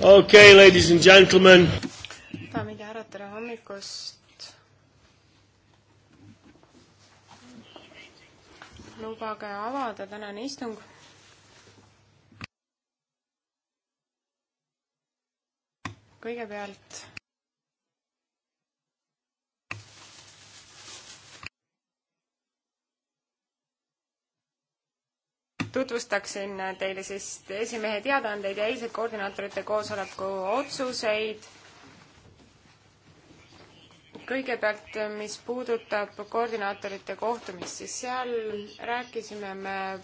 okei okay,, ladies and gentlemen. daamid ja härrad, tere hommikust. lubage avada tänane istung. kõigepealt tutvustaksin teile siis esimehe teadaandeid ja eilseid koordinaatorite koosoleku otsuseid. kõigepealt, mis puudutab koordinaatorite kohtumist, siis seal rääkisime me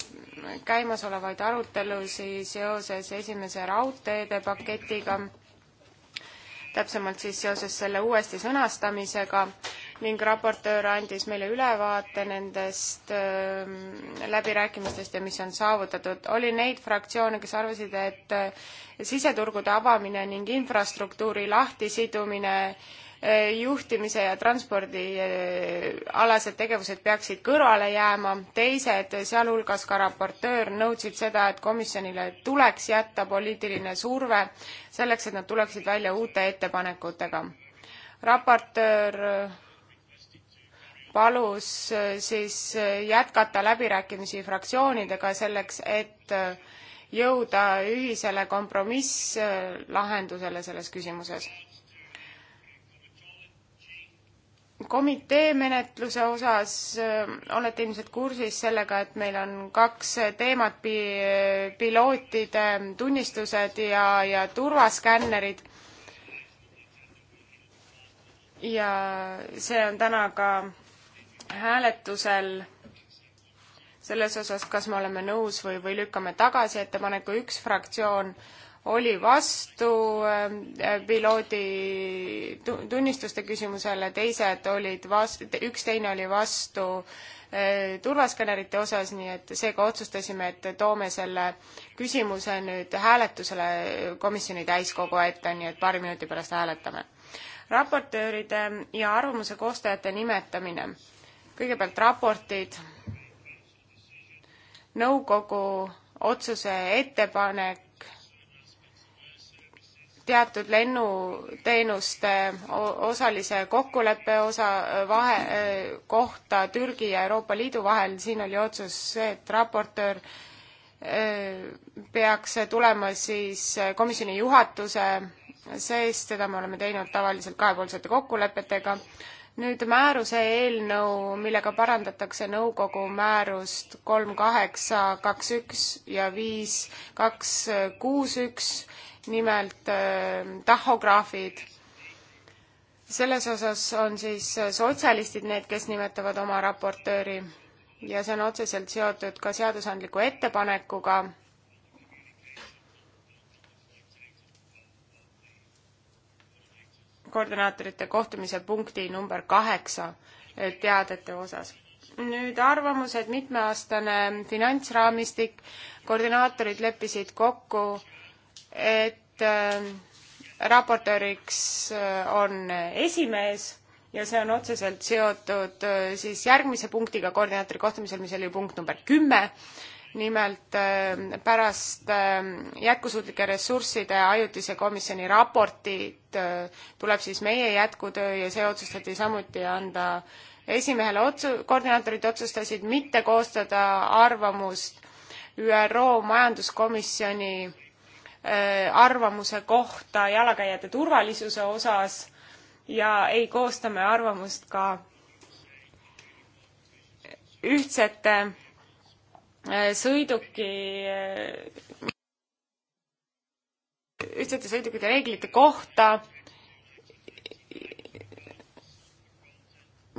käimasolevaid arutelusid seoses esimese raudteede paketiga, täpsemalt siis seoses selle uuesti sõnastamisega ning raportöör andis meile ülevaate nendest äh, läbirääkimistest ja mis on saavutatud. oli neid fraktsioone, kes arvasid, et äh, siseturgude avamine ning infrastruktuuri lahtisidumine äh, juhtimise ja transpordi äh, alased tegevused peaksid kõrvale jääma, teised, sealhulgas ka raportöör, nõudsid seda, et komisjonile tuleks jätta poliitiline surve selleks, et nad tuleksid välja uute ettepanekutega raportöör palus äh, siis äh, jätkata läbirääkimisi fraktsioonidega selleks, et äh, jõuda ühisele kompromisslahendusele selles küsimuses. komitee menetluse osas olete ilmselt kursis sellega, et meil on kaks teemat, pilootide tunnistused ja, ja turvaskännerid ja see on täna ka hääletusel selles osas, kas me oleme nõus või, või lükkame tagasi ettepaneku, üks fraktsioon oli vastu äh, piloodi tunnistuste küsimusele, teised olid vastu, üks teine oli vastu äh, turvaskännerite osas, nii et seega otsustasime, et toome selle küsimuse nüüd hääletusele komisjoni täiskogu ette, nii et paari minuti pärast hääletame. raportööride ja arvamuse koostajate nimetamine kõigepealt raportid, nõukogu otsuse ettepanek teatud lennuteenuste osalise kokkuleppe osa vahe, kohta Türgi ja Euroopa Liidu vahel, siin oli otsus see, et raportöör peaks tulema siis komisjoni juhatuse seest, seda me oleme teinud tavaliselt kahepoolsete kokkulepetega nüüd määruse eelnõu, millega parandatakse nõukogu määrust kolm kaheksa kaks üks ja viis kaks kuus üks, nimelt äh, tahograafid. selles osas on siis sotsialistid need, kes nimetavad oma raportööri ja see on otseselt seotud ka seadusandliku ettepanekuga koordinaatorite kohtumise punkti number kaheksa eh, teadete osas. nüüd arvamused, mitmeaastane finantsraamistik, koordinaatorid leppisid kokku, et eh, raportööriks eh, on esimees ja see on otseselt seotud siis järgmise punktiga koordinaatori kohtumisel, mis oli punkt number kümme nimelt eh, pärast eh, jätkusuutlike ressursside ajutise komisjoni raportit eh, tuleb siis meie jätkutöö ja see otsustati samuti anda esimehele otsu-, koordinaatorid otsustasid mitte koostada arvamust ÜRO majanduskomisjoni arvamuse kohta jalakäijate turvalisuse osas ja ei koosta me arvamust ka ühtsete Äh, sõiduki, äh, ühtsete sõidukite reeglite kohta,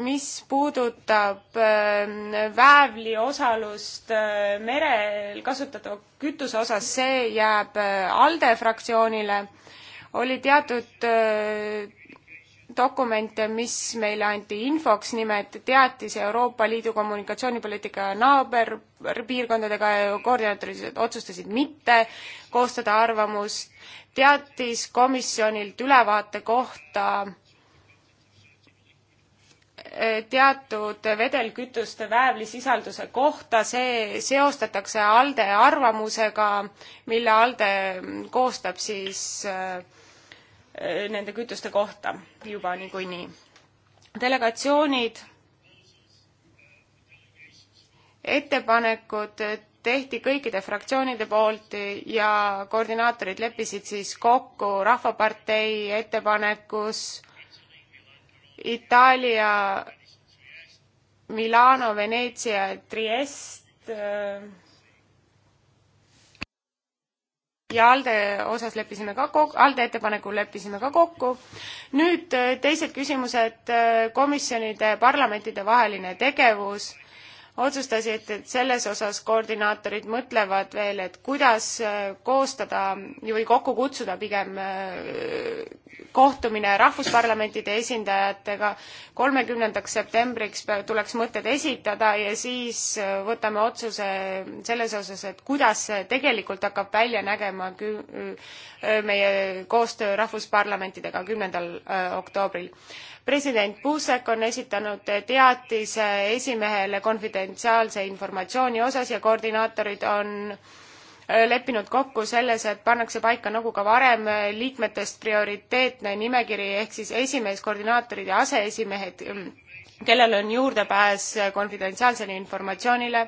mis puudutab äh, väävli osalust merel kasutatava kütuse osas, see jääb ALDE fraktsioonile, oli teatud dokumente, mis meile anti infoks, nimelt teatis Euroopa Liidu kommunikatsioonipoliitika naaberpiirkondadega koordinaatorid otsustasid mitte koostada arvamust, teatis komisjonilt ülevaate kohta e, teatud vedelkütuste väävlisisalduse kohta, see seostatakse ALDE arvamusega, mille ALDE koostab siis äh, Eh, nende kütuste kohta juba niikuinii. delegatsioonid, ettepanekud tehti kõikide fraktsioonide poolt ja koordinaatorid leppisid siis kokku Rahvapartei ettepanekus Itaalia, Milano, Veneetsia, Triest eh, ja ALDE osas leppisime ka kokku, ALDE ettepanekul leppisime ka kokku. nüüd äh, teised küsimused, äh, komisjonide, parlamentide vaheline tegevus otsustasid, et selles osas koordinaatorid mõtlevad veel, et kuidas äh, koostada või kokku kutsuda pigem äh, kohtumine rahvusparlamentide esindajatega. kolmekümnendaks septembriks tuleks mõtted esitada ja siis äh, võtame otsuse selles osas, et kuidas see tegelikult hakkab välja nägema meie koostöö rahvusparlamentidega kümnendal oktoobril president Buzek on esitanud teatise esimehele konfidentsiaalse informatsiooni osas ja koordinaatorid on äh, leppinud kokku selles, et pannakse paika nagu ka varem äh, liikmetest prioriteetne nimekiri ehk siis esimees, koordinaatorid ja aseesimehed, kellel on juurdepääs äh, konfidentsiaalsele informatsioonile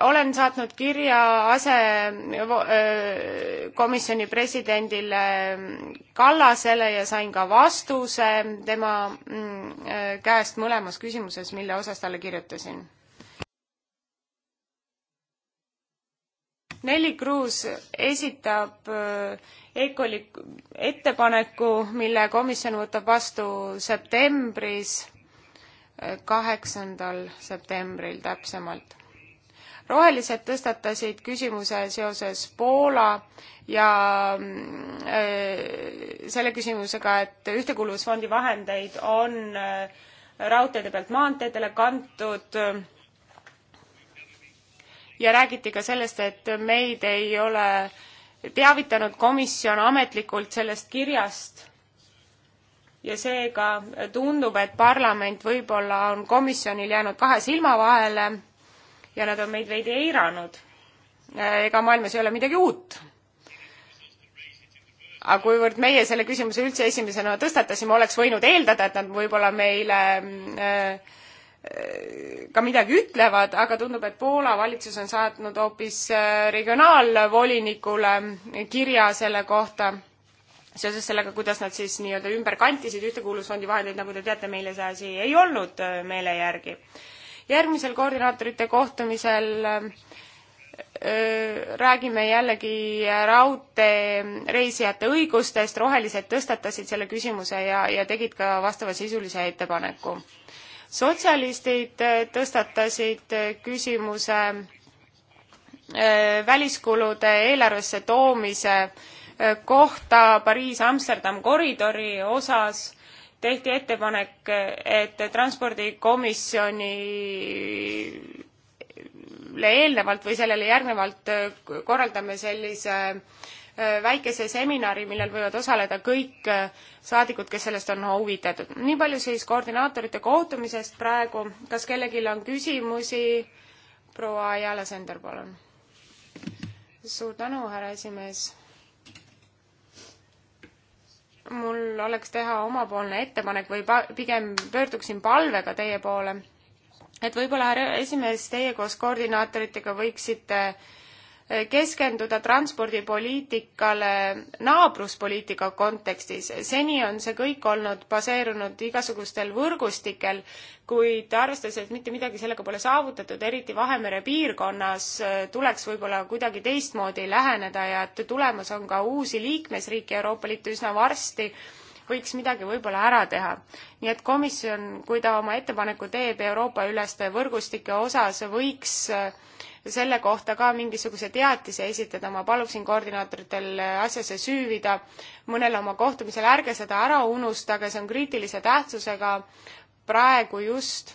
olen saatnud kirja asekomisjoni presidendile Kallasele ja sain ka vastuse tema mm, käest mõlemas küsimuses, mille osas talle kirjutasin. Nelli Kruus esitab EKOL-i ettepaneku, mille komisjon võtab vastu septembris, kaheksandal septembril täpsemalt rohelised tõstatasid küsimuse seoses Poola ja äh, selle küsimusega, et Ühtekuuluvusfondi vahendeid on äh, raudteede pealt maanteedele kantud ja räägiti ka sellest, et meid ei ole teavitanud komisjon ametlikult sellest kirjast ja seega tundub, et parlament võib-olla on komisjonil jäänud kahe silma vahele ja nad on meid veidi eiranud. ega maailmas ei ole midagi uut. aga kuivõrd meie selle küsimuse üldse esimesena tõstatasime, oleks võinud eeldada, et nad võib-olla meile äh, ka midagi ütlevad, aga tundub, et Poola valitsus on saatnud hoopis äh, regionaalvolinikule kirja selle kohta, seoses sellega, kuidas nad siis nii-öelda ümber kantisid Ühtekuuluvusfondi vahendeid, nagu te teate, meile see asi ei olnud äh, meele järgi järgmisel koordinaatorite kohtumisel räägime jällegi raudtee reisijate õigustest, rohelised tõstatasid selle küsimuse ja, ja tegid ka vastavasisulise ettepaneku. sotsialistid tõstatasid küsimuse väliskulude eelarvesse toomise kohta Pariis-Amsterdam koridori osas tehti ettepanek, et transpordikomisjoni eelnevalt või sellele järgnevalt korraldame sellise äh, väikese seminari, millel võivad osaleda kõik äh, saadikud, kes sellest on huvitatud. nii palju siis koordinaatorite kohtumisest praegu. kas kellelgi on küsimusi? proua Ajala Sender, palun. suur tänu, härra esimees mul oleks teha omapoolne ettepanek või pa-, pigem pöörduksin palvega teie poole, et võib-olla, härra esimees, teie koos koordinaatoritega võiksite äh, keskenduda transpordipoliitikale naabruspoliitika kontekstis. seni on see kõik olnud baseerunud igasugustel võrgustikel, kuid arvestades, et mitte midagi sellega pole saavutatud, eriti Vahemere piirkonnas, eh, tuleks võib-olla kuidagi teistmoodi läheneda ja et tulemas on ka uusi liikmesriike Euroopa Liitu üsna varsti võiks midagi võib-olla ära teha. nii et komisjon, kui ta oma ettepaneku teeb Euroopa-üleste võrgustike osas, võiks eh, selle kohta ka mingisuguse teatise esitada, ma paluksin koordinaatoritel asjasse süüvida mõnel oma kohtumisel, ärge seda ära unustage, see on kriitilise tähtsusega praegu just.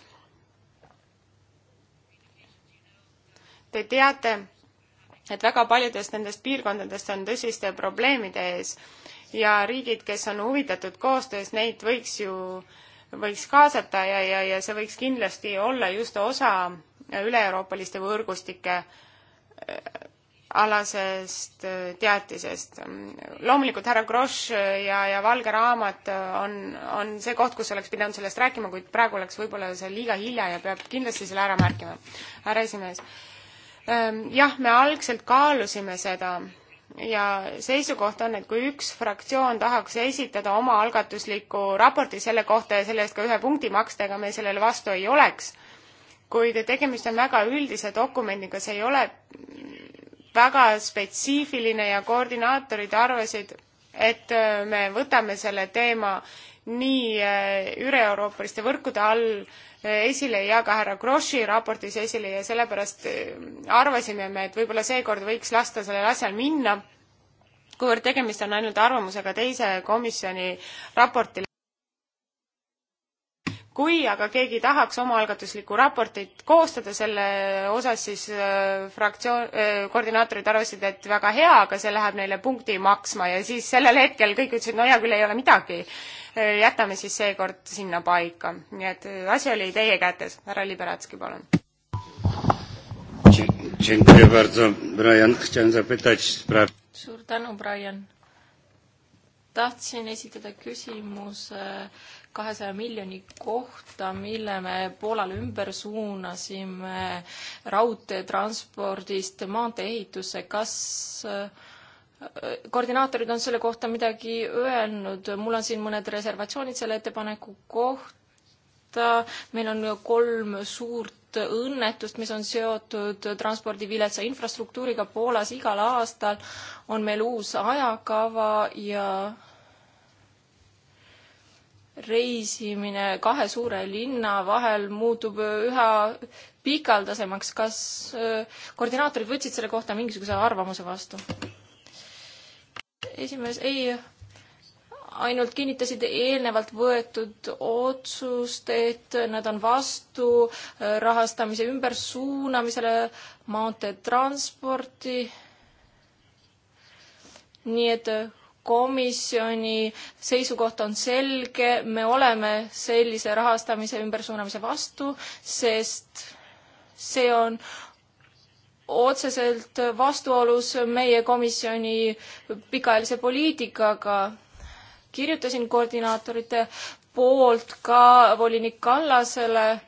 Te teate, et väga paljudest nendest piirkondadest on tõsiste probleemide ees ja riigid, kes on huvitatud koostöös, neid võiks ju äh, võiks kaasata ja, ja, ja see võiks kindlasti olla just osa üle-euroopaliste võrgustike äh, alasest äh, teatisest. loomulikult härra Grosch äh, ja, ja Valge raamat on, on see koht, kus oleks pidanud sellest rääkima, kuid praegu oleks võib-olla see liiga hilja ja peab kindlasti selle ära märkima, härra esimees. Ähm, jah, me algselt kaalusime seda ja seisukoht on, et kui üks fraktsioon tahaks esitada omaalgatusliku raporti selle kohta ja selle eest ka ühe punkti maksta, ega me sellele vastu ei oleks, kuid tegemist on väga üldise dokumendiga, see ei ole väga spetsiifiline ja koordinaatorid arvasid, et me võtame selle teema nii eh, üle-euroopaliste võrkude all eh, esile ja ka härra Grossi raportis esile ja sellepärast eh, arvasime me, et võib-olla seekord võiks lasta sellel asjal minna, kuivõrd tegemist on ainult arvamusega teise komisjoni raportile kui aga keegi tahaks omaalgatuslikku raportit koostada selle osas, siis fraktsioon, koordinaatorid arvasid, et väga hea, aga see läheb neile punkti maksma ja siis sellel hetkel kõik ütlesid, no hea küll, ei ole midagi jätame siis seekord sinna paika. nii et äh, asi oli teie kätes, härra Liberatski, palun. suur tänu, Brian. tahtsin esitada küsimuse kahesaja miljoni kohta, mille me Poolale ümber suunasime raudteetranspordist maantee ehitusse. kas äh, koordinaatorid on selle kohta midagi öelnud, mul on siin mõned reservatsioonid selle ettepaneku kohta, meil on kolm suurt õnnetust, mis on seotud transpordi viletsa infrastruktuuriga Poolas igal aastal, on meil uus ajakava ja reisimine kahe suure linna vahel muutub üha pikaldasemaks. kas äh, koordinaatorid võtsid selle kohta mingisuguse arvamuse vastu? esimees, ei, ainult kinnitasid eelnevalt võetud otsust, et nad on vastu äh, rahastamise ümbersuunamisele maanteetransporti. nii et äh, komisjoni seisukoht on selge, me oleme sellise rahastamise ümbersuunamise vastu, sest see on otseselt vastuolus meie komisjoni pikaajalise poliitikaga. kirjutasin koordinaatorite poolt ka volinik Kallasele,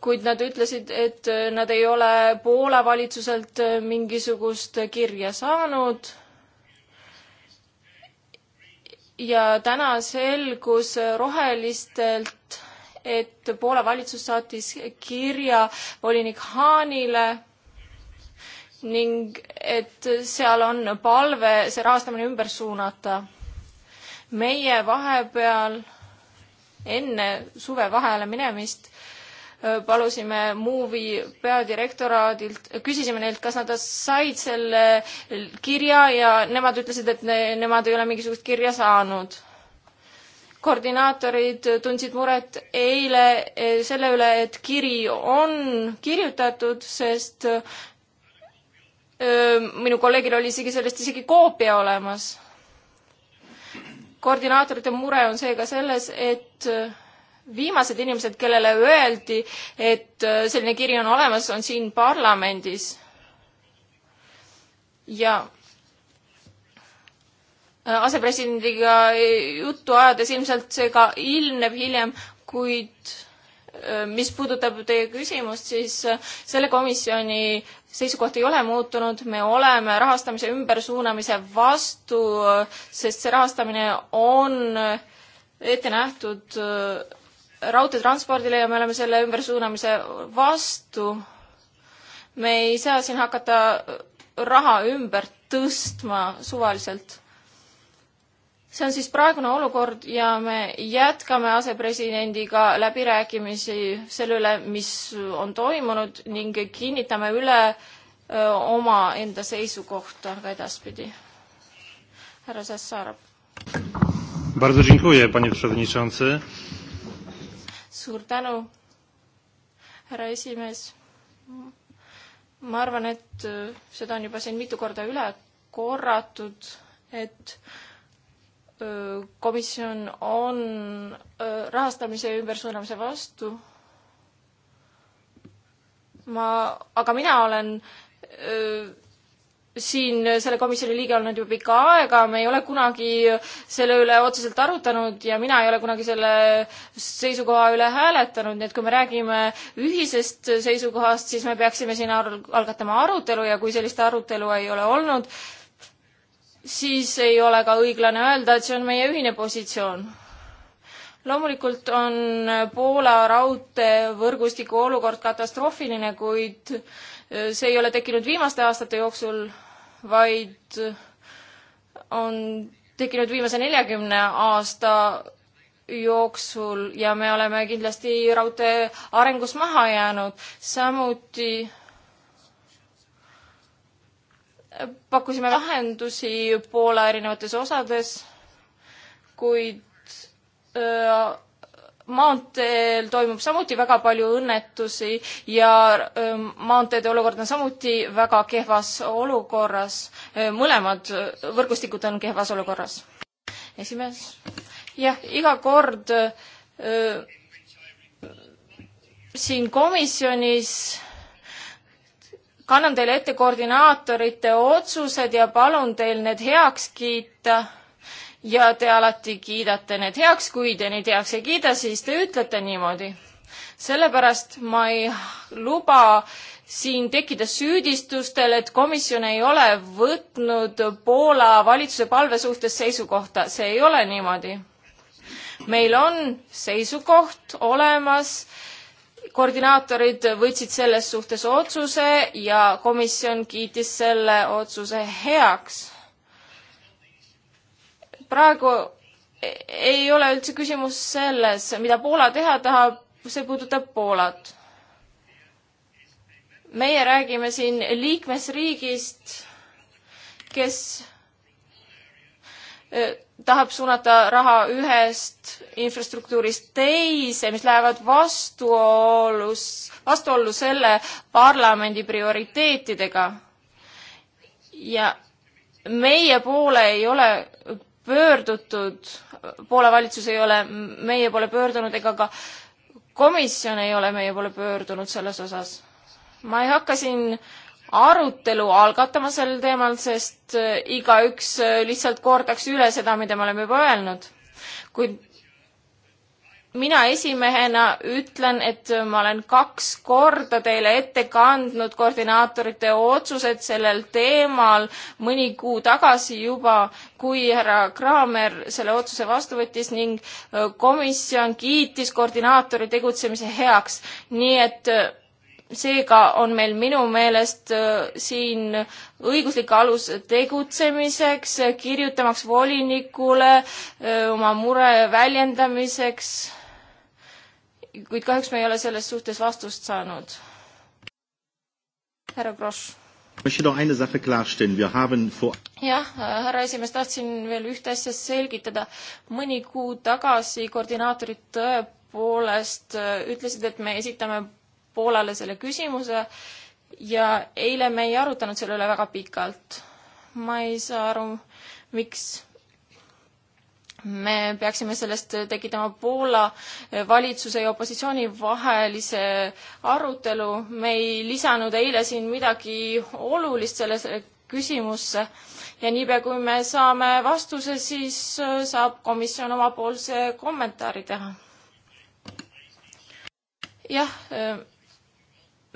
kuid nad ütlesid, et nad ei ole Poola valitsuselt mingisugust kirja saanud. ja täna selgus rohelistelt, et Poola valitsus saatis kirja volinik Haanile ning et seal on palve see rahastamine ümber suunata. meie vahepeal enne suvevaheajale minemist palusime Movie peadirektoraadilt, küsisime neilt, kas nad said selle kirja ja nemad ütlesid, et ne, nemad ei ole mingisugust kirja saanud. koordinaatorid tundsid muret eile e, selle üle, et kiri on kirjutatud, sest minu kolleegil oli isegi sellest isegi koopia olemas. koordinaatorite mure on seega selles, et viimased inimesed, kellele öeldi, et selline kiri on olemas, on siin parlamendis. ja asepresidendiga juttu ajades ilmselt see ka ilmneb hiljem, kuid Äh, mis puudutab teie küsimust, siis äh, selle komisjoni seisukoht ei ole muutunud, me oleme rahastamise ümbersuunamise vastu, äh, sest see rahastamine on ette nähtud raudteetranspordile ja me oleme selle ümbersuunamise vastu. me ei saa siin hakata raha ümber tõstma suvaliselt see on siis praegune olukord ja me jätkame asepresidendiga läbirääkimisi selle üle, mis on toimunud ning kinnitame üle omaenda seisukohta ka edaspidi. härra Sassarov. Bardzo dziękuję, panie przewodniczący. suur tänu, härra esimees. ma arvan, et seda on juba siin mitu korda üle korratud, et komisjon on rahastamise ümbersuunamise vastu. ma, aga mina olen öö, siin selle komisjoni liige olnud juba pikka aega, me ei ole kunagi selle üle otseselt arutanud ja mina ei ole kunagi selle seisukoha üle hääletanud, nii et kui me räägime ühisest seisukohast, siis me peaksime siin algatama arutelu ja kui sellist arutelu ei ole olnud, siis ei ole ka õiglane öelda, et see on meie ühine positsioon. loomulikult on Poola raudteevõrgustiku olukord katastroofiline, kuid e, see ei ole tekkinud viimaste aastate jooksul, vaid on tekkinud viimase neljakümne aasta jooksul ja me oleme kindlasti raudtee arengus maha jäänud. samuti pakkusime lahendusi Poola erinevates osades, kuid maanteel toimub samuti väga palju õnnetusi ja maanteede olukord on samuti väga kehvas olukorras. mõlemad võrgustikud on kehvas olukorras. esimees? jah, iga kord äh, siin komisjonis kannan teile ette koordinaatorite otsused ja palun teil need heaks kiita. ja te alati kiidate need heaks, kui te neid heaks ei kiida, siis te ütlete niimoodi. sellepärast ma ei luba siin tekkida süüdistustel, et komisjon ei ole võtnud Poola valitsuse palve suhtes seisukohta. see ei ole niimoodi. meil on seisukoht olemas koordinaatorid võtsid selles suhtes otsuse ja komisjon kiitis selle otsuse heaks. praegu e-, ei ole üldse küsimus selles, mida Poola teha tahab, see puudutab Poolat. meie räägime siin liikmesriigist, kes e, tahab suunata raha ühest infrastruktuurist teise, mis lähevad vastuolus, vastuollu selle parlamendi prioriteetidega. ja meie poole ei ole pöördutud, Poola valitsus ei ole meie poole pöördunud ega ka komisjon ei ole meie poole pöördunud selles osas. ma ei hakka siin äh, arutelu algatama sel teemal, sest äh, igaüks äh, lihtsalt kordaks üle seda, mida me oleme juba öelnud. kuid mina esimehena ütlen, et äh, ma olen kaks korda teile ette kandnud koordinaatorite otsused sellel teemal mõni kuu tagasi juba, kui härra Kraamer selle otsuse vastu võttis ning komisjon kiitis koordinaatori tegutsemise heaks. nii et seega on meil minu meelest äh, siin õiguslik alus tegutsemiseks, kirjutamaks volinikule äh, oma mure väljendamiseks. kuid kahjuks me ei ole selles suhtes vastust saanud. härra Grosch. jah, äh, härra esimees, tahtsin veel ühte asja selgitada. mõni kuu tagasi koordinaatorid tõepoolest ütlesid, et me esitame Poolale selle küsimuse ja eile me ei arutanud selle üle väga pikalt. ma ei saa aru, miks me peaksime sellest tekitama Poola valitsuse ja opositsiooni vahelise arutelu. me ei lisanud eile siin midagi olulist sellesse küsimusse ja niipea, kui me saame vastuse, siis saab komisjon omapoolse kommentaari teha. jah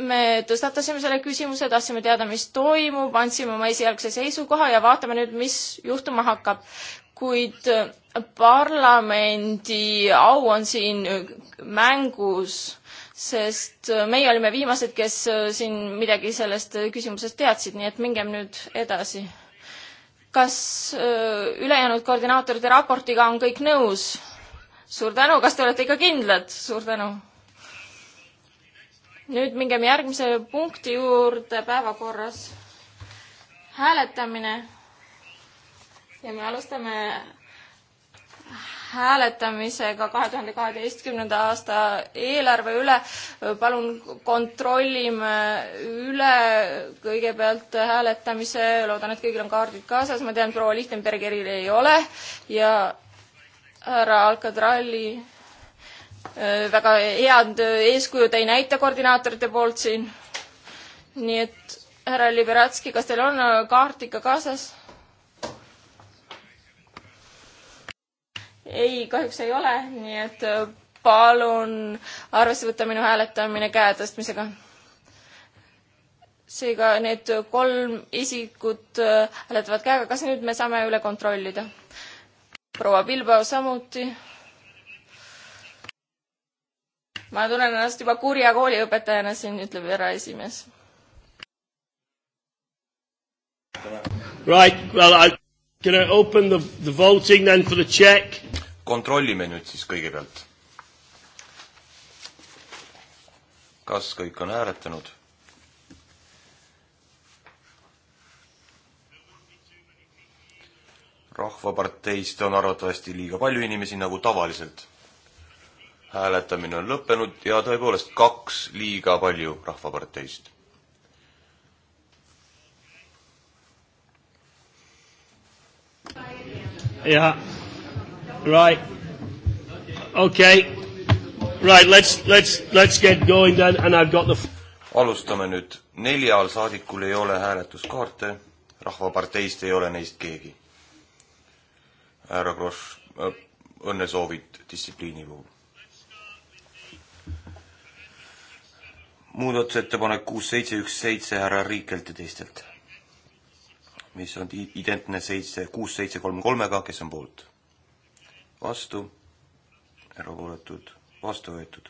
me tõstatasime selle küsimuse, tahtsime teada, mis toimub, andsime oma esialgse seisukoha ja vaatame nüüd, mis juhtuma hakkab. kuid äh, parlamendi au on siin äh, mängus, sest äh, meie olime viimased, kes siin midagi sellest küsimusest teadsid, nii et mingem nüüd edasi. kas ülejäänud koordinaatorite raportiga on kõik nõus? suur tänu, kas te olete ikka kindlad? suur tänu nüüd mingem järgmise punkti juurde päevakorras. hääletamine. ja me alustame hääletamisega kahe tuhande kaheteistkümnenda aasta eelarve üle. palun kontrollime üle kõigepealt hääletamise. loodan, et kõigil on kaardid kaasas. ma tean, proua Lichtenbergeril ei ole ja härra Alcatralli Äh, väga head äh, eeskujud ei näita koordinaatorite poolt siin. nii et härra Liberatski, kas teil on äh, kaart ikka kaasas? ei, kahjuks ei ole, nii et palun arvesse võtta minu hääletamine käe tõstmisega. seega need kolm isikut hääletavad käega, kas nüüd me saame üle kontrollida? proua Pilbao samuti ma tunnen ennast juba kurja kooliõpetajana siin, ütleb eraesimees. Right, well I can I open the, the voting then for the check? kontrollime nüüd siis kõigepealt. kas kõik on hääletanud? rahvaparteist on arvatavasti liiga palju inimesi, nagu tavaliselt hääletamine on lõppenud ja tõepoolest kaks liiga palju Rahvaparteist. jah, right, okei okay., right, let's, let's, let's get going then and I have got the alustame nüüd, neljal saadikul ei ole hääletuskaarte, Rahvaparteist ei ole neist keegi. härra Kross, õnnesoovid distsipliini puhul muudatusettepanek kuus, seitse, üks, seitse härra Riikelt ja teistelt, mis on identne seitse, kuus, seitse, kolm, kolmega, kes on poolt? vastu, erapooletud, vastu võetud.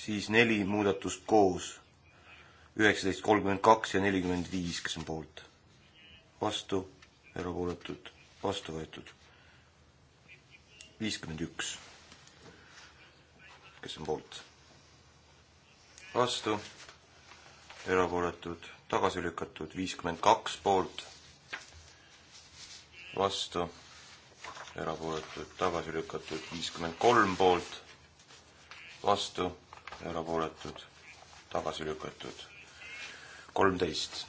siis neli muudatust koos, üheksateist, kolmkümmend kaks ja nelikümmend viis, kes on poolt? vastu, erapooletud, vastu võetud. viiskümmend üks kes on poolt? vastu, erapooletud, tagasi lükatud, viiskümmend kaks poolt, vastu, erapooletud, tagasi lükatud, viiskümmend kolm poolt, vastu, erapooletud, tagasi lükatud, kolmteist,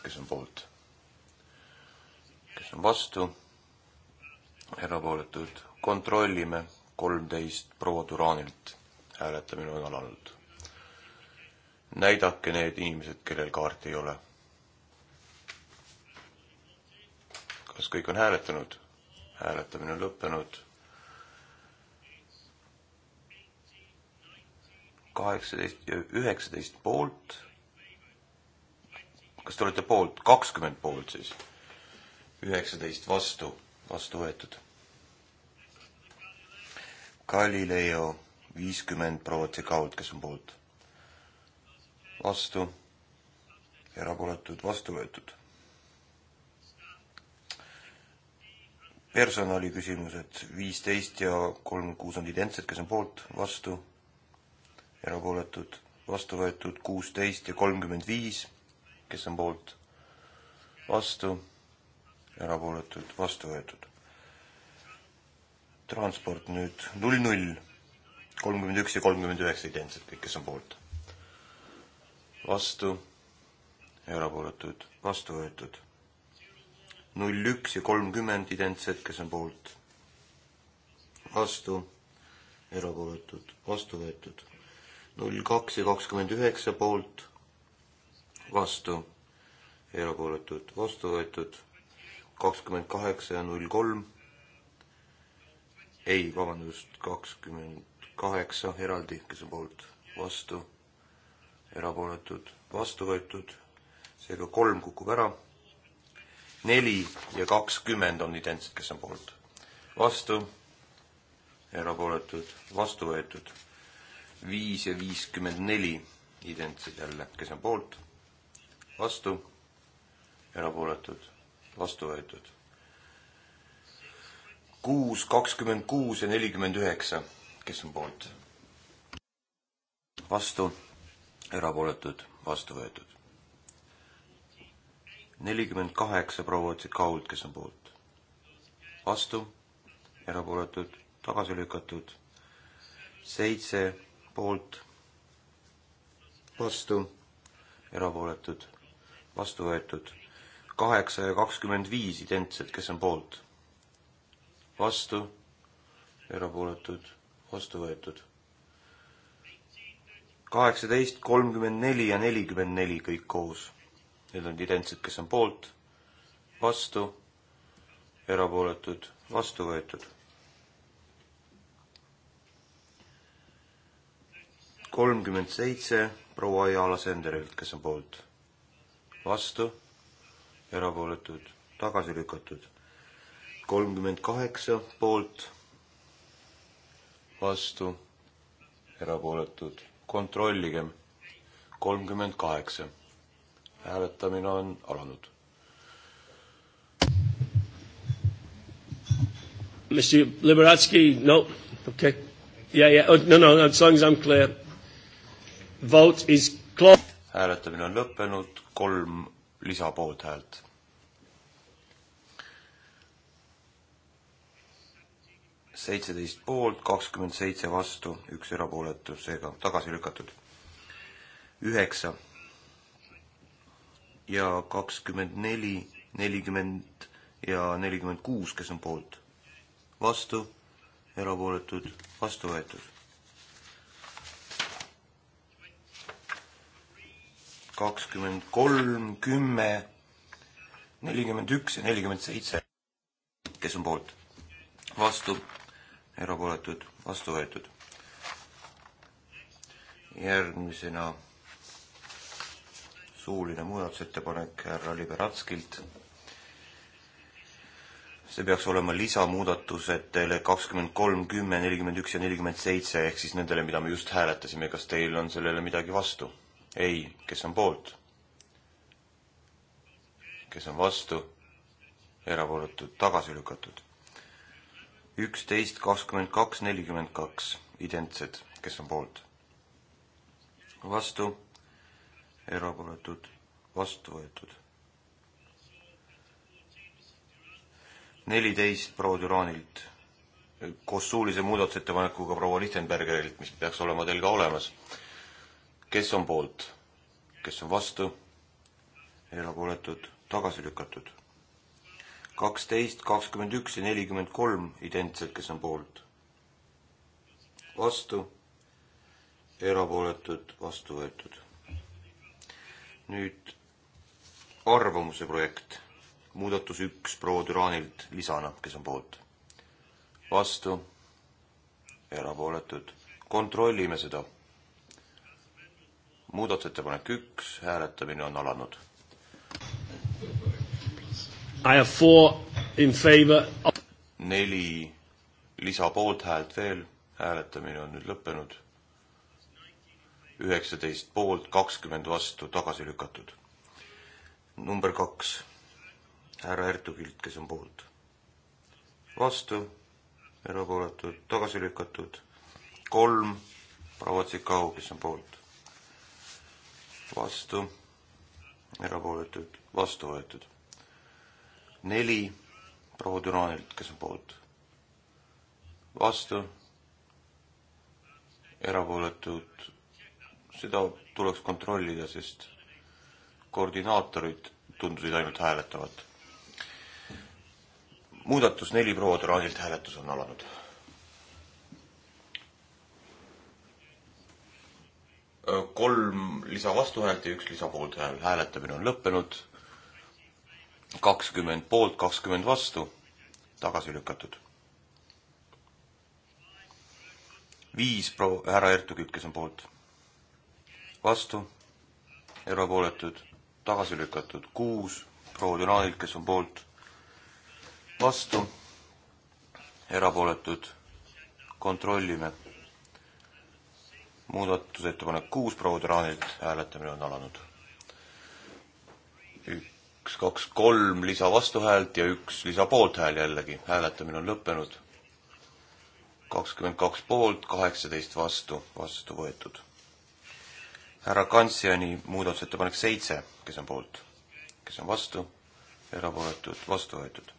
kes on poolt, kes on vastu, erapooletud, kontrollime kolmteist proua Turanilt. hääletamine on alanud. näidake need inimesed, kellel kaarti ei ole. kas kõik on hääletanud? hääletamine on lõppenud. kaheksateist ja üheksateist poolt. kas te olete poolt? kakskümmend poolt siis. üheksateist vastu, vastu võetud Galileo viiskümmend proua Tsekault, kes on poolt. vastu, erapooletud, vastu võetud. personaliküsimused viisteist ja kolm kuus on identsed, kes on poolt, vastu, erapooletud, vastu võetud kuusteist ja kolmkümmend viis, kes on poolt, vastu, erapooletud, vastu võetud transport nüüd null null, kolmkümmend üks ja kolmkümmend üheksa identsed, kõik, kes on poolt. vastu, erapooletud, vastu võetud. null üks ja kolmkümmend identsed, kes on poolt. vastu, erapooletud, vastu võetud. null kaks ja kakskümmend üheksa poolt, vastu, erapooletud, vastu võetud. kakskümmend kaheksa ja null kolm ei, vabandust, kakskümmend kaheksa eraldi, kes on poolt, vastu, erapooletud, vastu võetud, seega kolm kukub ära, neli ja kakskümmend on identsed, kes on poolt, vastu, erapooletud, vastu võetud, viis ja viiskümmend neli identsed jälle, kes on poolt, vastu, erapooletud, vastu võetud kuus, kakskümmend kuus ja nelikümmend üheksa, kes on poolt? vastu, erapooletud, vastu võetud. nelikümmend kaheksa proua Tsikault, kes on poolt? vastu, erapooletud, tagasi lükatud, seitse poolt, vastu, erapooletud, vastu võetud, kaheksa ja kakskümmend viis identsed, kes on poolt? vastu, erapooletud, vastu võetud. kaheksateist, kolmkümmend neli ja nelikümmend neli kõik koos. Need on identsed, kes on poolt, vastu, erapooletud, vastu võetud. kolmkümmend seitse proua Ajala Senderilt, kes on poolt, vastu, erapooletud, tagasi lükatud kolmkümmend kaheksa poolt, vastu, erapooletud. kontrolligem. kolmkümmend kaheksa. hääletamine on alanud. Mr Liberatsky, no, okay. Yeah, yeah, oh, no, no, as long as I am clear. Vote is closed. hääletamine on lõppenud, kolm lisapoolthäält seitseteist poolt, kakskümmend seitse vastu, üks erapooletu, seega tagasi lükatud. üheksa ja kakskümmend neli, nelikümmend ja nelikümmend kuus, kes on poolt. vastu, erapooletud, vastu võetud. kakskümmend kolm, kümme, nelikümmend üks ja nelikümmend seitse, kes on poolt vastu, erapooletud, vastu võetud. järgmisena suuline muudatusettepanek härra Liberatskilt. see peaks olema lisamuudatusele kakskümmend kolm, kümme, nelikümmend üks ja nelikümmend seitse ehk siis nendele, mida me just hääletasime, kas teil on sellele midagi vastu? ei, kes on poolt? kes on vastu? erapooletud tagasi lükatud üksteist, kakskümmend kaks, nelikümmend kaks, identsed, kes on poolt? vastu, erapooletud, vastu võetud. neliteist proua Türanilt koos suulise muudatusettepanekuga proua Lichtenbergerilt, mis peaks olema teil ka olemas. kes on poolt, kes on vastu, erapooletud, tagasi lükatud kaksteist, kakskümmend üks ja nelikümmend kolm identsed, kes on poolt. vastu, erapooletud, vastu võetud. nüüd arvamuse projekt, muudatus üks proua Türaanilt lisana, kes on poolt. vastu, erapooletud, kontrollime seda. muudatusettepanek üks, hääletamine on alanud I have four in favor of... neli lisapoolthäält veel, hääletamine on nüüd lõppenud. üheksateist poolt, kakskümmend vastu, tagasi lükatud. number kaks, härra Ertugilt, kes on poolt. vastu, erapooletud, tagasi lükatud. kolm, proua Tsikau, kes on poolt. vastu, erapooletud, vastu võetud neli proua Dünaanilt, kes on poolt, vastu, erapooletud, seda tuleks kontrollida, sest koordinaatorid tundusid ainult hääletavat. muudatus neli proua Dünaanilt hääletus on alanud. kolm lisa vastuhäält ja üks lisa poolthääl, hääletamine on lõppenud kakskümmend poolt, kakskümmend vastu, tagasi lükatud. viis pro-, härra Ertugilt, kes on poolt, vastu, erapooletud, tagasi lükatud, kuus proua Dünaanilt, kes on poolt, vastu, erapooletud, kontrollime. muudatusettepanek kuus proua Dünaanilt, hääletamine on alanud üks, kaks, kolm lisa vastuhäält ja üks lisa poolthääl jällegi. hääletamine on lõppenud. kakskümmend kaks poolt, kaheksateist vastu, vastu võetud. härra Kantsjani muudatusettepanek seitse, kes on poolt, kes on vastu, erapooletud, vastu võetud.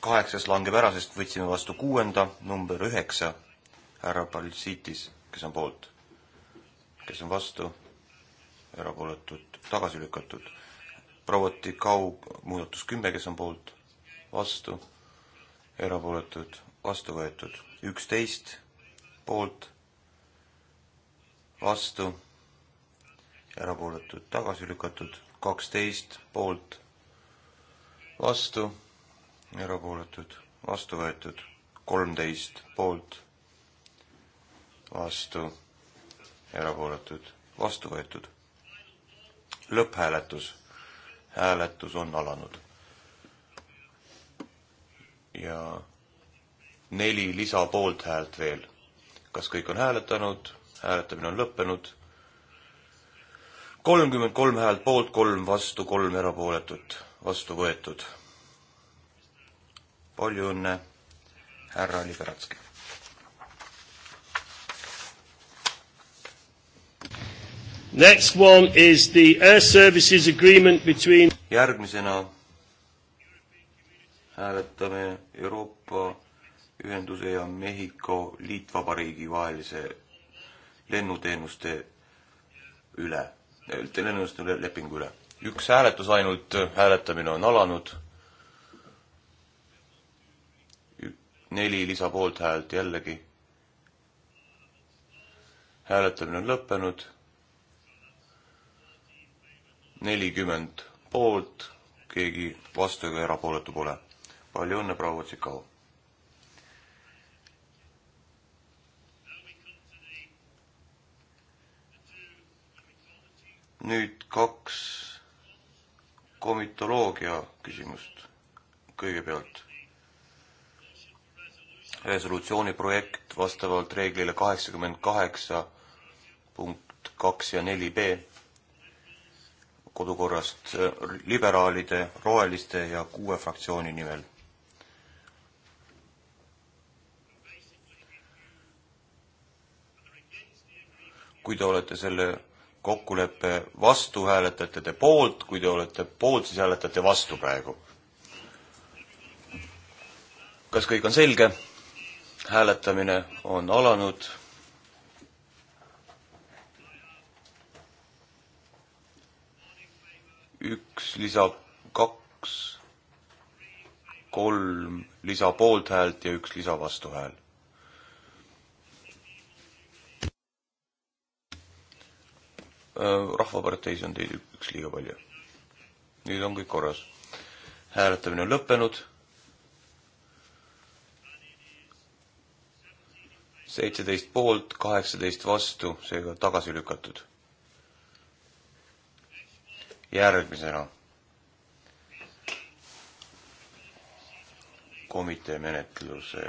kaheksas langeb ära, sest võtsime vastu kuuenda, number üheksa, härra Palsitis, kes on poolt kes on vastu, erapooletud, tagasi lükatud. proua Tikau muudatus kümme, kes on poolt, vastu, erapooletud, vastu võetud. üksteist poolt, vastu, erapooletud, tagasi lükatud. kaksteist poolt, vastu, erapooletud, vastu võetud. kolmteist poolt, vastu erapooletud, vastu võetud. lõpphääletus, hääletus on alanud. ja neli lisa poolthäält veel. kas kõik on hääletanud, hääletamine on lõppenud, kolmkümmend kolm häält poolt, kolm vastu, kolm erapooletut, vastu võetud. palju õnne, härra Liberatski! Next one is the air services agreement between järgmisena hääletame Euroopa Ühenduse ja Mehhiko Liitvabariigi vahelise lennuteenuste üle, äh, lennuteenuste lepingu üle. üks hääletus ainult, hääletamine on alanud. neli lisapoolthäält jällegi. hääletamine on lõppenud nelikümmend poolt, keegi vastu ega erapooletu pole. palju õnne, proua Otsikau! nüüd kaks komitoloogia küsimust kõigepealt. resolutsiooni projekt vastavalt reeglile kaheksakümmend kaheksa punkt kaks ja neli B kodukorrast äh, liberaalide, roheliste ja kuue fraktsiooni nimel. kui te olete selle kokkuleppe vastu, hääletate te poolt, kui te olete poolt, siis hääletate vastu praegu. kas kõik on selge? hääletamine on alanud üks lisab kaks, kolm lisa poolthäält ja üks lisa vastuhääl. Äh, rahvaparteis on teil üks liiga palju. nüüd on kõik korras. hääletamine on lõppenud. seitseteist poolt, kaheksateist vastu, seega tagasi lükatud järgmisena komitee menetluse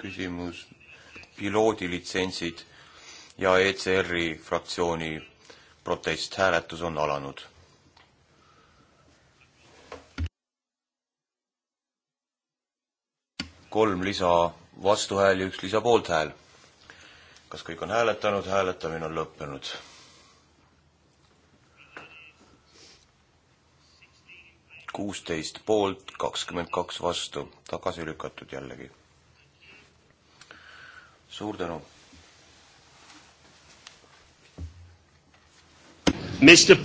küsimus, piloodilitsentsid ja ECR-i fraktsiooni protesthääletus on alanud. kolm lisa vastuhääli, üks lisa poolthääl. kas kõik on hääletanud, hääletamine on lõppenud kuusteist poolt, kakskümmend kaks vastu, tagasi lükatud jällegi. suur tänu. Mr.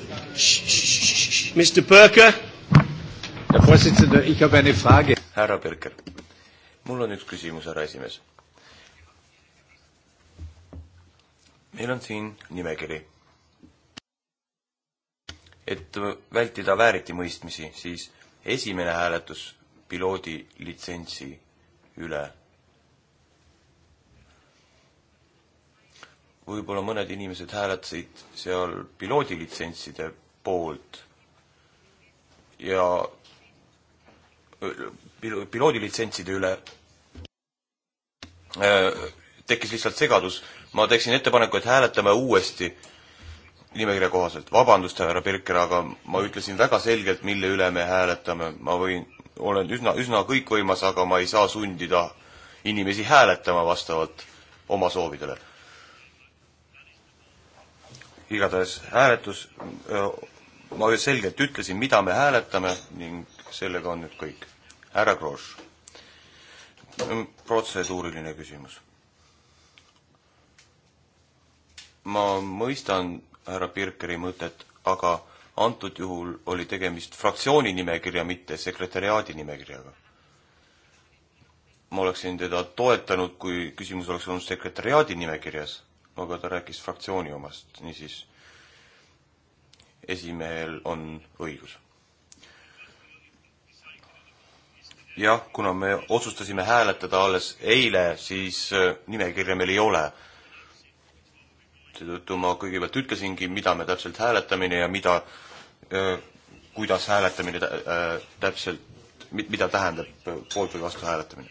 Mr. Berger. Herr Vorsitzender, ich habe eine Frage. härra Berger, mul on üks küsimus, härra esimees. meil on siin nimekiri et vältida vääritimõistmisi, siis esimene hääletus piloodi litsentsi üle. võib-olla mõned inimesed hääletasid seal piloodi litsentside poolt ja piloodi litsentside üle äh, tekkis lihtsalt segadus. ma teeksin ettepaneku, et hääletame uuesti äh, nimekirja kohaselt. vabandust, härra Birker, aga ma ütlesin väga selgelt, mille üle me hääletame. ma võin, olen üsna, üsna kõikvõimas, aga ma ei saa sundida inimesi hääletama vastavalt oma soovidele. igatahes hääletus, ma selgelt ütlesin, mida me hääletame ning sellega on nüüd kõik. härra Kross, protseduuriline küsimus ma mõistan härra Birkeri mõtet, aga antud juhul oli tegemist fraktsiooni nimekirja, mitte sekretäriaadi nimekirjaga. ma oleksin teda toetanud, kui küsimus oleks olnud sekretäriaadi nimekirjas, aga ta rääkis fraktsiooni omast, niisiis esimehel on õigus. jah, kuna me otsustasime hääletada alles eile, siis äh, nimekirja meil ei ole seetõttu ma kõigepealt ütlesingi, mida me täpselt hääletamine ja mida, kuidas hääletamine täpselt, mida tähendab poolt või vastu hääletamine.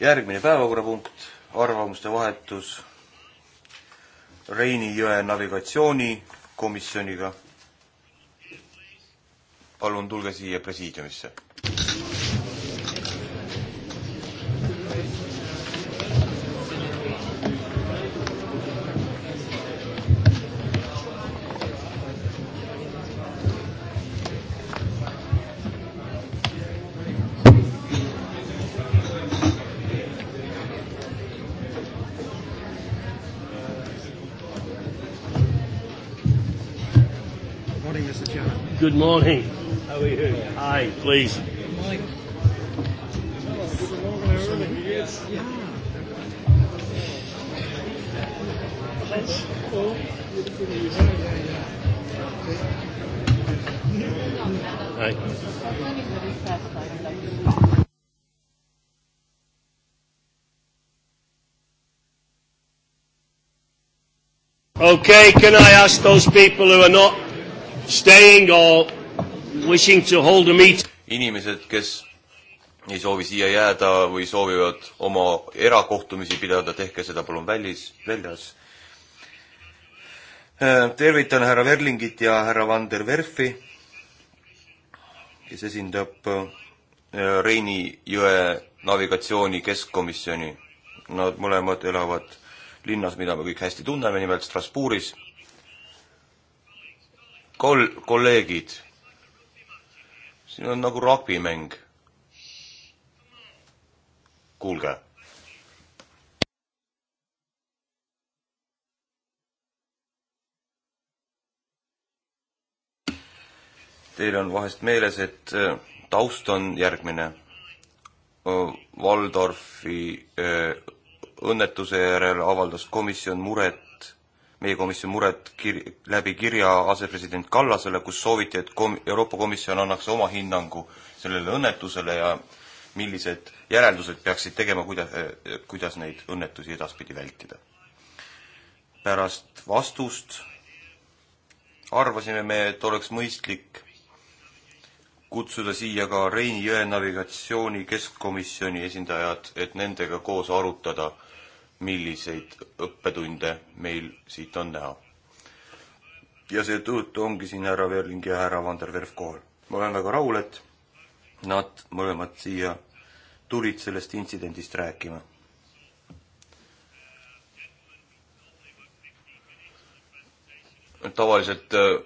järgmine päevakorrapunkt, arvamuste vahetus Reini jõe navigatsioonikomisjoniga. palun tulge siia presiidiumisse. morning. How are you? Hi, please. Good morning. Yes. Yeah. Hi. Okay, can I ask those people who are not staying or wishing to hold a meet-. inimesed, kes ei soovi siia jääda või soovivad oma erakohtumisi pidada, tehke seda palun välis, väljas. Äh, tervitan härra Verlingit ja härra Van der Werfi, kes esindab äh, Reini jõe navigatsiooni keskkomisjoni. Nad mõlemad elavad linnas, mida me kõik hästi tunneme, nimelt Strasbourgis kol-, kolleegid, siin on nagu rugbimäng. kuulge. Teil on vahest meeles, et äh, taust on järgmine. Valdorfi äh, äh, õnnetuse järel avaldas komisjon muret meie komisjoni muret kir-, läbi kirja asepresident Kallasele, kus sooviti, et kom-, Euroopa Komisjon annaks oma hinnangu sellele õnnetusele ja millised järeldused peaksid tegema, kuidas, eh, kuidas neid õnnetusi edaspidi vältida. pärast vastust arvasime me, et oleks mõistlik kutsuda siia ka Reini jõe navigatsiooni keskkomisjoni esindajad, et nendega koos arutada äh, milliseid õppetunde meil siit on näha. ja seetõttu ongi siin härra Verling ja härra Vanderwerf kohal. ma olen väga rahul, et nad mõlemad siia tulid sellest intsidendist rääkima. tavaliselt äh,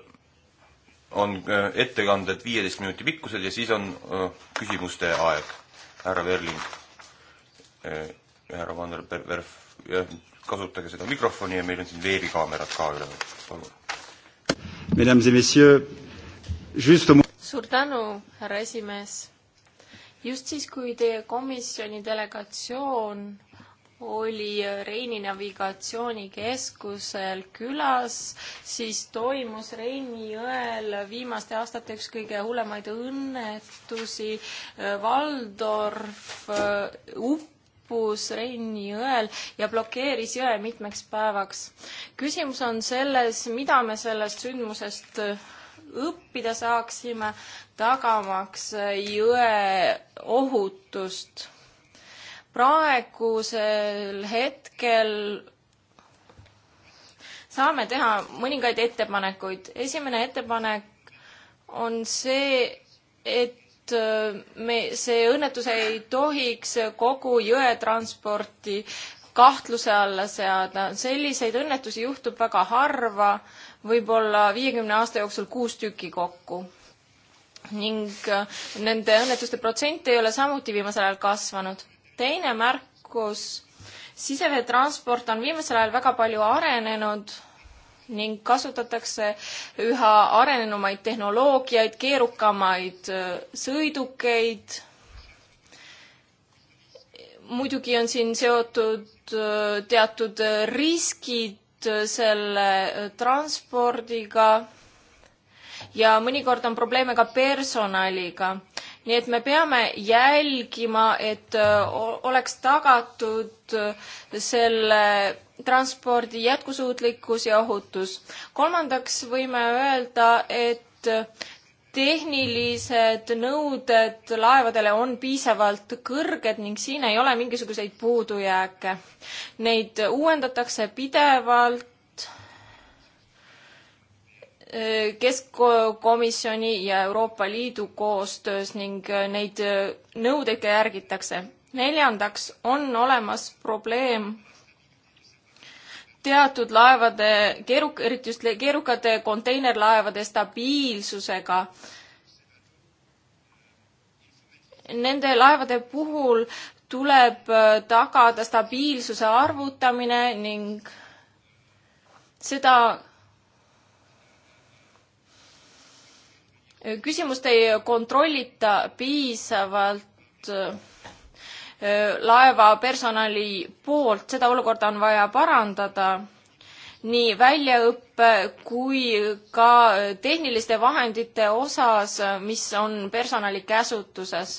on äh, ettekanded viieteist minuti pikkused ja siis on äh, küsimuste aeg. härra Verling, härra Vanderwerf kasutage seda mikrofoni ja meil on siin veebikaamerad ka üleval, palun. suur tänu, härra esimees. just siis, kui teie komisjoni delegatsioon oli Reini navigatsioonikeskusel külas, siis toimus Reini jõel viimaste aastate üks kõige hullemaid õnnetusi. Valdorf äh, upp tipus Reini jõel ja blokeeris jõe mitmeks päevaks. küsimus on selles, mida me sellest sündmusest äh, õppida saaksime, tagamaks äh, jõe ohutust. praegusel hetkel saame teha mõningaid ettepanekuid. esimene ettepanek on see, et Äh, me, see õnnetus ei tohiks kogu jõetransporti kahtluse alla seada. selliseid õnnetusi juhtub väga harva, võib-olla viiekümne aasta jooksul kuus tükki kokku. ning äh, nende õnnetuste protsent ei ole samuti viimasel ajal kasvanud. teine märkus, siseveetransport on viimasel ajal väga palju arenenud ning kasutatakse üha arenenumaid tehnoloogiaid, keerukamaid äh, sõidukeid. muidugi on siin seotud äh, teatud äh, riskid selle transpordiga ja mõnikord on probleeme ka personaliga. nii et me peame jälgima, et oleks tagatud selle transpordi jätkusuutlikkus ja ohutus. kolmandaks võime öelda, et tehnilised nõuded laevadele on piisavalt kõrged ning siin ei ole mingisuguseid puudujääke. Neid uuendatakse pidevalt eh, keskkomisjoni ja Euroopa Liidu koostöös ning eh, neid eh, nõudeid ka järgitakse. neljandaks on olemas probleem teatud laevade keeruk-, eriti just keerukate konteinerlaevade stabiilsusega. Nende laevade puhul tuleb äh, tagada stabiilsuse arvutamine ning seda äh, küsimust ei kontrollita piisavalt äh, Äh, laevapersonali poolt, seda olukorda on vaja parandada nii väljaõppe kui ka tehniliste vahendite osas, mis on personali käsutuses.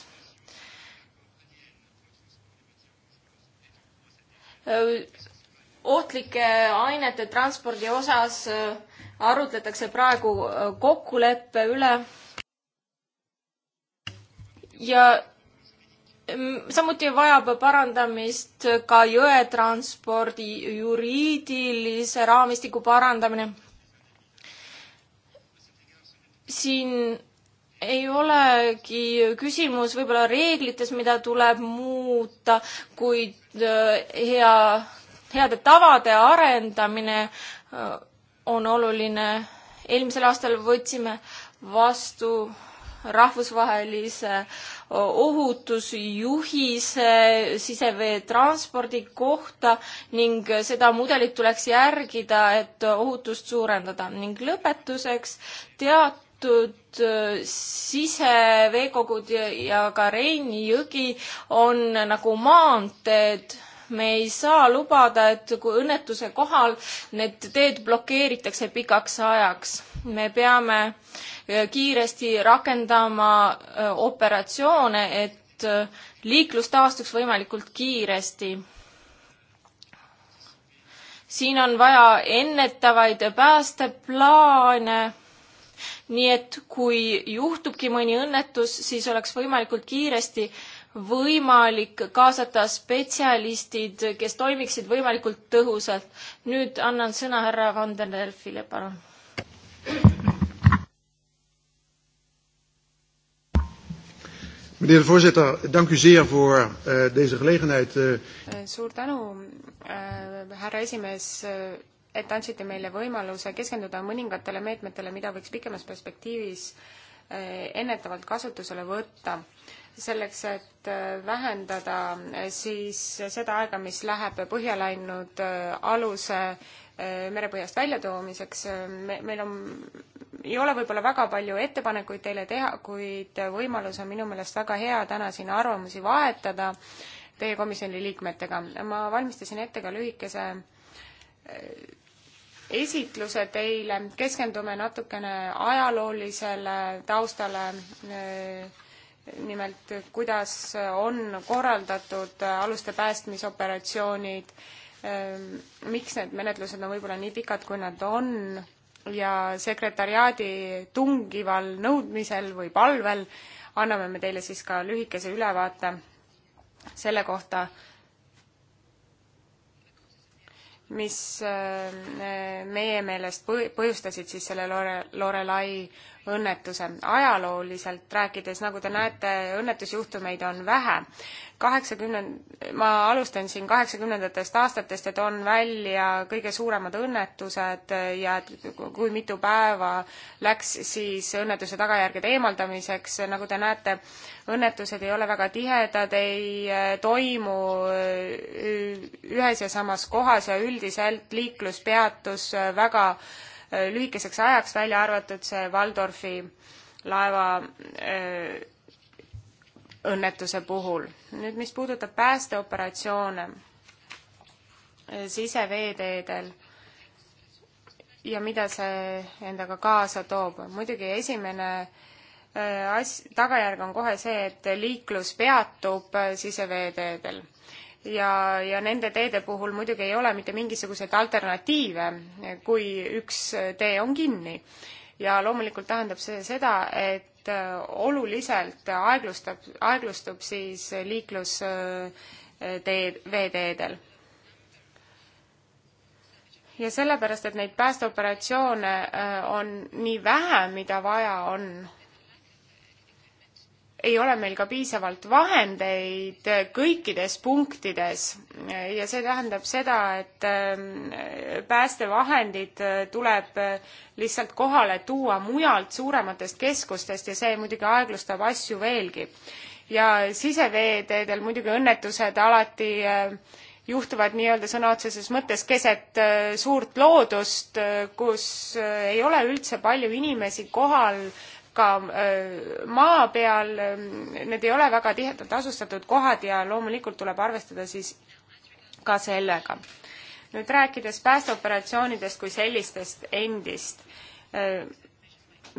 Äh, ohtlike ainete transpordi osas äh, arutletakse praegu kokkuleppe üle. ja samuti vajab parandamist ka jõetranspordi juriidilise raamistiku parandamine. siin ei olegi küsimus võib-olla reeglites, mida tuleb muuta, kuid äh, hea, heade tavade arendamine äh, on oluline. eelmisel aastal võtsime vastu rahvusvahelise ohutusjuhise siseveetranspordi kohta ning seda mudelit tuleks järgida, et ohutust suurendada ning lõpetuseks teatud äh, siseveekogud ja ka Reini jõgi on nagu maanteed me ei saa lubada, et õnnetuse kohal need teed blokeeritakse pikaks ajaks me peame äh, kiiresti rakendama äh, operatsioone, et äh, liiklus taastuks võimalikult kiiresti. siin on vaja ennetavaid päästeplaane, nii et kui juhtubki mõni õnnetus, siis oleks võimalikult kiiresti võimalik kaasata spetsialistid, kes toimiksid võimalikult tõhusalt. nüüd annan sõna härra Vandenbergile, palun Meneer de voorzitter, dank u zeer voor uh, deze gelegenheid. Uh... Suur tänu, uh, härra esimees, uh, et andsite meile võimaluse keskenduda mõningatele meetmetele, mida võiks pikemas perspektiivis uh, ennetavalt kasutusele võtta selleks, et vähendada siis seda aega, mis läheb põhja läinud aluse Äh, merepõhjast väljatoomiseks. me, meil on, ei ole võib-olla väga palju ettepanekuid teile teha, kuid võimalus on minu meelest väga hea täna siin arvamusi vahetada teie komisjoni liikmetega. ma valmistasin ette ka lühikese äh, esitluse teile, keskendume natukene ajaloolisele taustale, äh, nimelt kuidas on korraldatud aluste päästmisoperatsioonid Ehm, miks need menetlused on võib-olla nii pikad, kui nad on ja sekretariaadi tungival nõudmisel või palvel anname me teile siis ka lühikese ülevaate selle kohta, mis ehm, meie meelest põhjustasid siis selle Lore, Lorelai õnnetuse. ajalooliselt rääkides, nagu te näete, õnnetusjuhtumeid on vähe. kaheksakümnend, ma alustan siin kaheksakümnendatest aastatest ja toon välja kõige suuremad õnnetused ja kui mitu päeva läks siis õnnetuse tagajärgede eemaldamiseks, nagu te näete, õnnetused ei ole väga tihedad, ei äh, toimu äh, ühes ja samas kohas ja üldiselt liiklus peatus äh, väga lühikeseks ajaks, välja arvatud see Waldorfi laeva öö, äh, õnnetuse puhul. nüüd, mis puudutab päästeoperatsioone äh, siseveeteedel ja mida see endaga kaasa toob, muidugi esimene äh, as-, tagajärg on kohe see, et liiklus peatub siseveeteedel ja, ja nende teede puhul muidugi ei ole mitte mingisuguseid alternatiive, kui üks tee on kinni. ja loomulikult tähendab see seda, et äh, oluliselt aeglustab, aeglustub siis liiklus äh, teed, veeteedel. ja sellepärast, et neid päästeoperatsioone äh, on nii vähe, mida vaja on, ei ole meil ka piisavalt vahendeid kõikides punktides ja see tähendab seda, et ähm, päästevahendid äh, tuleb äh, lihtsalt kohale tuua mujalt suurematest keskustest ja see muidugi aeglustab asju veelgi. ja siseveeteedel muidugi õnnetused alati äh, juhtuvad nii-öelda sõna otseses mõttes keset suurt loodust, kus ei ole üldse palju inimesi kohal ka äh, maa peal, ähm, need ei ole väga tihedalt asustatud kohad ja loomulikult tuleb arvestada siis ka sellega. nüüd rääkides päästeoperatsioonidest kui sellistest endist, äh,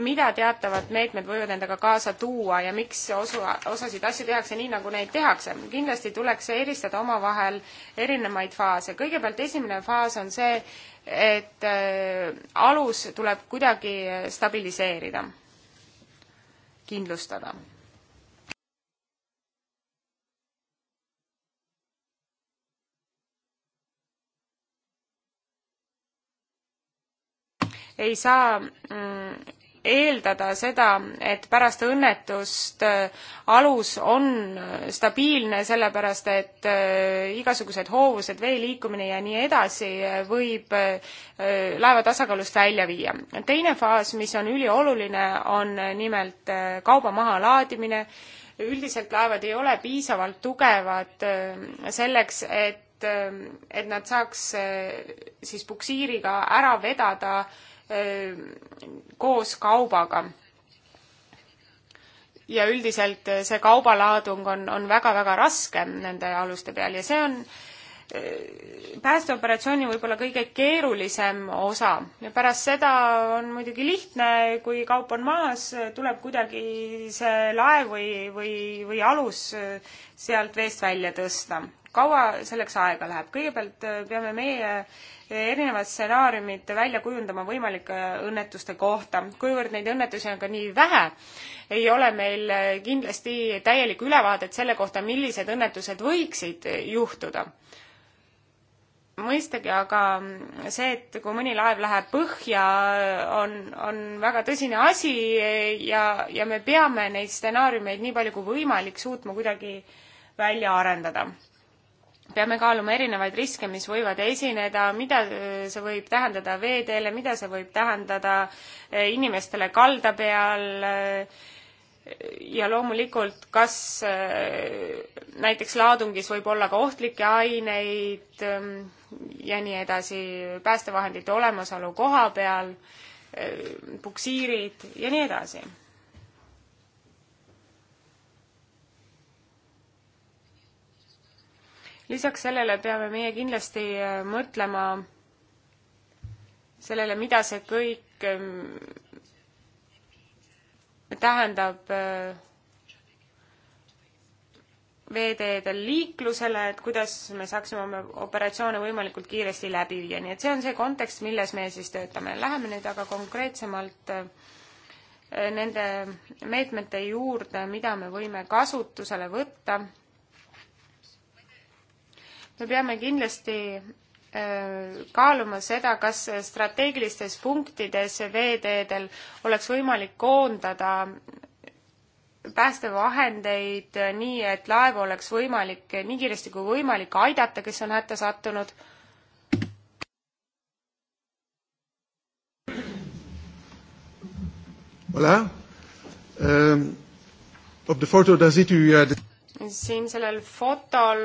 mida teatavad meetmed võivad endaga kaasa tuua ja miks osu, osasid asju tehakse nii, nagu neid tehakse. kindlasti tuleks eristada omavahel erinevaid faase. kõigepealt esimene faas on see, et äh, alus tuleb kuidagi stabiliseerida kindlustada. ei saa mm, eeldada seda, et pärast õnnetust äh, alus on äh, stabiilne, sellepärast et äh, igasugused hoovused, vee liikumine ja nii edasi võib laeva tasakaalust välja viia. teine faas, mis on ülioluline, on nimelt kauba mahalaadimine. üldiselt laevad ei ole piisavalt tugevad selleks, et et nad saaks siis puksiiriga ära vedada äh, Äh, koos kaubaga. ja üldiselt see kaubalaadung on, on väga-väga raske nende aluste peal ja see on äh, päästeoperatsiooni võib-olla kõige keerulisem osa ja pärast seda on muidugi lihtne, kui kaup on maas, tuleb kuidagi see laev või, või, või alus äh, sealt veest välja tõsta kaua selleks aega läheb? kõigepealt äh, peame meie äh, erinevad stsenaariumid välja kujundama võimalike äh, õnnetuste kohta. kuivõrd neid õnnetusi on ka nii vähe, ei ole meil kindlasti täielikku ülevaadet selle kohta, millised õnnetused võiksid juhtuda. mõistagi, aga mm, see, et kui mõni laev läheb põhja, on, on väga tõsine asi ja, ja me peame neid stsenaariumeid nii palju kui võimalik suutma kuidagi välja arendada peame kaaluma erinevaid riske, mis võivad esineda, mida äh, see võib tähendada veeteele, mida see võib tähendada äh, inimestele kalda peal äh, ja loomulikult, kas näiteks laadungis võib olla ka ohtlikke aineid ähm, ja nii edasi, päästevahendite olemasolu koha peal, puksiirid ja nii edasi lisaks sellele peame meie kindlasti äh, mõtlema sellele, mida see kõik ähm, tähendab äh, veeteedel liiklusele, et kuidas me saaksime oma operatsioone võimalikult kiiresti läbi viia, nii et see on see kontekst, milles me siis töötame. Läheme nüüd aga konkreetsemalt äh, nende meetmete juurde, mida me võime kasutusele võtta me peame kindlasti äh, kaaluma seda, kas strateegilistes punktides veeteedel oleks võimalik koondada päästevahendeid nii, et laevu oleks võimalik nii kiiresti kui võimalik aidata, kes on hätta sattunud. Voilà. Euh, op de foto, daar ziet u... Uh, de... Siin sellel fotol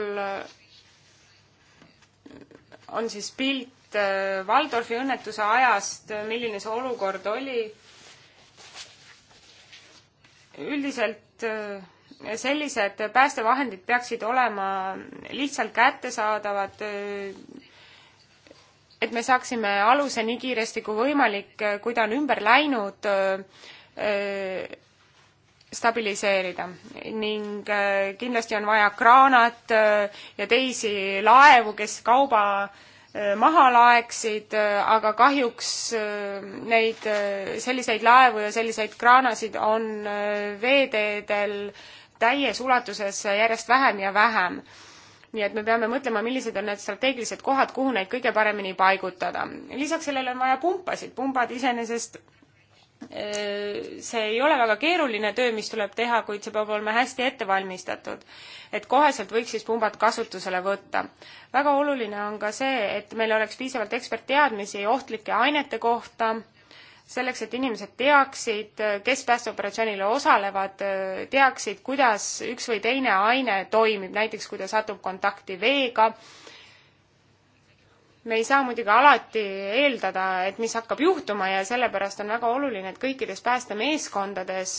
on siis pilt äh, Waldorfi õnnetuse ajast, äh, milline see olukord oli. üldiselt äh, sellised päästevahendid peaksid olema lihtsalt kättesaadavad, et me saaksime aluse nii kiiresti kui võimalik, kui ta on ümber läinud stabiliseerida ning äh, kindlasti on vaja kraanat äh, ja teisi laevu, kes kauba äh, maha laeksid, aga kahjuks neid, selliseid laevu ja selliseid kraanasid on veeteedel täies ulatuses järjest vähem ja vähem nii et me peame mõtlema, millised on need strateegilised kohad, kuhu neid kõige paremini paigutada. lisaks sellele on vaja pumpasid, pumbad iseenesest see ei ole väga keeruline töö, mis tuleb teha, kuid see peab olema hästi ette valmistatud. et koheselt võiks siis pumbad kasutusele võtta. väga oluline on ka see, et meil oleks piisavalt ekspertteadmisi ohtlike ainete kohta, selleks, et inimesed teaksid, kes päästeoperatsioonile osalevad, teaksid, kuidas üks või teine aine toimib, näiteks kui ta satub kontakti veega me ei saa muidugi alati eeldada, et mis hakkab juhtuma ja sellepärast on väga oluline, et kõikides päästemeeskondades,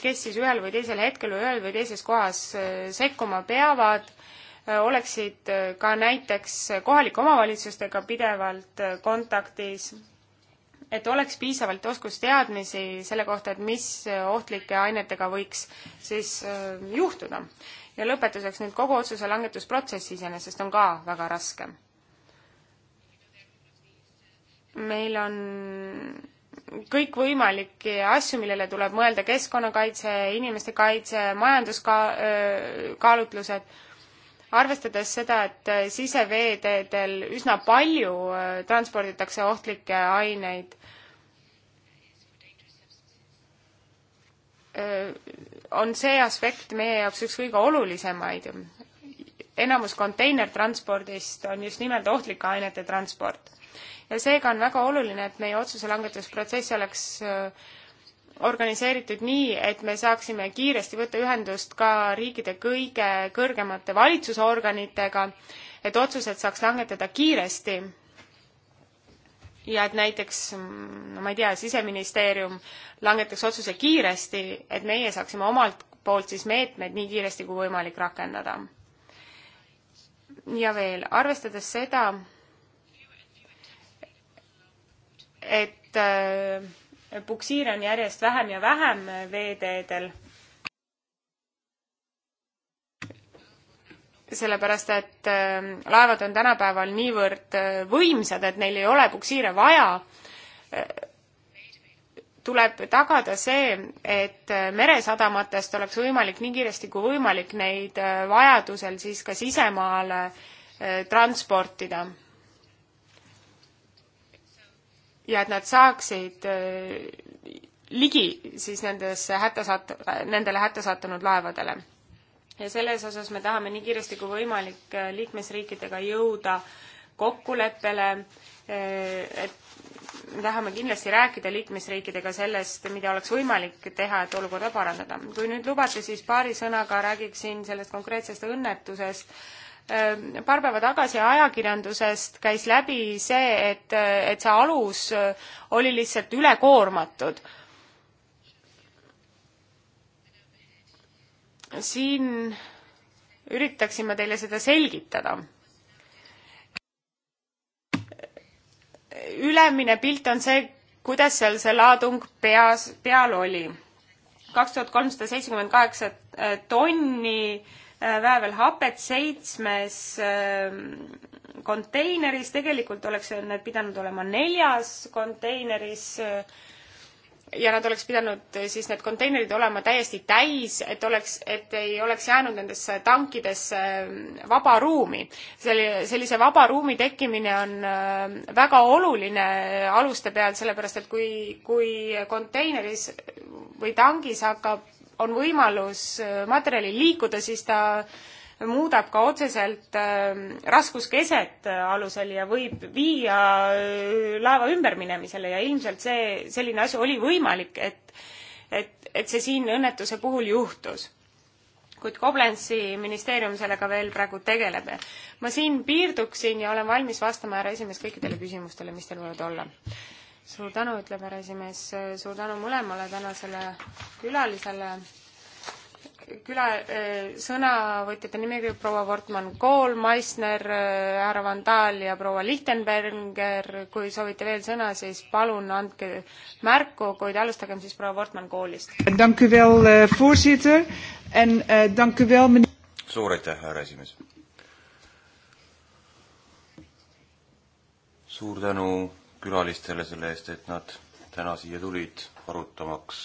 kes siis ühel või teisel hetkel või ühel või teises kohas äh, sekkuma peavad, äh, oleksid äh, ka näiteks kohalike omavalitsustega pidevalt kontaktis, et oleks piisavalt oskusteadmisi selle kohta, et mis ohtlike ainetega võiks siis juhtuda. ja lõpetuseks nüüd kogu otsuse langetusprotsess iseenesest on ka väga raske meil on kõikvõimalikke asju, millele tuleb mõelda, keskkonnakaitse, inimeste kaitse, majanduskaalutlused, arvestades seda, et siseveeteedel üsna palju transporditakse ohtlikke aineid, on see aspekt meie jaoks üks kõige olulisemaid. enamus konteinertranspordist on just nimelt ohtlike ainete transport ja seega on väga oluline, et meie otsuse langetusprotsess oleks äh, organiseeritud nii, et me saaksime kiiresti võtta ühendust ka riikide kõige kõrgemate valitsusorganitega, et otsused saaks langetada kiiresti. ja et näiteks, no ma ei tea, siseministeerium langetaks otsuse kiiresti, et meie saaksime omalt poolt siis meetmed nii kiiresti kui võimalik rakendada. ja veel, arvestades seda, et äh, puksiire on järjest vähem ja vähem äh, veeteedel. sellepärast, et äh, laevad on tänapäeval niivõrd võimsad, et neil ei ole puksiire vaja tuleb tagada see, et meresadamatest oleks võimalik nii kiiresti kui võimalik neid vajadusel siis ka sisemaale transportida ja et nad saaksid äh, ligi siis nendesse hätta sattu-, nendele hätta sattunud laevadele. ja selles osas me tahame nii kiiresti kui võimalik äh, liikmesriikidega jõuda kokkuleppele, äh, et me tahame kindlasti rääkida liikmesriikidega sellest, mida oleks võimalik teha, et olukorda parandada. kui nüüd lubate, siis paari sõnaga räägiksin sellest konkreetsest õnnetusest Ehm, paar päeva tagasi ajakirjandusest käis läbi see, et, et see alus eh, oli lihtsalt ülekoormatud. siin üritaksin ma teile seda selgitada ülemine pilt on see, kuidas seal see laadung peas, peal oli. kaks tuhat kolmsada seitsekümmend kaheksa tonni Äh, väävel hapet seitsmes äh, konteineris, tegelikult oleks need pidanud olema neljas konteineris äh, ja nad oleks pidanud siis need konteinerid olema täiesti täis, et oleks, et ei oleks jäänud nendesse tankidesse vaba ruumi. selle, sellise vaba ruumi tekkimine on väga oluline aluste peal, sellepärast et kui, kui konteineris või tangis hakkab on võimalus äh, materjalil liikuda, siis ta muudab ka otseselt äh, raskuskeset äh, alusel ja võib viia laeva ümberminemisele ja ilmselt see, selline asi oli võimalik, et, et, et see siin õnnetuse puhul juhtus kuid Koblenzi ministeerium sellega veel praegu tegeleb. ma siin piirduksin ja olen valmis vastama, härra esimees, kõikidele küsimustele, mis teil võivad olla suur tänu, ütleb härra esimees, suur tänu mõlemale tänasele külalisele, küla, eh, sõnavõtjate nimekiri proua Wortmann-Kool, Meissner, eh, härra Vandal ja proua Lichtenberger, kui soovite veel sõna, siis palun andke märku, kuid alustagem siis proua Wortmann-Koolist. Eh, suur aitäh, härra esimees! suur tänu külalistele selle eest, et nad täna siia tulid, arutamaks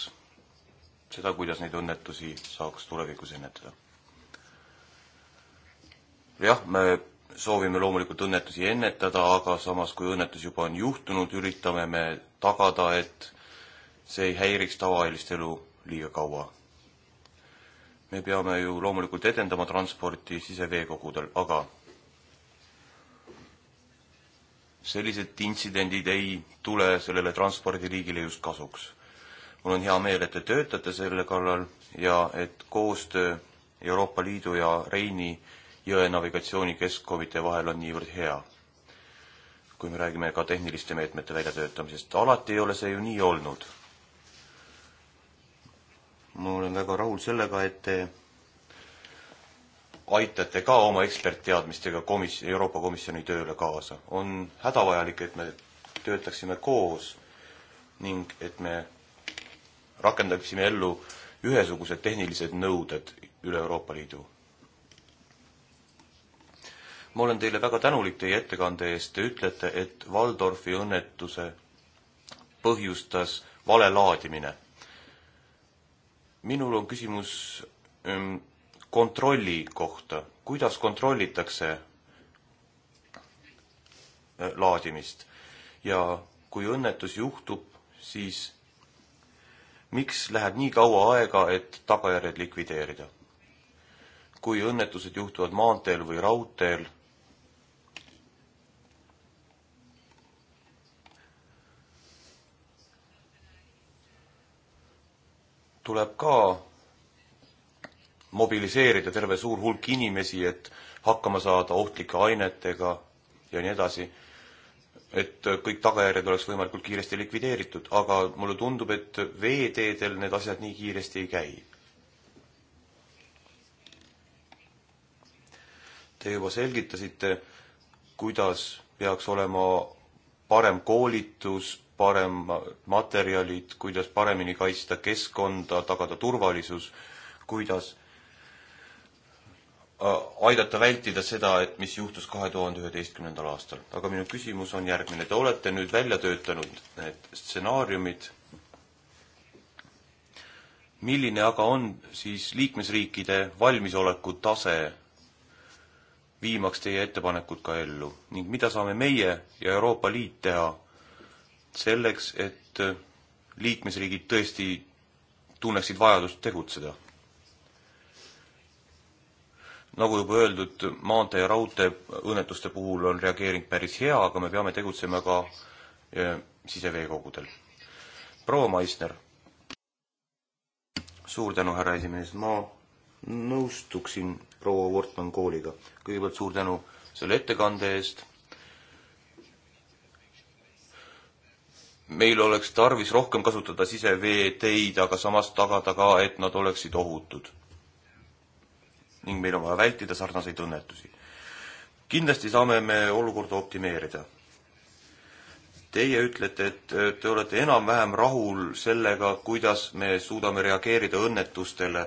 seda, kuidas neid õnnetusi saaks tulevikus ennetada. jah, me soovime loomulikult õnnetusi ennetada, aga samas, kui õnnetus juba on juhtunud, üritame me tagada, et see ei häiriks tavaelist elu liiga kaua. me peame ju loomulikult edendama transporti siseveekogudel, aga sellised intsidendid ei tule sellele transpordiliigile just kasuks. mul on hea meel, et te töötate selle kallal ja et koostöö Euroopa Liidu ja Reini jõe navigatsiooni keskkomitee vahel on niivõrd hea. kui me räägime ka tehniliste meetmete väljatöötamisest, alati ei ole see ju nii olnud. ma olen väga rahul sellega, et te aitate ka oma ekspertteadmistega komis-, Euroopa Komisjoni tööle kaasa. on hädavajalik, et me töötaksime koos ning et me rakendaksime ellu ühesugused tehnilised nõuded üle Euroopa Liidu. ma olen teile väga tänulik teie ettekande eest, te ütlete, et Waldorfi õnnetuse põhjustas vale laadimine. minul on küsimus kontrolli kohta, kuidas kontrollitakse äh, laadimist ja kui õnnetus juhtub, siis miks läheb nii kaua aega, et tagajärjed likvideerida? kui õnnetused juhtuvad maanteel või raudteel, tuleb ka mobiliseerida terve suur hulk inimesi, et hakkama saada ohtlike ainetega ja nii edasi. et kõik tagajärjed oleks võimalikult kiiresti likvideeritud, aga mulle tundub, et veeteedel need asjad nii kiiresti ei käi. Te juba selgitasite, kuidas peaks olema parem koolitus, parem materjalid, kuidas paremini kaitsta keskkonda, tagada turvalisus, kuidas Äh, aidata vältida seda, et mis juhtus kahe tuhande üheteistkümnendal aastal. aga minu küsimus on järgmine, te olete nüüd välja töötanud need stsenaariumid, milline aga on siis liikmesriikide valmisoleku tase viimaks teie ettepanekud ka ellu ning mida saame meie ja Euroopa Liit teha selleks, et liikmesriigid tõesti tunneksid vajadust tegutseda? nagu juba öeldud, maantee ja raudtee õnnetuste puhul on reageering päris hea, aga me peame tegutsema ka eh, siseveekogudel. proua Maisner. suur tänu, härra esimees, ma nõustuksin proua Wortmann kooliga. kõigepealt suur tänu selle ettekande eest. meil oleks tarvis rohkem kasutada siseveeteid, aga samas tagada ka, et nad oleksid ohutud ning meil on vaja vältida sarnaseid õnnetusi. kindlasti saame me olukorda optimeerida. Teie ütlete, et te olete enam-vähem rahul sellega, kuidas me suudame reageerida õnnetustele,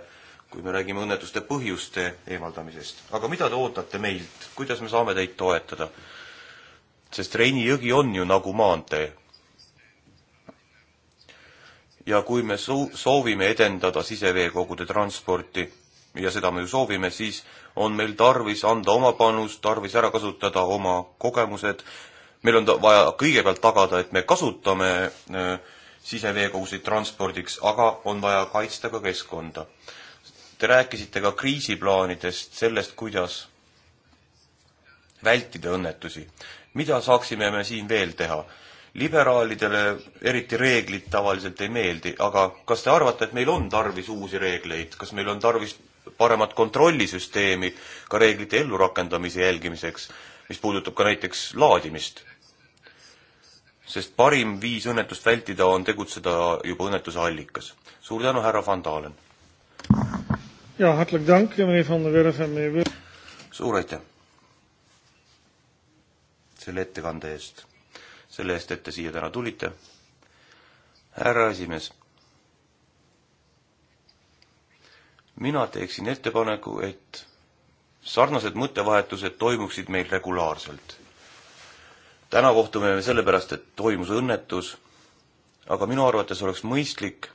kui me räägime õnnetuste põhjuste eemaldamisest. aga mida te ootate meilt, kuidas me saame teid toetada? sest Reini jõgi on ju nagu maantee, ja kui me soovime edendada siseveekogude transporti, ja seda me ju soovime, siis on meil tarvis anda oma panus, tarvis ära kasutada oma kogemused, meil on ta-, vaja kõigepealt tagada, et me kasutame äh, siseveekogusid transpordiks, aga on vaja kaitsta ka keskkonda. Te rääkisite ka kriisiplaanidest, sellest, kuidas vältida õnnetusi. mida saaksime me siin veel teha? liberaalidele eriti reeglid tavaliselt ei meeldi, aga kas te arvate, et meil on tarvis uusi reegleid, kas meil on tarvis paremat kontrollisüsteemi ka reeglite ellurakendamise jälgimiseks, mis puudutab ka näiteks laadimist. sest parim viis õnnetust vältida on tegutseda juba õnnetuse allikas. suur tänu, härra Van Dalen! jaa, hartlik tänk, meneer Van der Werf ja meie suur aitäh selle ettekande eest, selle eest, et te siia täna tulite. härra esimees mina teeksin ettepaneku, et sarnased mõttevahetused toimuksid meil regulaarselt. täna kohtume me sellepärast, et toimus õnnetus, aga minu arvates oleks mõistlik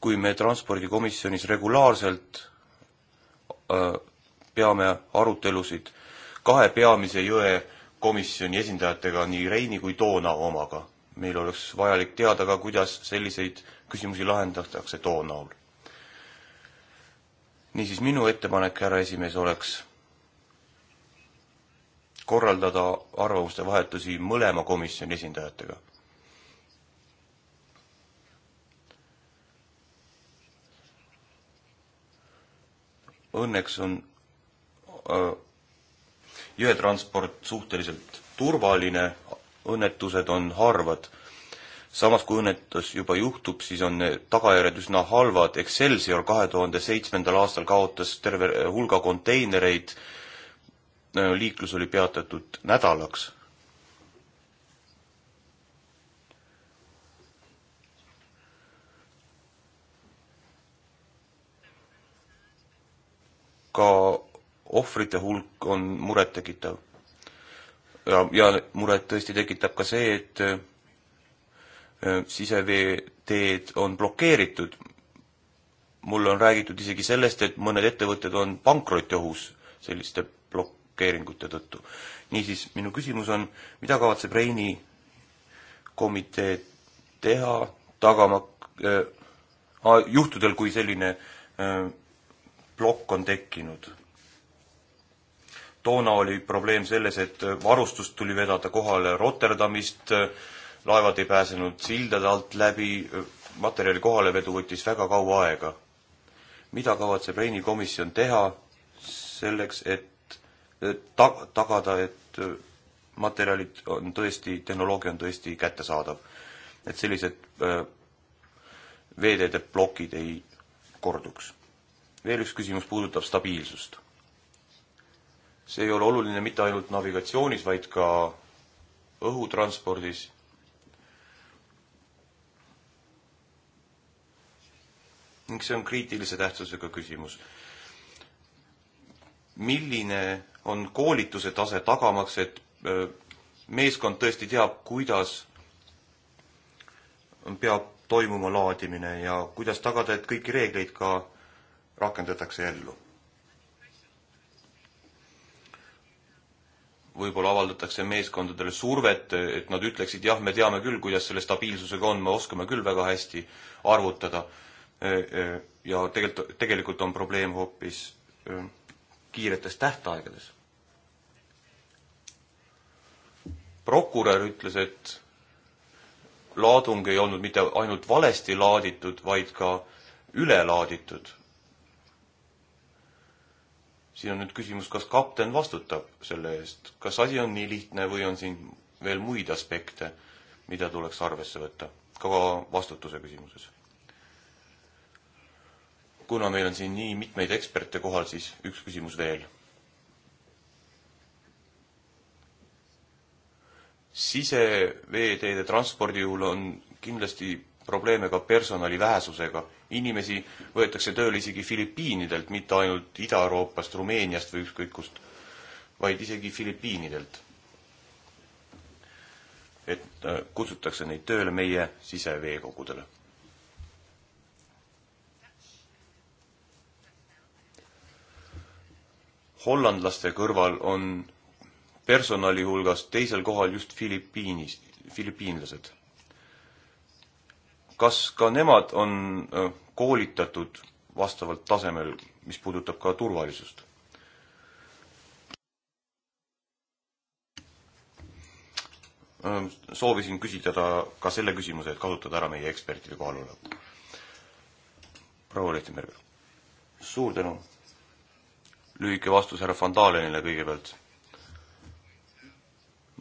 kui me transpordikomisjonis regulaarselt äh, peame arutelusid kahe peamise jõe komisjoni esindajatega, nii Reini kui Toona omaga meil oleks vajalik teada ka, kuidas selliseid küsimusi lahendatakse too näol. niisiis, minu ettepanek, härra esimees, oleks korraldada arvamuste vahetusi mõlema komisjoni esindajatega. Õnneks on öö, äh, jõetransport suhteliselt turvaline, õnnetused on harvad. samas, kui õnnetus juba juhtub, siis on tagajärjed üsna halvad. Excelsior kahe tuhande seitsmendal aastal kaotas terve hulga konteinereid, liiklus oli peatatud nädalaks ka ohvrite hulk on murettekitav ja, ja muret tõesti tekitab ka see, et äh, siseveeteed on blokeeritud. mulle on räägitud isegi sellest, et mõned ettevõtted on pankrotiohus selliste blokeeringute tõttu. niisiis, minu küsimus on, mida kavatseb Reini komitee teha, tagama äh, juhtudel, kui selline äh, plokk on tekkinud toona oli probleem selles, et varustust tuli vedada kohale Rotterdamist, laevad ei pääsenud sildade alt läbi, materjali kohalevedu võttis väga kaua aega. mida kavatseb Reini komisjon teha selleks, et ta-, tagada, et materjalid on tõesti, tehnoloogia on tõesti kättesaadav? et sellised äh, veeteede plokid ei korduks. veel üks küsimus puudutab stabiilsust see ei ole oluline mitte ainult navigatsioonis, vaid ka õhutranspordis. ning see on kriitilise tähtsusega küsimus. milline on koolituse tase tagamaks, et äh, meeskond tõesti teab, kuidas peab toimuma laadimine ja kuidas tagada, et kõiki reegleid ka rakendatakse ellu võib-olla avaldatakse meeskondadele survet, et nad ütleksid jah, me teame küll, kuidas selle stabiilsusega on, me oskame küll väga hästi arvutada. ja tegelikult, tegelikult on probleem hoopis kiiretes tähtaegades. prokurör ütles, et laadung ei olnud mitte ainult valesti laaditud, vaid ka ülelaaditud siin on nüüd küsimus, kas kapten vastutab selle eest, kas asi on nii lihtne või on siin veel muid aspekte, mida tuleks arvesse võtta, ka vastutuse küsimuses? kuna meil on siin nii mitmeid eksperte kohal, siis üks küsimus veel. siseveeteede transpordi juhul on kindlasti probleeme ka personali vähesusega. inimesi võetakse tööle isegi Filipiinidelt, mitte ainult Ida-Euroopast, Rumeeniast või ükskõik kust, vaid isegi Filipiinidelt. et äh, kutsutakse neid tööle meie siseveekogudele. hollandlaste kõrval on personali hulgas teisel kohal just Filipiinis, filipiinlased kas ka nemad on äh, koolitatud vastavalt tasemel, mis puudutab ka turvalisust? Äh, soovisin küsitleda ka selle küsimuse, et kasutada ära meie ekspertide kohalolek. proua Lehtimerg, suur tänu. lühike vastus härra Vandalenile kõigepealt.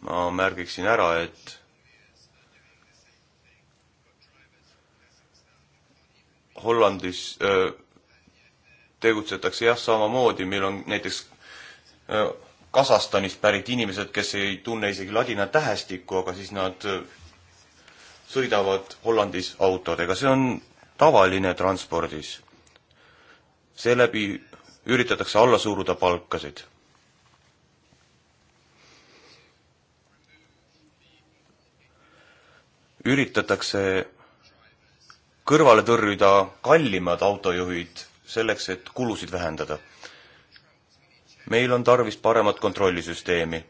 ma märgiksin ära, et Hollandis öö, äh, tegutsetakse jah, samamoodi, meil on näiteks öö, äh, Kasahstanist pärit inimesed, kes ei tunne isegi ladina tähestikku, aga siis nad öö, äh, sõidavad Hollandis autodega, see on tavaline transpordis. seeläbi üritatakse alla suruda palkasid. üritatakse kõrvale tõrjuda kallimad autojuhid selleks, et kulusid vähendada. meil on tarvis paremat kontrollisüsteemi.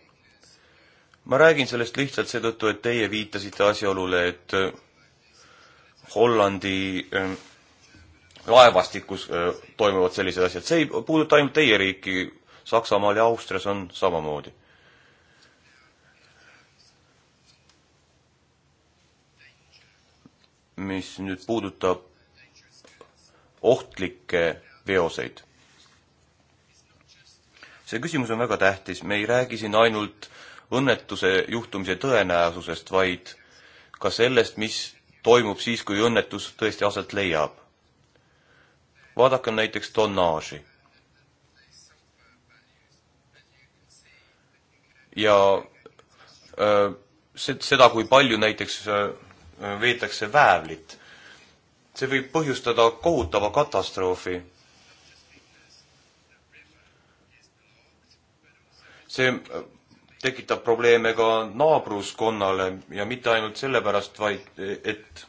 ma räägin sellest lihtsalt seetõttu, et teie viitasite asjaolule, et äh, Hollandi äh, laevastikus äh, toimuvad sellised asjad, see ei puuduta ainult teie riiki, Saksamaal ja Austrias on samamoodi mis nüüd puudutab ohtlikke veoseid. see küsimus on väga tähtis, me ei räägi siin ainult õnnetuse juhtumise tõenäosusest, vaid ka sellest, mis toimub siis, kui õnnetus tõesti aset leiab. vaadakem näiteks tonnaaži. ja öö, äh, seda, kui palju näiteks öö, äh, veetakse väävlit. see võib põhjustada kohutava katastroofi. see äh, tekitab probleeme ka naabruskonnale ja mitte ainult sellepärast, vaid et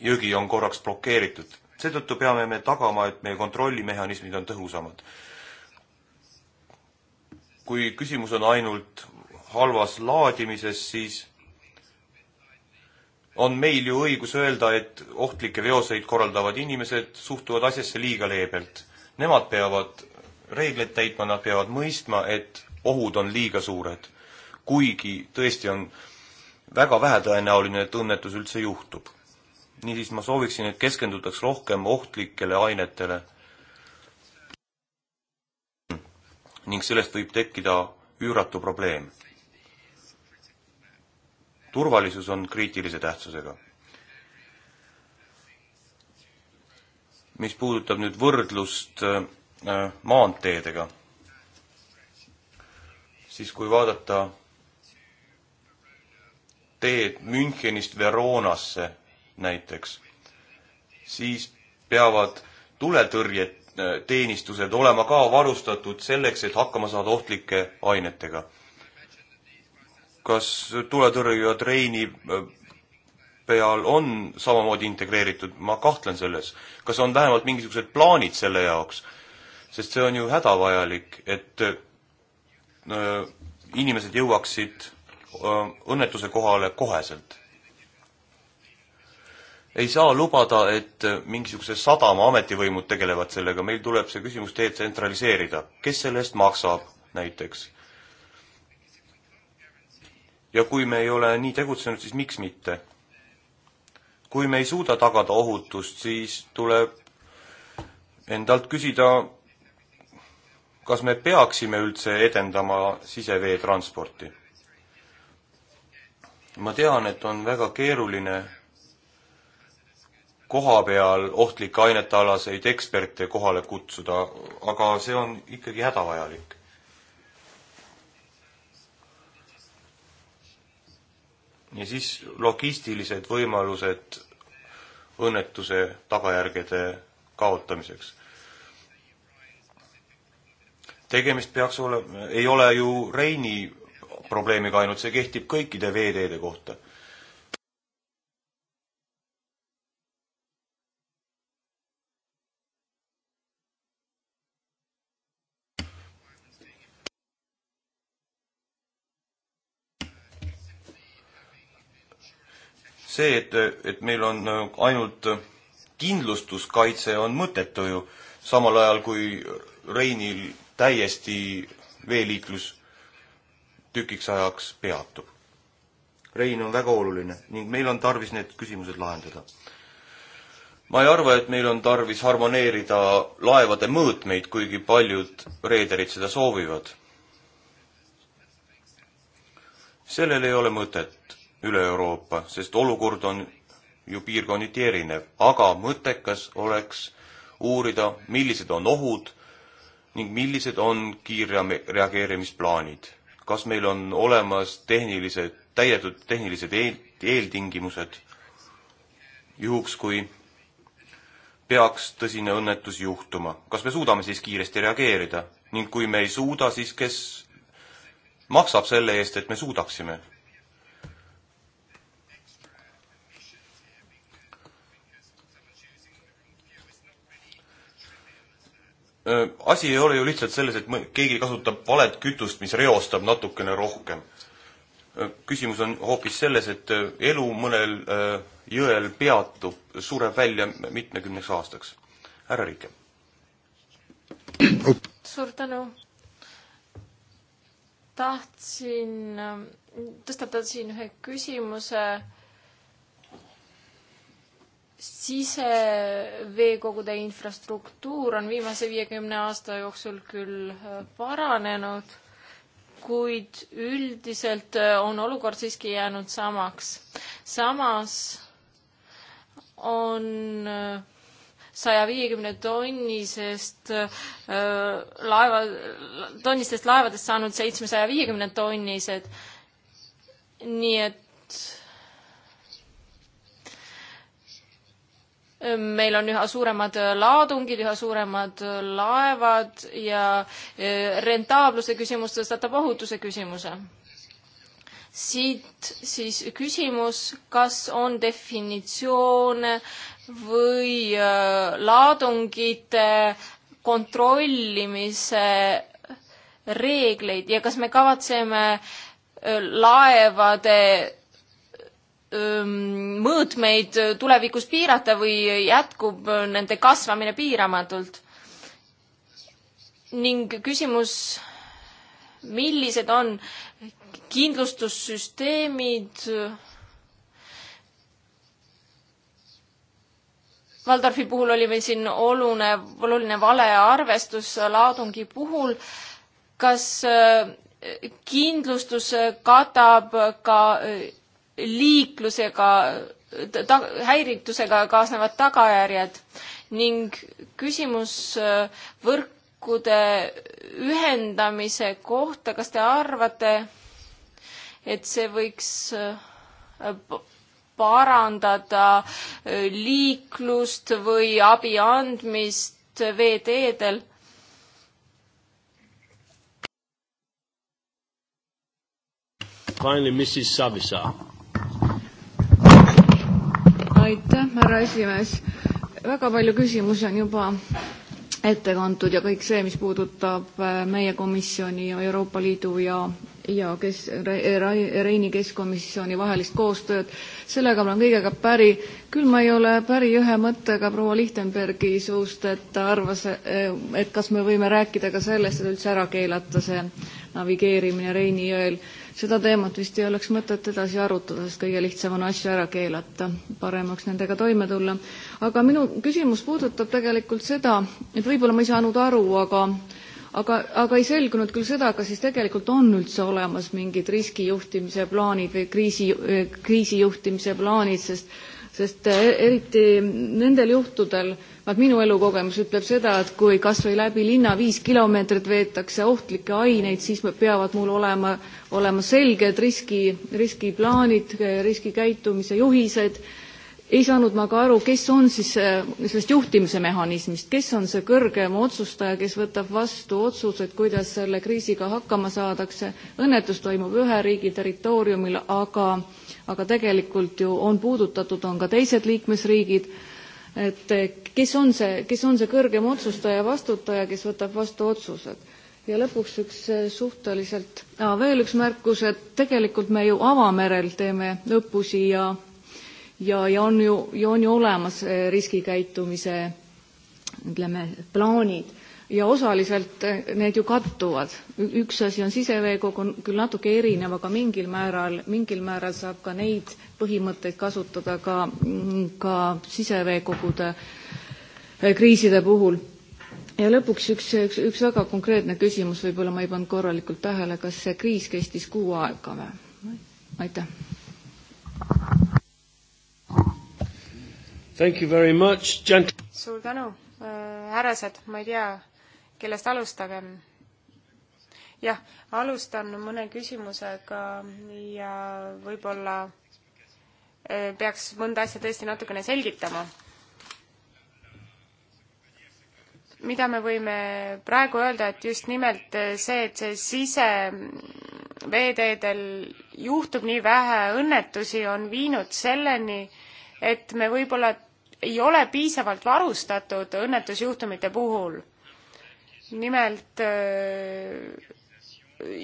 jõgi on korraks blokeeritud. seetõttu peame me tagama, et meie kontrollimehhanismid on tõhusamad. kui küsimus on ainult halvas laadimises, siis on meil ju õigus öelda, et ohtlikke veoseid korraldavad inimesed suhtuvad asjasse liiga leebelt. Nemad peavad reegleid täitma, nad peavad mõistma, et ohud on liiga suured. kuigi tõesti on väga vähetõenäoline, et õnnetus üldse juhtub. niisiis ma sooviksin, et keskendutaks rohkem ohtlikele ainetele. ning sellest võib tekkida üüratu probleem turvalisus on kriitilise tähtsusega. mis puudutab nüüd võrdlust äh, maanteedega, siis kui vaadata teed Münchenist Veroonasse näiteks, siis peavad tuletõrjet äh, teenistused olema ka varustatud selleks, et hakkama saada ohtlike ainetega kas tuletõrjujad Reini äh, peal on samamoodi integreeritud, ma kahtlen selles. kas on vähemalt mingisugused plaanid selle jaoks? sest see on ju hädavajalik, et öö, äh, inimesed jõuaksid öö, äh, õnnetuse kohale koheselt. ei saa lubada, et mingisuguse sadama ametivõimud tegelevad sellega, meil tuleb see küsimus detsentraliseerida. kes selle eest maksab näiteks? ja kui me ei ole nii tegutsenud, siis miks mitte? kui me ei suuda tagada ohutust, siis tuleb endalt küsida, kas me peaksime üldse edendama siseveetransporti. ma tean, et on väga keeruline koha peal ohtlike ainete alaseid eksperte kohale kutsuda, aga see on ikkagi hädavajalik. ja siis logistilised võimalused õnnetuse tagajärgede kaotamiseks. tegemist peaks olema, ei ole ju Reini probleemiga ainult, see kehtib kõikide veeteede kohta see, et, et meil on äh, ainult äh, kindlustuskaitse on mõttetu ju, samal ajal kui Reinil täiesti veeliiklus tükiks ajaks peatub. Rein on väga oluline ning meil on tarvis need küsimused lahendada. ma ei arva, et meil on tarvis harmoneerida laevade mõõtmeid, kuigi paljud reederid seda soovivad. sellel ei ole mõtet üle Euroopa, sest olukord on ju piirkonniti erinev, aga mõttekas oleks uurida, millised on ohud ning millised on kiirreageerimisplaanid. kas meil on olemas tehnilised, täidetud tehnilised eel, eeltingimused juhuks, kui peaks tõsine õnnetus juhtuma, kas me suudame siis kiiresti reageerida ning kui me ei suuda, siis kes maksab selle eest, et me suudaksime Äh, asi ei ole ju lihtsalt selles, et keegi kasutab valet kütust, mis reostab natukene rohkem. Äh, küsimus on hoopis selles, et äh, elu mõnel jõel peatub, sureb välja mitmekümneks aastaks. härra Riike. suur tänu. tahtsin tõstatada siin ühe küsimuse siseveekogude infrastruktuur on viimase viiekümne aasta jooksul küll äh, paranenud, kuid üldiselt äh, on olukord siiski jäänud samaks. samas on äh, saja viiekümne tonnisest laeva, tonnistest laevadest saanud seitsmesaja viiekümne tonnised. nii et meil on üha suuremad äh, laadungid, üha suuremad äh, laevad ja äh, rentaabluse küsimus tõstatab ohutuse küsimuse. siit siis küsimus, kas on definitsioone või laadungite kontrollimise reegleid ja kas me kavatseme laevade mõõtmeid tulevikus piirata või jätkub nende kasvamine piiramatult? ning küsimus, millised on kindlustussüsteemid Valdorfi puhul oli meil siin oluline, oluline valearvestus laadungi puhul. kas kindlustus katab ka liiklusega, ta-, häiritusega kaasnevad tagajärjed ning küsimus äh, võrkude ühendamise kohta, kas te arvate, et see võiks äh, parandada äh, liiklust või abi andmist veeteedel? Finally, Mrs Savisaar aitäh, härra esimees. väga palju küsimusi on juba ette kantud ja kõik see, mis puudutab äh, meie komisjoni ja Euroopa Liidu ja, ja kes Re,, Reini keskkomisjoni vahelist koostööd, sellega ma olen kõigega päri. küll ma ei ole päri ühe mõttega proua Lichtenbergi suust, et ta arvas, äh, et kas me võime rääkida ka sellest, et üldse ära keelata see navigeerimine Reini jõel seda teemat vist ei oleks mõtet edasi arutada, sest kõige lihtsam on asju ära keelata, paremaks nendega toime tulla. aga minu küsimus puudutab tegelikult seda, et võib-olla ma ei saanud aru, aga aga, aga ei selgunud küll seda, kas siis tegelikult on üldse olemas mingid riskijuhtimise plaanid või kriisi, kriisijuhtimise plaanid, sest sest äh, eriti nendel juhtudel, vaat minu elukogemus ütleb seda, et kui kas või läbi linna viis kilomeetrit veetakse ohtlikke aineid, siis peavad mul olema, olema selged riski, riskiplaanid, riskikäitumise juhised, ei saanud ma ka aru, kes on siis äh, sellest juhtimise mehhanismist, kes on see kõrgem otsustaja, kes võtab vastu otsused, kuidas selle kriisiga hakkama saadakse, õnnetus toimub ühe riigi territooriumil, aga aga tegelikult ju on puudutatud, on ka teised liikmesriigid, et kes on see, kes on see kõrgem otsustaja, vastutaja, kes võtab vastu otsused ja lõpuks üks äh, suhteliselt ah,, veel üks märkus, et tegelikult me ju avamerel teeme õppusi ja ja, ja on ju, ja on ju olemas äh, riskikäitumise ütleme, plaanid ja osaliselt eh, need ju kattuvad. üks asi on siseveekogu, on küll natuke erinev, aga mingil määral, mingil määral saab ka neid põhimõtteid kasutada ka, mm, ka siseveekogude eh, kriiside puhul. ja lõpuks üks, üks, üks väga konkreetne küsimus, võib-olla ma ei pannud korralikult tähele, kas see kriis kestis kuu aega või? aitäh. Thank you very much, gent-. suur tänu, äh, härrased, ma ei tea kellest alustagem? jah, alustan mõne küsimusega ja võib-olla eh, peaks mõnda asja tõesti natukene selgitama. mida me võime praegu öelda, et just nimelt eh, see, et see siseveeteedel mm, juhtub nii vähe õnnetusi, on viinud selleni, et me võib-olla ei ole piisavalt varustatud õnnetusjuhtumite puhul nimelt, äh,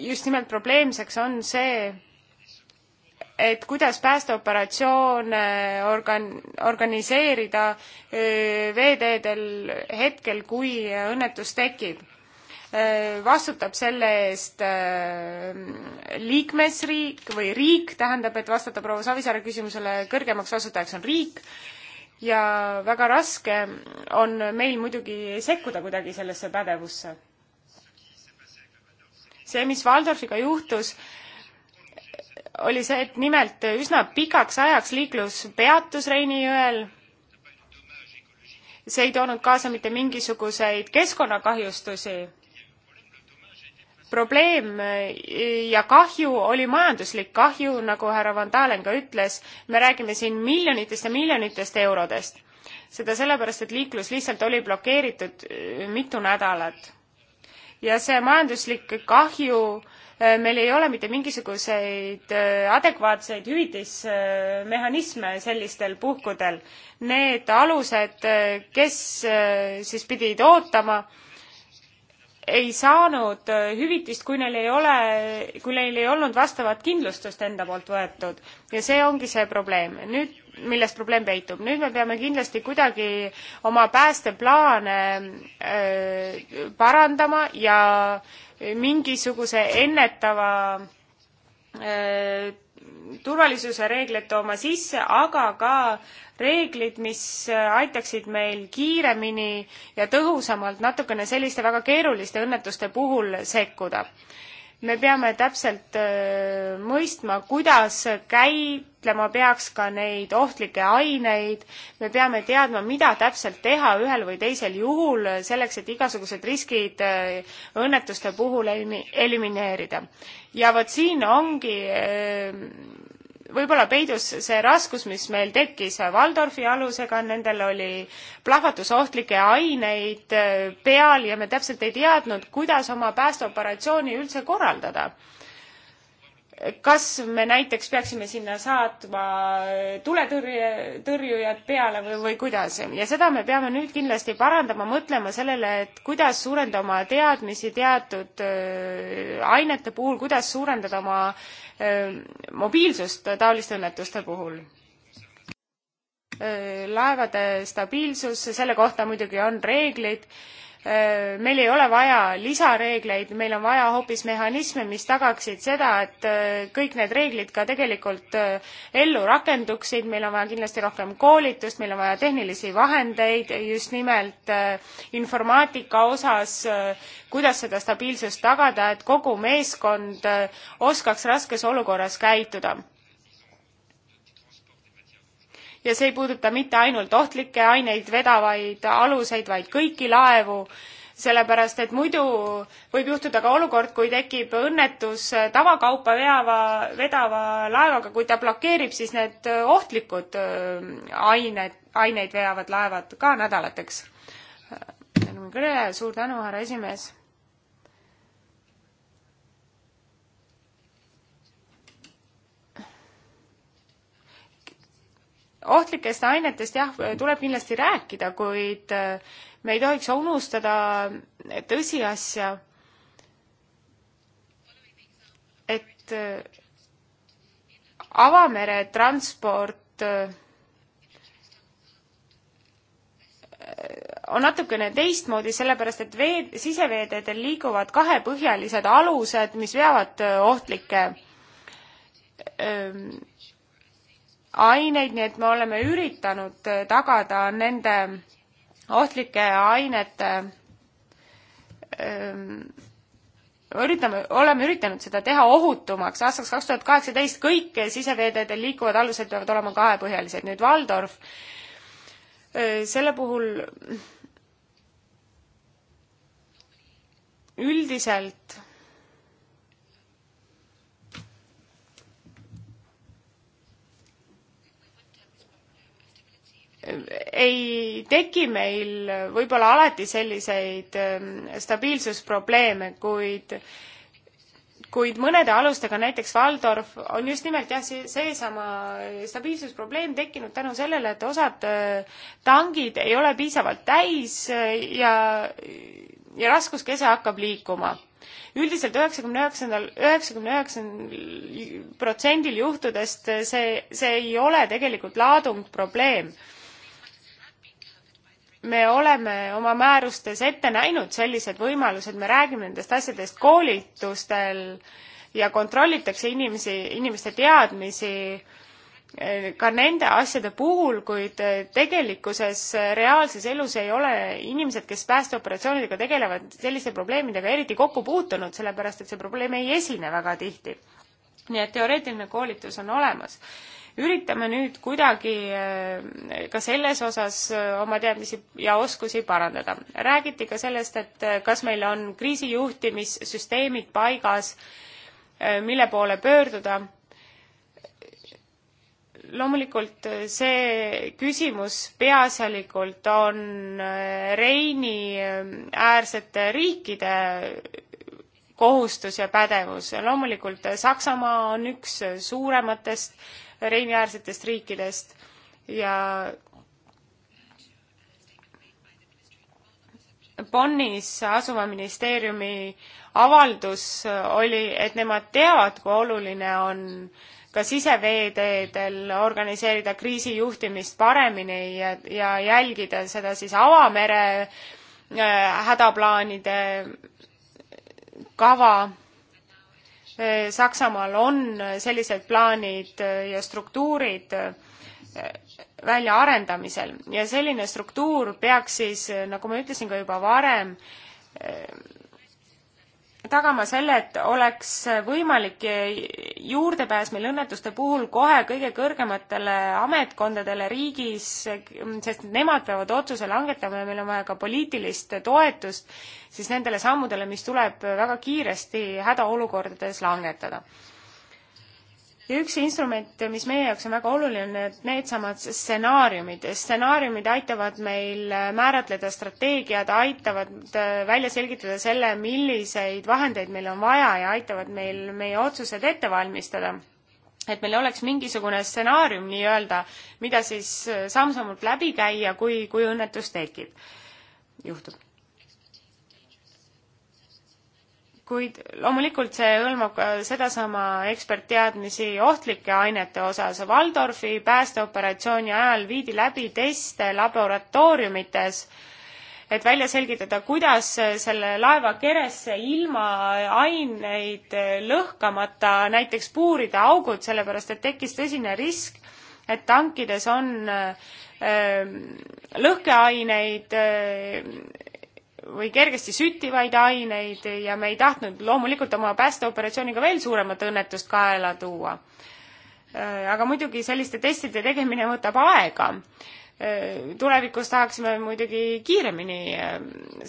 just nimelt probleemseks on see, et kuidas päästeoperatsioone äh, organ-, organiseerida äh, veeteedel hetkel, kui õnnetus tekib. vastutab selle eest liikmesriik või riik, tähendab, et vastata proua Savisaare küsimusele, kõrgemaks vastutajaks on riik ja väga raske on meil muidugi sekkuda kuidagi sellesse pädevusse. see, mis Waldorfiga juhtus, oli see, et nimelt üsna pikaks ajaks liiklus peatus Reini jõel. see ei toonud kaasa mitte mingisuguseid keskkonnakahjustusi probleem ja kahju oli majanduslik kahju, nagu härra Van Dalen ka ütles, me räägime siin miljonitest ja miljonitest eurodest. seda sellepärast, et liiklus lihtsalt oli blokeeritud äh, mitu nädalat. ja see majanduslik kahju äh, meil ei ole mitte mingisuguseid äh, adekvaatseid hüvitismehhanisme sellistel puhkudel. Need alused, kes siis pidid ootama, ei saanud äh, hüvitist, kui neil ei ole, kui neil ei olnud vastavat kindlustust enda poolt võetud. ja see ongi see probleem. nüüd, milles probleem peitub. nüüd me peame kindlasti kuidagi oma päästeplaane öö, äh, parandama ja mingisuguse ennetava öö, äh, turvalisuse reegleid tooma sisse, aga ka reeglid, mis aitaksid meil kiiremini ja tõhusamalt natukene selliste väga keeruliste õnnetuste puhul sekkuda. me peame täpselt äh, mõistma, kuidas käitlema peaks ka neid ohtlikke aineid, me peame teadma, mida täpselt teha ühel või teisel juhul selleks, et igasugused riskid äh, õnnetuste puhul elimineerida ja vot siin ongi eh, võib-olla peidus see raskus, mis meil tekkis Waldorfi alusega, nendel oli plahvatusohtlikke aineid eh, peal ja me täpselt ei teadnud, kuidas oma päästeoperatsiooni üldse korraldada kas me näiteks peaksime sinna saatma tuletõrje, tõrjujad peale või, või kuidas ja seda me peame nüüd kindlasti parandama, mõtlema sellele, et kuidas suurendada oma teadmisi teatud öö, äh, ainete puhul, kuidas suurendada oma öö, äh, mobiilsust taoliste õnnetuste puhul. Äh, laevade stabiilsus, selle kohta muidugi on reeglid Äh, meil ei ole vaja lisareegleid, meil on vaja hoopis mehhanisme, mis tagaksid seda, et äh, kõik need reeglid ka tegelikult äh, ellu rakenduksid, meil on vaja kindlasti rohkem koolitust, meil on vaja tehnilisi vahendeid just nimelt informaatika osas, kuidas seda stabiilsust tagada, et kogu meeskond oskaks raskes olukorras käituda ja see ei puuduta mitte ainult ohtlikke aineid vedavaid aluseid, vaid kõiki laevu, sellepärast et muidu võib juhtuda ka olukord, kui tekib õnnetus tavakaupa veava, vedava laevaga, kui ta blokeerib siis need ohtlikud äh, ained, aineid veavad laevad ka nädalateks. Äh, suur tänu, härra esimees ohtlikest ainetest jah, tuleb kindlasti rääkida, kuid äh, me ei tohiks unustada tõsiasja, et äh, avamere transport äh, on natukene teistmoodi, sellepärast et vee, siseveeteedel liiguvad kahepõhjalised alused, mis veavad ohtlikke öö, aineid, nii et me oleme üritanud äh, tagada nende ohtlike ainete ähm, üritame, oleme üritanud seda teha ohutumaks, aastaks kaks tuhat kaheksateist kõik siseveeteedel liikuvad alused peavad olema kahepõhjalised, nüüd Waldorf, äh, selle puhul üldiselt ei teki meil võib-olla alati selliseid ähm, stabiilsusprobleeme, kuid kuid mõnede alustega, näiteks Waldorf, on just nimelt jah, see, seesama stabiilsusprobleem tekkinud tänu sellele, et osad äh, tangid ei ole piisavalt täis äh, ja, ja raskuskese hakkab liikuma üldiselt üheksakümne üheksandal, üheksakümne üheksandal protsendil juhtudest äh, see, see ei ole tegelikult laadung probleem me oleme oma määrustes ette näinud sellised võimalused, me räägime nendest asjadest koolitustel ja kontrollitakse inimesi, inimeste teadmisi eh, ka nende asjade puhul, kuid eh, tegelikkuses eh, reaalses elus ei ole inimesed, kes päästeoperatsioonidega tegelevad, selliste probleemidega eriti kokku puutunud, sellepärast et see probleem ei esine väga tihti. nii et teoreetiline koolitus on olemas üritame nüüd kuidagi äh, ka selles osas äh, oma teadmisi ja oskusi parandada. räägiti ka sellest, et äh, kas meil on kriisijuhtimissüsteemid paigas, mille poole pöörduda loomulikult see küsimus peaasjalikult on Reini äärsete riikide kohustus ja pädevus. loomulikult Saksamaa on üks suurematest Reini-äärsetest riikidest ja Bonnis asuva ministeeriumi avaldus oli, et nemad teavad, kui oluline on ka siseveeteedel organiseerida kriisijuhtimist paremini ja, ja jälgida seda siis avamere äh, hädaplaanide kava Eh, Saksamaal on eh, sellised plaanid eh, ja struktuurid väljaarendamisel ja selline struktuur peaks siis, nagu ma ütlesin ka juba varem, tagama selle, et oleks võimalik juurdepääs meil õnnetuste puhul kohe kõige kõrgematele ametkondadele riigis, sest nemad peavad otsuse langetama ja meil on vaja ka poliitilist toetust siis nendele sammudele, mis tuleb väga kiiresti hädaolukordades langetada ja üks instrument, mis meie jaoks on väga oluline, et needsamad stsenaariumid, stsenaariumid aitavad meil äh, määratleda strateegiad, aitavad äh, välja selgitada selle, milliseid vahendeid meil on vaja ja aitavad meil meie otsused ette valmistada. et meil oleks mingisugune stsenaarium nii-öelda, mida siis äh, samm-sammult läbi käia, kui, kui õnnetus tekib, juhtub kuid loomulikult see hõlmab ka sedasama ekspertteadmisi ohtlike ainete osas. Waldorfi päästeoperatsiooni ajal viidi läbi teste laboratooriumites, et välja selgitada, kuidas selle laeva keresse ilma aineid lõhkamata näiteks puurida augud, sellepärast et tekkis tõsine risk, et tankides on öö, äh, lõhkeaineid öö, äh, või kergesti süttivaid aineid ja me ei tahtnud loomulikult oma päästeoperatsiooniga veel suuremat õnnetust kaela tuua. Äh, aga muidugi selliste testide tegemine võtab aega. Äh, tulevikus tahaksime muidugi kiiremini äh,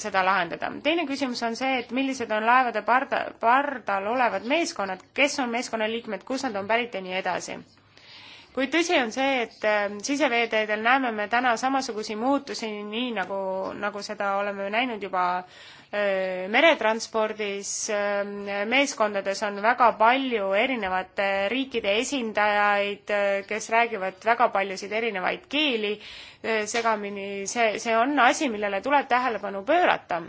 seda lahendada. teine küsimus on see, et millised on laevade parda, pardal olevad meeskonnad, kes on meeskonnaliikmed, kust nad on pärit ja nii edasi kuid tõsi on see, et ähm, siseveeteedel näeme me täna samasugusi muutusi, nii nagu, nagu seda oleme näinud juba meretranspordis ähm, meeskondades on väga palju erinevate riikide esindajaid, kes räägivad väga paljusid erinevaid keeli segamini, see, see on asi, millele tuleb tähelepanu pöörata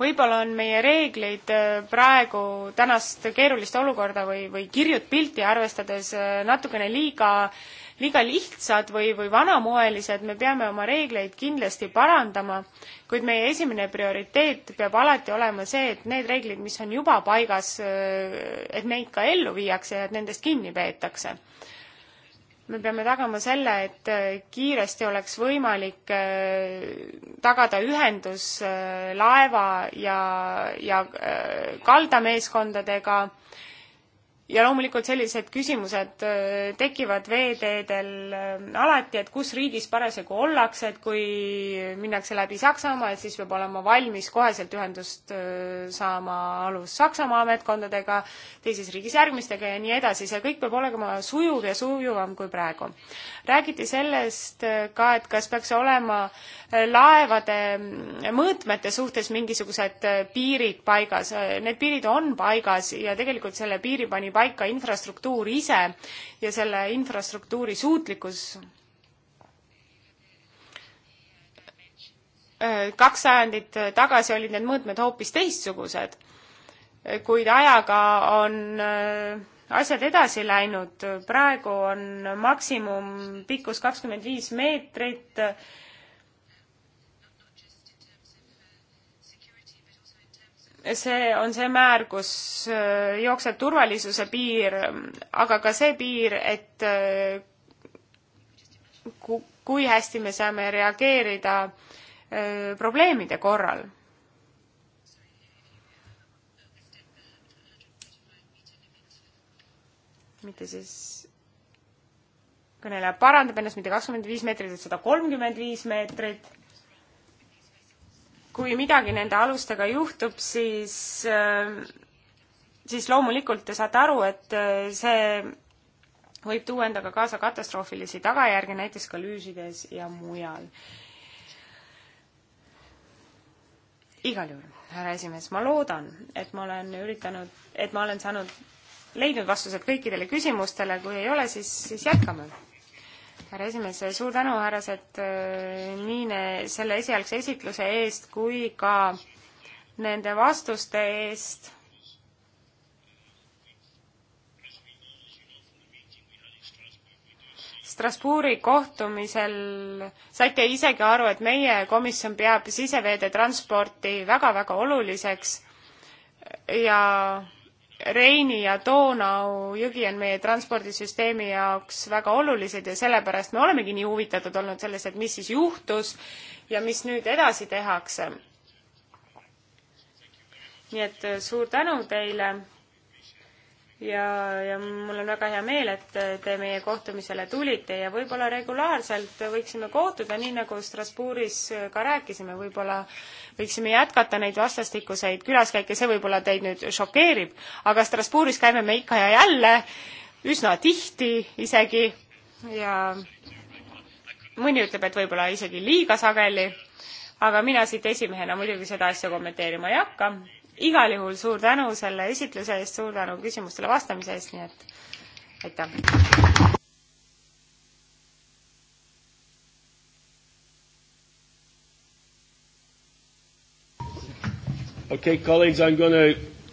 võib-olla on meie reeglid äh, praegu tänast keerulist olukorda või, või kirjut pilti arvestades äh, natukene liiga, liiga lihtsad või, või vanamoelised, me peame oma reegleid kindlasti parandama, kuid meie esimene prioriteet peab alati olema see, et need reeglid, mis on juba paigas, äh, et neid ka ellu viiakse ja et nendest kinni peetakse me peame tagama selle, et äh, kiiresti oleks võimalik äh, tagada ühendus äh, laeva ja, ja kaldameeskondadega ja loomulikult sellised küsimused äh, tekivad veeteedel äh, alati, et kus riigis parasjagu ollakse, et kui minnakse läbi Saksamaa, et siis peab olema valmis koheselt ühendust äh, saama alus Saksamaa ametkondadega, teises riigis järgmistega ja nii edasi, see kõik peab olema sujuv ja sujuvam kui praegu räägiti sellest äh, ka, et kas peaks olema äh, laevade mm, mõõtmete suhtes mingisugused äh, piirid paigas. Need piirid on paigas ja tegelikult selle piiri pani paika infrastruktuur ise ja selle infrastruktuuri suutlikkus kaks sajandit tagasi olid need mõõtmed hoopis teistsugused, kuid ajaga on asjad edasi läinud, praegu on maksimumpikkus kakskümmend viis meetrit. see on see määr, kus äh, jookseb turvalisuse piir, aga ka see piir, et äh, kui hästi me saame reageerida äh, probleemide korral mitte siis kõneleja parandab ennast mitte kakskümmend viis meetrit, vaid sada kolmkümmend viis meetrit. kui midagi nende alustega juhtub, siis, äh, siis loomulikult te saate aru, et äh, see võib tuua endaga kaasa katastroofilisi tagajärgi näiteks kalüüsides ja mujal. igal juhul, härra esimees, ma loodan, et ma olen üritanud, et ma olen saanud leidnud vastused kõikidele küsimustele, kui ei ole, siis, siis jätkame. härra esimees, suur tänu, härrased, äh, nii selle esialgse esitluse eest kui ka nende vastuste eest Strasbourgi kohtumisel saite isegi aru, et meie komisjon peab siseveede transporti väga-väga oluliseks ja Reini ja Donau jõgi on meie transpordisüsteemi jaoks väga olulised ja sellepärast me olemegi nii huvitatud olnud sellest, et mis siis juhtus ja mis nüüd edasi tehakse. nii et äh, suur tänu teile ja, ja mul on väga hea meel, et te meie kohtumisele tulite ja võib-olla regulaarselt võiksime kohtuda, nii nagu Strasbourgis ka rääkisime, võib-olla võiksime jätkata neid vastastikuseid külaskäike, see võib-olla teid nüüd šokeerib, aga Strasbourgis käime me ikka ja jälle, üsna tihti isegi ja mõni ütleb, et võib-olla isegi liiga sageli, aga mina siit esimehena muidugi seda asja kommenteerima ei hakka igal juhul suur tänu selle esitluse eest, suur tänu küsimustele vastamise eest, nii et aitäh! Okay, colleagues, I'm gonna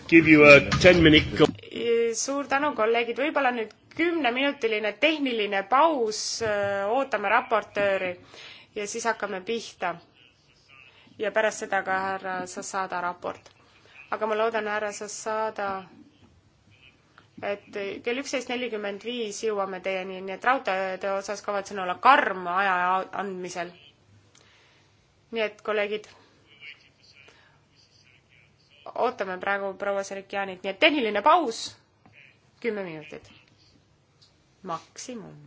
give you a ten minute e, suur tänu, kolleegid, võib-olla nüüd kümneminutiline tehniline paus, e, ootame raportööri ja siis hakkame pihta. ja pärast seda ka härra Sassada raport aga ma loodan, härra Sassada, et kell üksteist nelikümmend viis jõuame teieni, nii et raudteede osas kavatsen olla karm aja andmisel. nii et kolleegid, ootame praegu proua Serikjanit, nii et tehniline paus, kümme minutit maksimum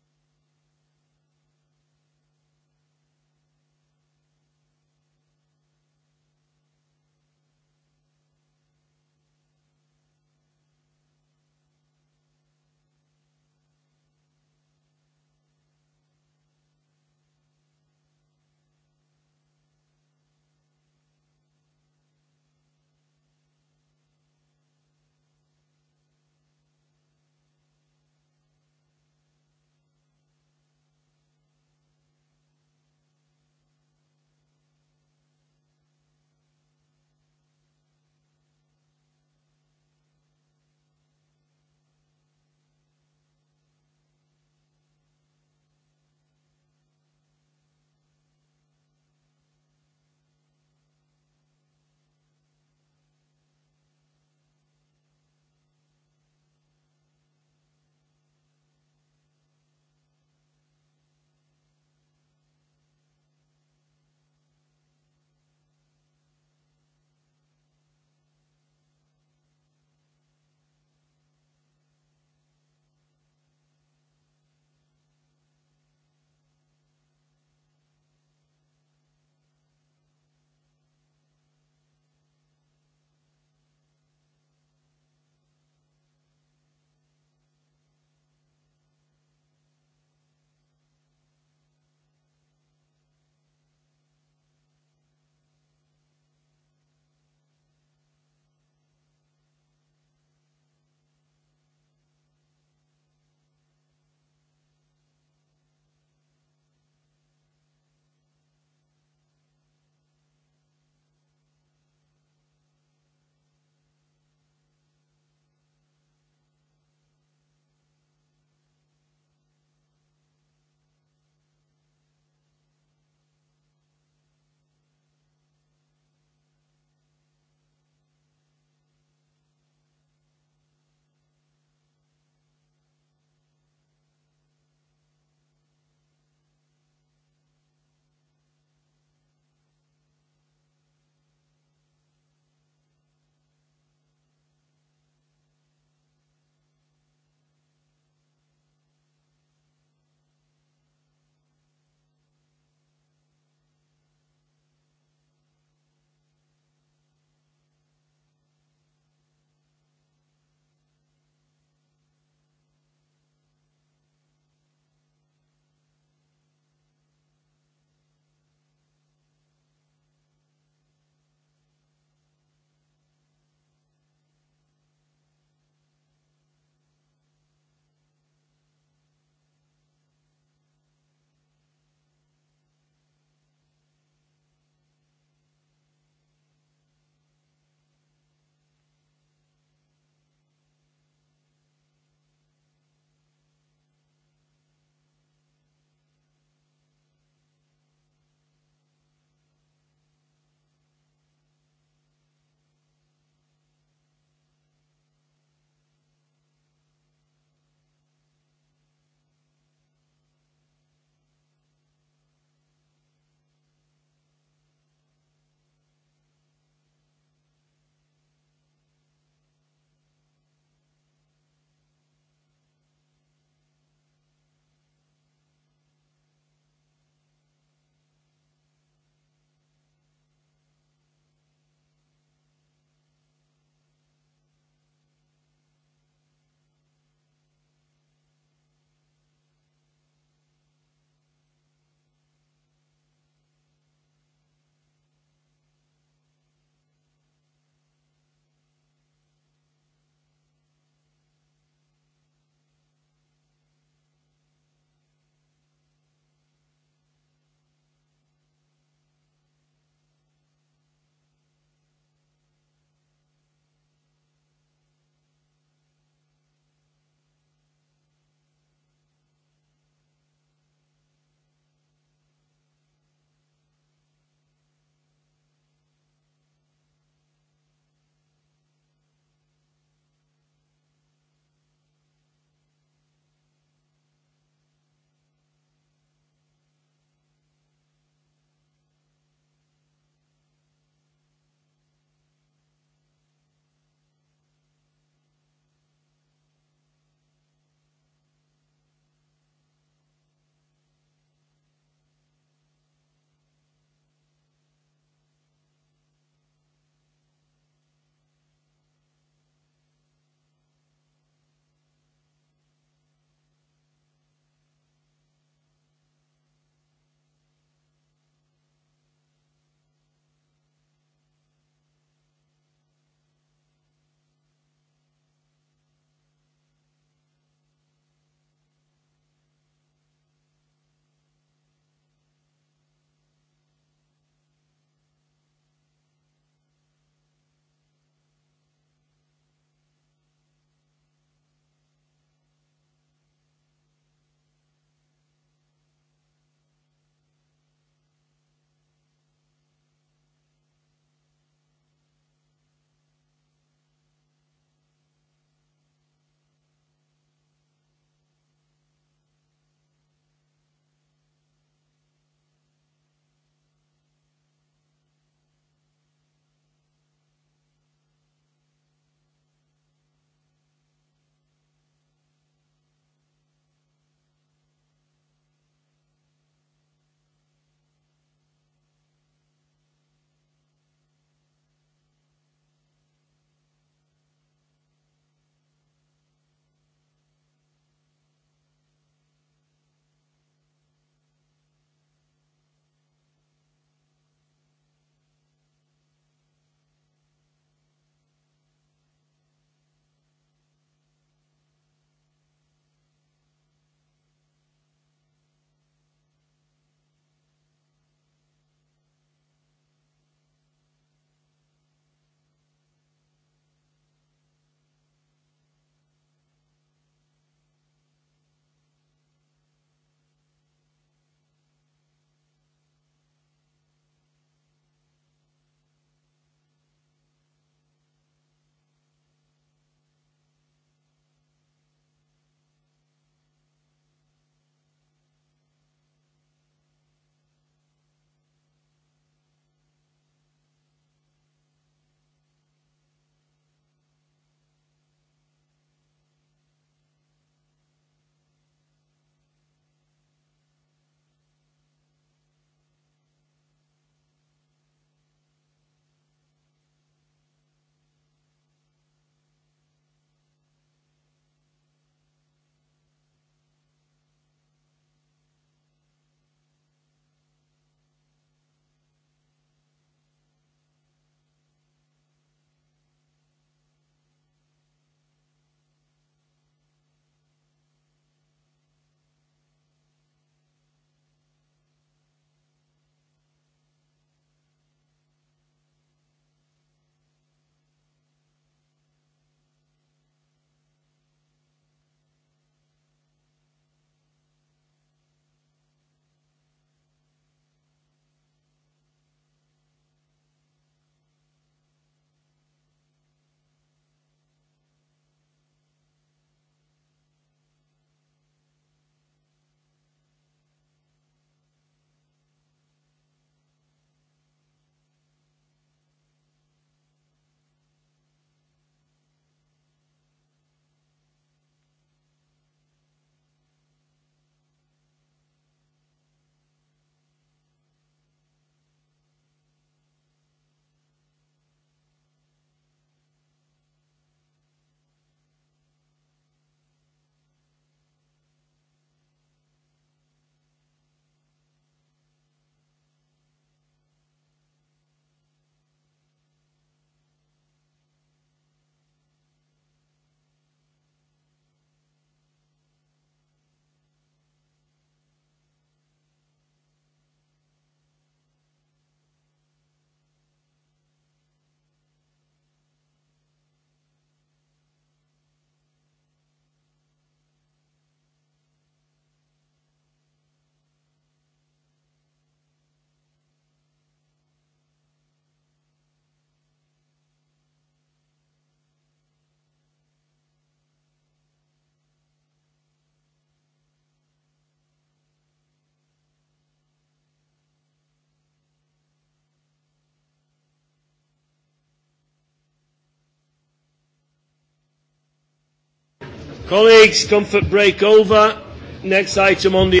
Colleagues, comfort break over. Next item on the...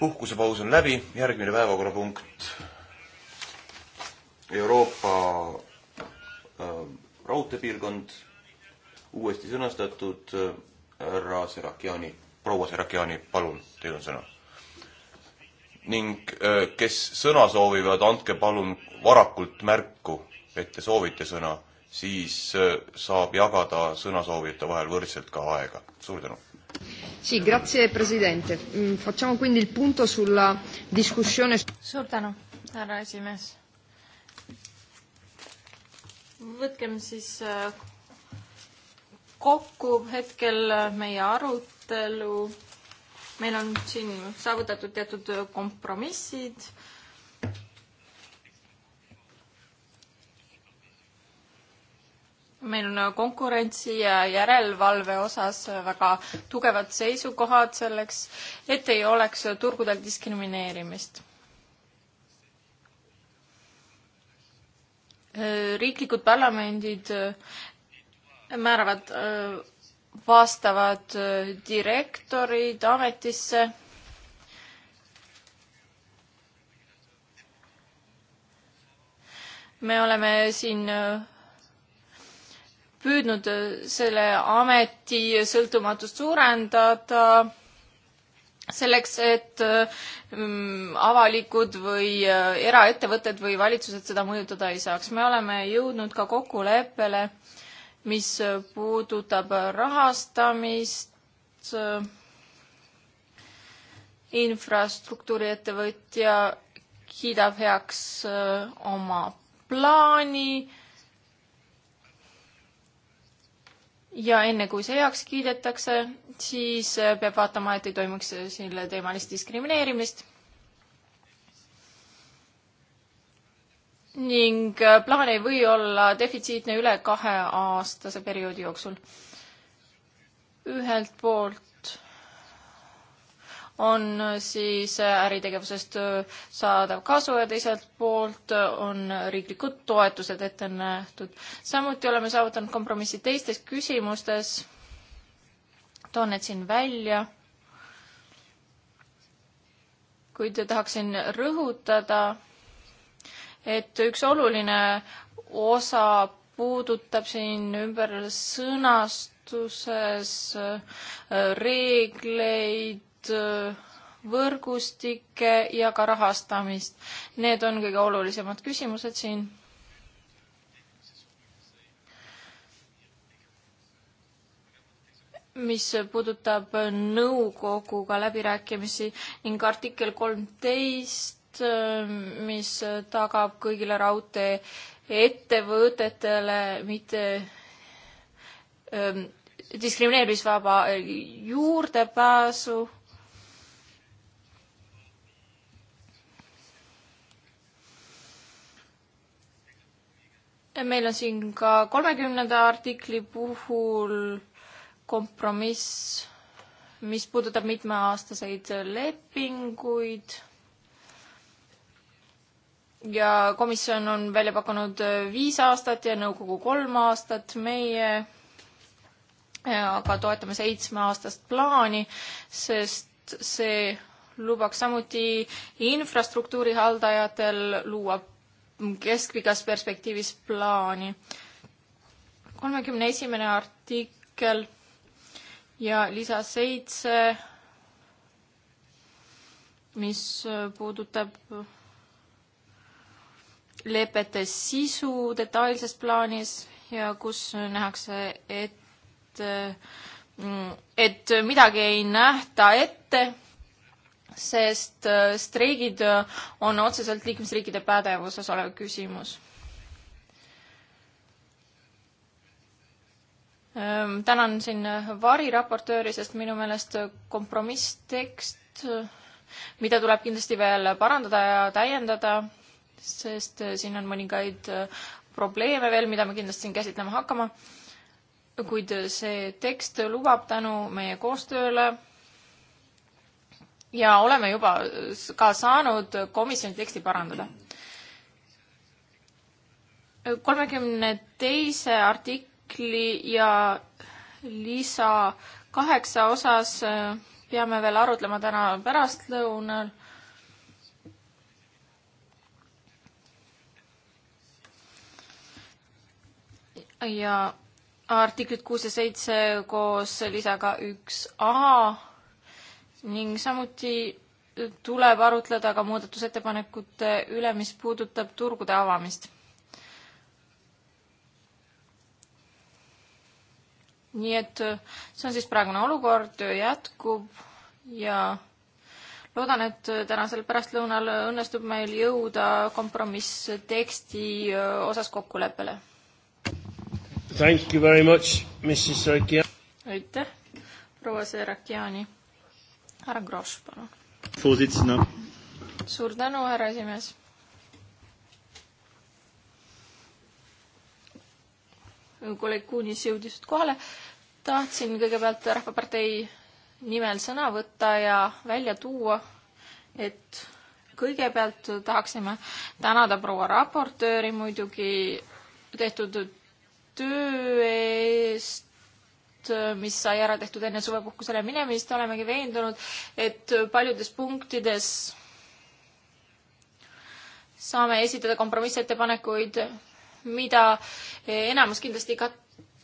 puhkusepaus on läbi, järgmine päevakorrapunkt. Euroopa äh, raudteepiirkond, uuesti sõnastatud äh, härra äh, Serakiani, proua Serakiani, palun, teil on sõna. ning äh, kes sõna soovivad, andke palun varakult märku, et te soovite sõna siis äh, saab jagada sõnasoovijate vahel võrdselt ka aega. suur tänu. Sì, grazie Presidente. Mm, facciamo quindi il punto sulla discussione. Suur tänu, härra esimees. võtkem siis äh, kokku hetkel äh, meie arutelu. meil on siin saavutatud teatud kompromissid meil on konkurentsi ja järelevalve osas väga tugevad seisukohad selleks, et ei oleks turgudel diskrimineerimist. riiklikud parlamendid määravad äh, vastavad äh, direktorid ametisse me oleme siin äh, püüdnud äh, selle ameti sõltumatust suurendada selleks, et äh, mm, avalikud või äh, eraettevõtted või valitsused seda mõjutada ei saaks. me oleme jõudnud ka kokkuleppele, mis puudutab rahastamist, infrastruktuuriettevõtja kiidab heaks oma plaani ja enne, kui see heaks kiidetakse, siis äh, peab vaatama, et ei toimuks äh, selle teemalist diskrimineerimist. ning äh, plaan ei või olla defitsiitne üle kahe aastase perioodi jooksul. ühelt poolt on äh, siis äh, äritegevusest äh, saadav kasu ja teiselt poolt on riiklikud toetused ette nähtud. samuti oleme saavutanud kompromissi teistes küsimustes. toon need siin välja. kuid tahaksin rõhutada, et üks oluline osa puudutab siin ümber sõnastuses reegleid, Äh, võrgustikke ja ka rahastamist. Need on kõige olulisemad küsimused siin. mis puudutab nõukoguga läbirääkimisi ning artikkel kolmteist, äh, mis tagab kõigile raudtee ettevõtetele mitte öö, ähm, diskrimineerimisvaba juurdepääsu meil on siin ka kolmekümnenda artikli puhul kompromiss, mis puudutab mitmeaastaseid lepinguid. ja komisjon on välja pakkunud viis aastat ja nõukogu kolm aastat, meie aga toetame seitsmeaastast plaani, sest see lubaks samuti infrastruktuuri haldajatel luua keskpikas perspektiivis plaani. kolmekümne esimene artikkel ja lisa seitse, mis puudutab lepete sisu detailses plaanis ja kus nähakse ette, et midagi ei nähta ette sest äh, streigid äh, on otseselt liikmesriikide pädevuses olev küsimus. Ähm, tänan siin variraportööri, sest minu meelest kompromisstekst, mida tuleb kindlasti veel parandada ja täiendada, sest äh, siin on mõningaid probleeme veel, mida me kindlasti siin käsitlema hakkame. kuid see tekst lubab tänu meie koostööle ja oleme juba ka saanud komisjoni teksti parandada. kolmekümne teise artikli ja lisa kaheksa osas äh, peame veel arutlema täna pärastlõunal ja artiklid kuus ja seitse koos lisaga üks A ning samuti tuleb arutleda ka muudatusettepanekute üle, mis puudutab turgude avamist. nii et see on siis praegune olukord, töö jätkub ja loodan, et tänasel pärastlõunal õnnestub meil jõuda kompromissteksti osas kokkuleppele. aitäh, proua Serakiani härra Grosch, palun. suur tänu, härra esimees. kolleeg Kuunis jõudis kohale. tahtsin kõigepealt Rahvapartei nimel sõna võtta ja välja tuua, et kõigepealt tahaksime tänada proua raportööri muidugi tehtud töö eest mis sai ära tehtud enne suvepuhkusele minemist, olemegi veendunud, et paljudes punktides saame esitada kompromissettepanekuid, mida enamus kindlasti ka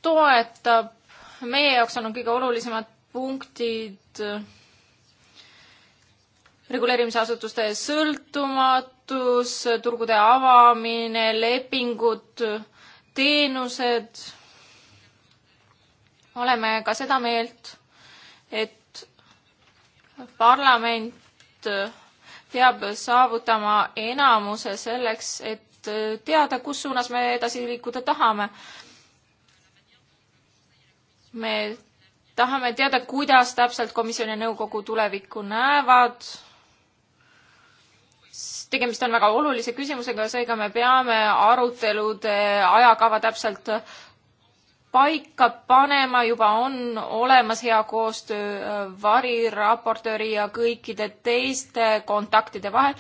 toetab. meie jaoks on kõige olulisemad punktid reguleerimisasutuste sõltumatus, turgude avamine, lepingud, teenused oleme ka seda meelt, et parlament peab saavutama enamuse selleks, et teada, kus suunas me edasi liikuda tahame. me tahame teada, kuidas täpselt komisjon ja nõukogu tulevikku näevad. tegemist on väga olulise küsimusega, seega me peame arutelude ajakava täpselt paika panema, juba on olemas hea koostöö äh, variraportööri ja kõikide teiste kontaktide vahel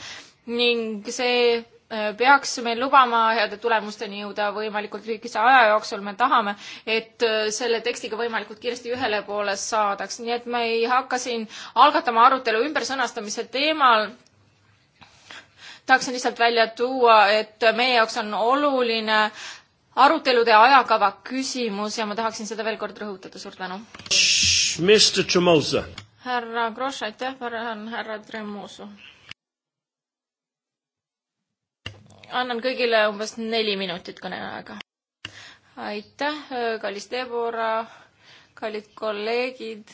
ning see äh, peaks meil lubama heade tulemusteni jõuda võimalikult lühikese aja jooksul, me tahame, et äh, selle tekstiga võimalikult kiiresti ühele poole saadaks, nii et me ei hakka siin algatama arutelu ümbersõnastamise teemal. tahaksin lihtsalt välja tuua, et meie jaoks on oluline äh, arutelude ajakava küsimus ja ma tahaksin seda veel kord rõhutada, suur tänu. härra Grosch, aitäh, härra Tremoso. annan kõigile umbes neli minutit kõneaega. aitäh, kallis Debora, kallid kolleegid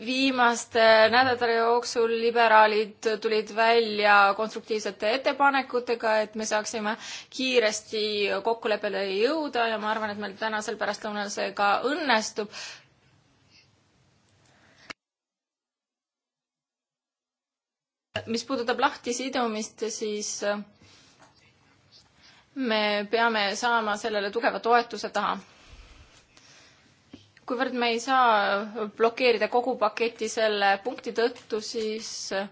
viimaste nädalate jooksul liberaalid tulid välja konstruktiivsete ettepanekutega, et me saaksime kiiresti kokkuleppele jõuda ja ma arvan, et meil tänasel pärastlõunal see ka õnnestub. mis puudutab lahtisidumist, siis me peame saama sellele tugeva toetuse taha kuivõrd me ei saa blokeerida kogu paketi selle punkti tõttu, siis äh,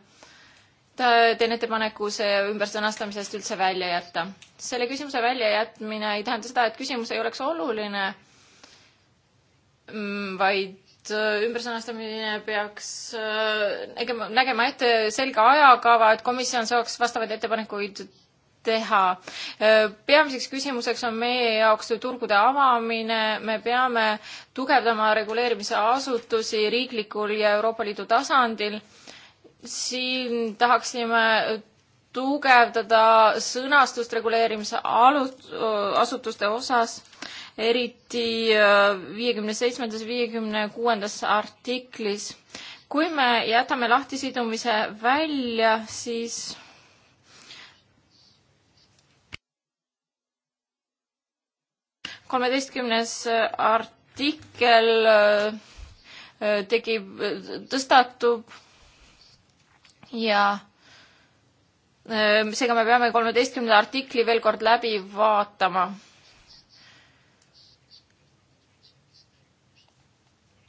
teen ettepaneku see ümbersõnastamisest üldse välja jätta. selle küsimuse väljajätmine ei tähenda seda, et küsimus ei oleks oluline, mm, vaid äh, ümbersõnastamine peaks äh, nägema, nägema ette selge ajakava, et komisjon saaks vastavaid ettepanekuid teha. Äh, peamiseks küsimuseks on meie jaoks turgude avamine, me peame tugevdama reguleerimise asutusi riiklikul ja Euroopa Liidu tasandil. siin tahaksime tugevdada sõnastust reguleerimise alut-, asutuste osas, eriti äh, viiekümne seitsmendas, viiekümne kuuendas artiklis. kui me jätame lahtisidumise välja, siis kolmeteistkümnes artikkel äh, äh, tegi, äh, tõstatub ja seega me peame kolmeteistkümnenda artikli veel kord läbi vaatama.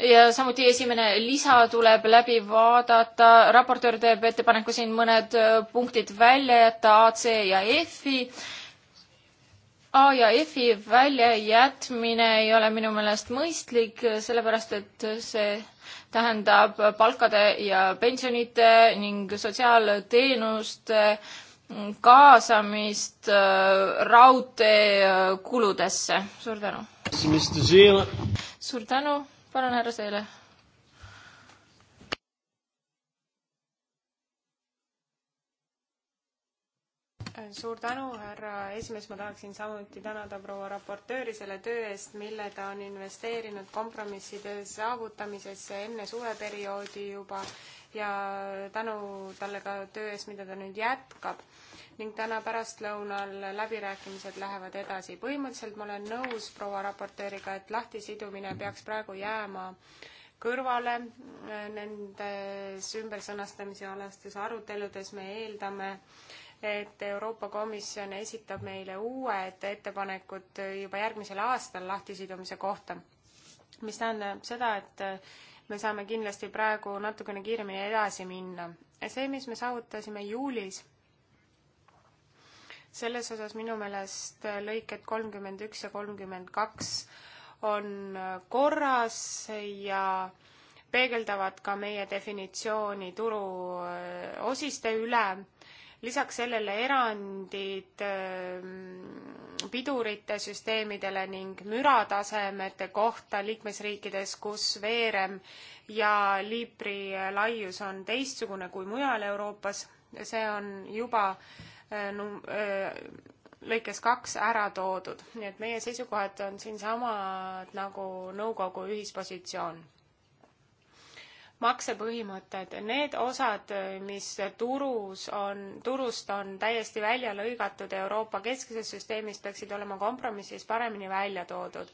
ja samuti esimene lisa tuleb läbi vaadata, raportöör teeb ettepaneku siin mõned punktid välja jätta, AC ja F-i A ja F-i väljajätmine ei ole minu meelest mõistlik, sellepärast et see tähendab palkade ja pensionite ning sotsiaalteenuste kaasamist äh, raudteekuludesse. suur tänu. suur tänu, palun härra Seele suur tänu, härra esimees, ma tahaksin samuti tänada proua raportööri selle töö eest, mille ta on investeerinud kompromisside saavutamisesse enne suveperioodi juba ja tänu talle ka töö eest, mida ta nüüd jätkab. ning täna pärastlõunal läbirääkimised lähevad edasi. põhimõtteliselt ma olen nõus proua raportööriga, et lahtisidumine peaks praegu jääma kõrvale eh, nendes ümbersõnastamise alastes aruteludes me eeldame äh, et Euroopa Komisjon esitab meile uued ettepanekud juba järgmisel aastal lahtisidumise kohta. mis tähendab seda, et me saame kindlasti praegu natukene kiiremini edasi minna. see, mis me saavutasime juulis, selles osas minu meelest lõiked kolmkümmend üks ja kolmkümmend kaks on korras ja peegeldavad ka meie definitsiooni turuosiste äh, üle lisaks sellele erandid ähm, pidurite süsteemidele ning müratasemete kohta liikmesriikides, kus veerem ja liipri laius on teistsugune kui mujal Euroopas. see on juba äh, num-, äh, lõikes kaks ära toodud, nii et meie seisukohad on siinsamad nagu nõukogu ühispositsioon maksepõhimõtted, need osad, mis turus on, turust on täiesti välja lõigatud Euroopa kesksest süsteemist, peaksid olema kompromissis paremini välja toodud.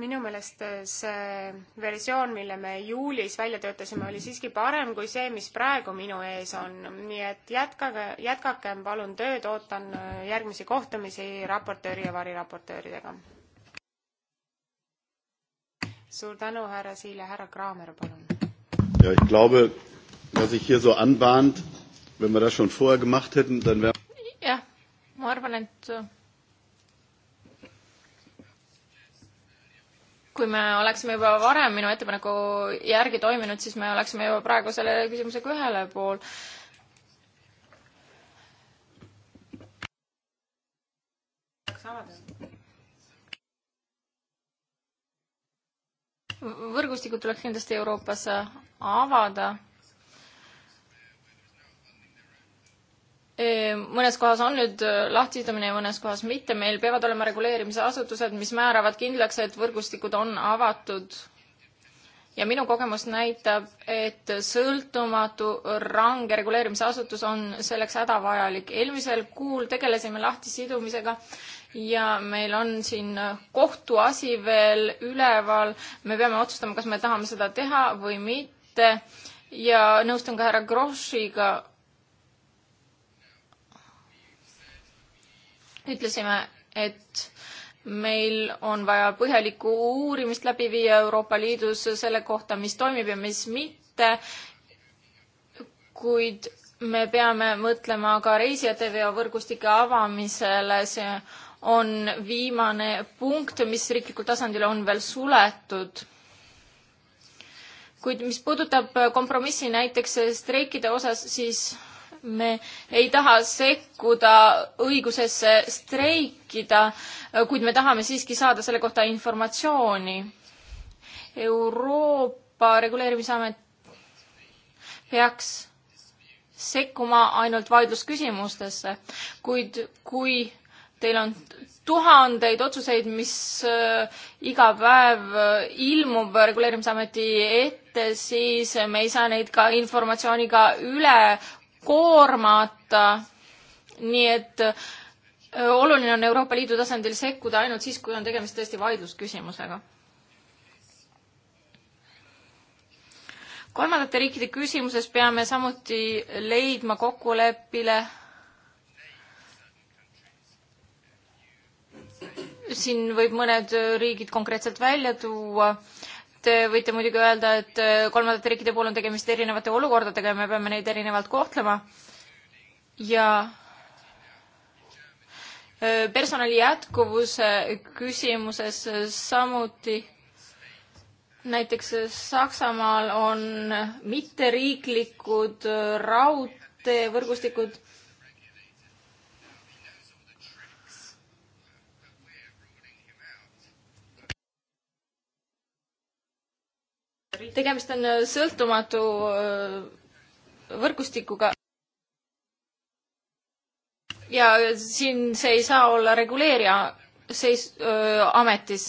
minu meelest see versioon, mille me juulis välja töötasime, oli siiski parem kui see, mis praegu minu ees on, nii et jätkage, jätkakem palun tööd, ootan järgmisi kohtumisi raportööri ja variraportööridega suur tänu, härra Siil ja härra Kraamer, palun. ja, ich glaube, was sich hier so anbahnt, wenn wir das schon vorher gemacht hätten, dann wäre jah, ma arvan, et kui me oleksime juba varem minu ettepaneku järgi toiminud, siis me oleksime juba praegu selle küsimusega ühele pool. samas võrgustikud tuleks kindlasti Euroopas äh, avada. mõnes kohas on nüüd äh, lahtistamine ja mõnes kohas mitte. meil peavad olema reguleerimise asutused, mis määravad kindlaks, et võrgustikud on avatud. ja minu kogemus näitab, et sõltumatu range reguleerimise asutus on selleks hädavajalik. eelmisel kuul tegelesime lahtisidumisega ja meil on siin äh, kohtuasi veel üleval. me peame otsustama, kas me tahame seda teha või mitte. ja nõustun ka härra Groschiga. ütlesime, et meil on vaja põhjalikku uurimist läbi viia Euroopa Liidus selle kohta, mis toimib ja mis mitte. kuid me peame mõtlema ka reisijateveo võrgustike avamisele, see on viimane punkt, mis riiklikul tasandil on veel suletud. kuid mis puudutab kompromissi näiteks streikide osas, siis me ei taha sekkuda õigusesse streikida, kuid me tahame siiski saada selle kohta informatsiooni. Euroopa Reguleerimisamet peaks sekkuma ainult vaidlusküsimustesse, kuid kui Teil on tuhandeid otsuseid, mis äh, iga päev äh, ilmub Reguleerimisameti ette, siis me ei saa neid ka informatsiooniga üle koormata. nii et äh, oluline on Euroopa Liidu tasandil sekkuda ainult siis, kui on tegemist tõesti vaidlusküsimusega. kolmandate riikide küsimuses peame samuti leidma kokkuleppile siin võib mõned äh, riigid konkreetselt välja tuua. Te võite muidugi öelda, et äh, kolmandate riikide puhul on tegemist erinevate olukordadega ja me peame neid erinevalt kohtlema. ja äh, personali jätkuvuse küsimuses samuti näiteks Saksamaal on mitteriiklikud raudteevõrgustikud tegemist on äh, sõltumatu äh, võrgustikuga. ja äh, siin see ei saa olla reguleerija seis-, ametis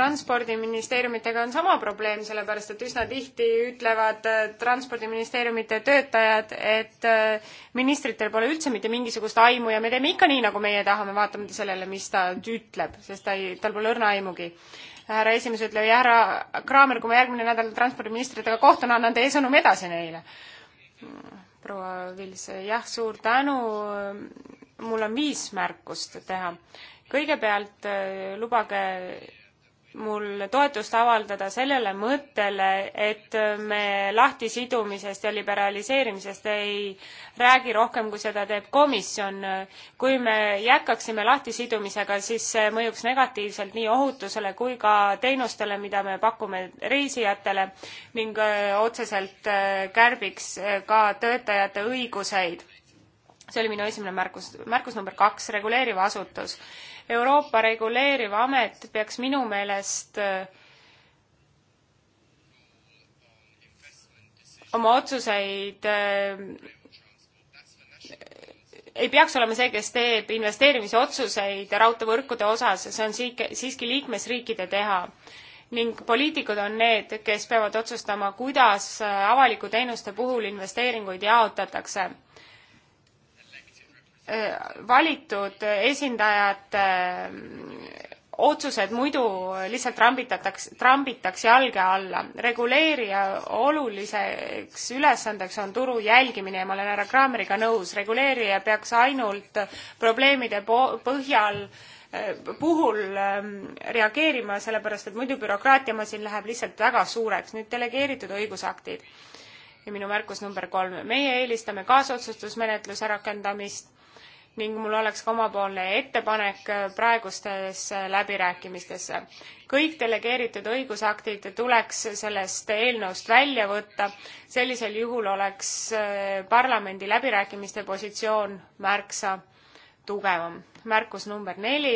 transpordiministeeriumitega on sama probleem, sellepärast et üsna tihti ütlevad äh, transpordiministeeriumite töötajad, et äh, ministritel pole üldse mitte mingisugust aimu ja me teeme ikka nii, nagu meie tahame, vaatamata sellele, mis ta ütleb, sest ta ei, tal pole õrna aimugi härra esimees ütleb ja härra Kraamer, kui ma järgmine nädal transpordiministritega kohtun, annan teie sõnumi edasi neile. proua Vils, jah, suur tänu. mul on viis märkust teha. kõigepealt äh, lubage mul toetust avaldada sellele mõttele, et me lahtisidumisest ja liberaliseerimisest ei räägi rohkem, kui seda teeb komisjon. kui me jätkaksime lahtisidumisega, siis see mõjuks negatiivselt nii ohutusele kui ka teenustele, mida me pakume reisijatele ning otseselt kärbiks ka töötajate õiguseid. see oli minu esimene märkus. märkus number kaks, reguleeriv asutus Euroopa reguleeriv amet peaks minu meelest äh, oma otsuseid äh, ei peaks olema see, kes teeb investeerimisotsuseid raudteevõrkude osas, see on siiski liikmesriikide teha. ning poliitikud on need, kes peavad otsustama, kuidas äh, avaliku teenuste puhul investeeringuid jaotatakse valitud esindajate mm, otsused muidu lihtsalt trambitatakse, trambitakse jalge alla. reguleerija oluliseks ülesandeks on turu jälgimine ja ma olen härra Krammeriga nõus, reguleerija peaks ainult probleemide põhjal eh, puhul eh, reageerima, sellepärast et muidu bürokraatiamasin läheb lihtsalt väga suureks. nüüd delegeeritud õigusaktid ja minu märkus number kolm. meie eelistame kaasotsustusmenetluse rakendamist ning mul oleks ka omapoolne ettepanek äh, praegustes äh, läbirääkimistes. kõik delegeeritud õigusaktid tuleks sellest eelnõust välja võtta, sellisel juhul oleks äh, parlamendi läbirääkimiste positsioon märksa tugevam. märkus number neli,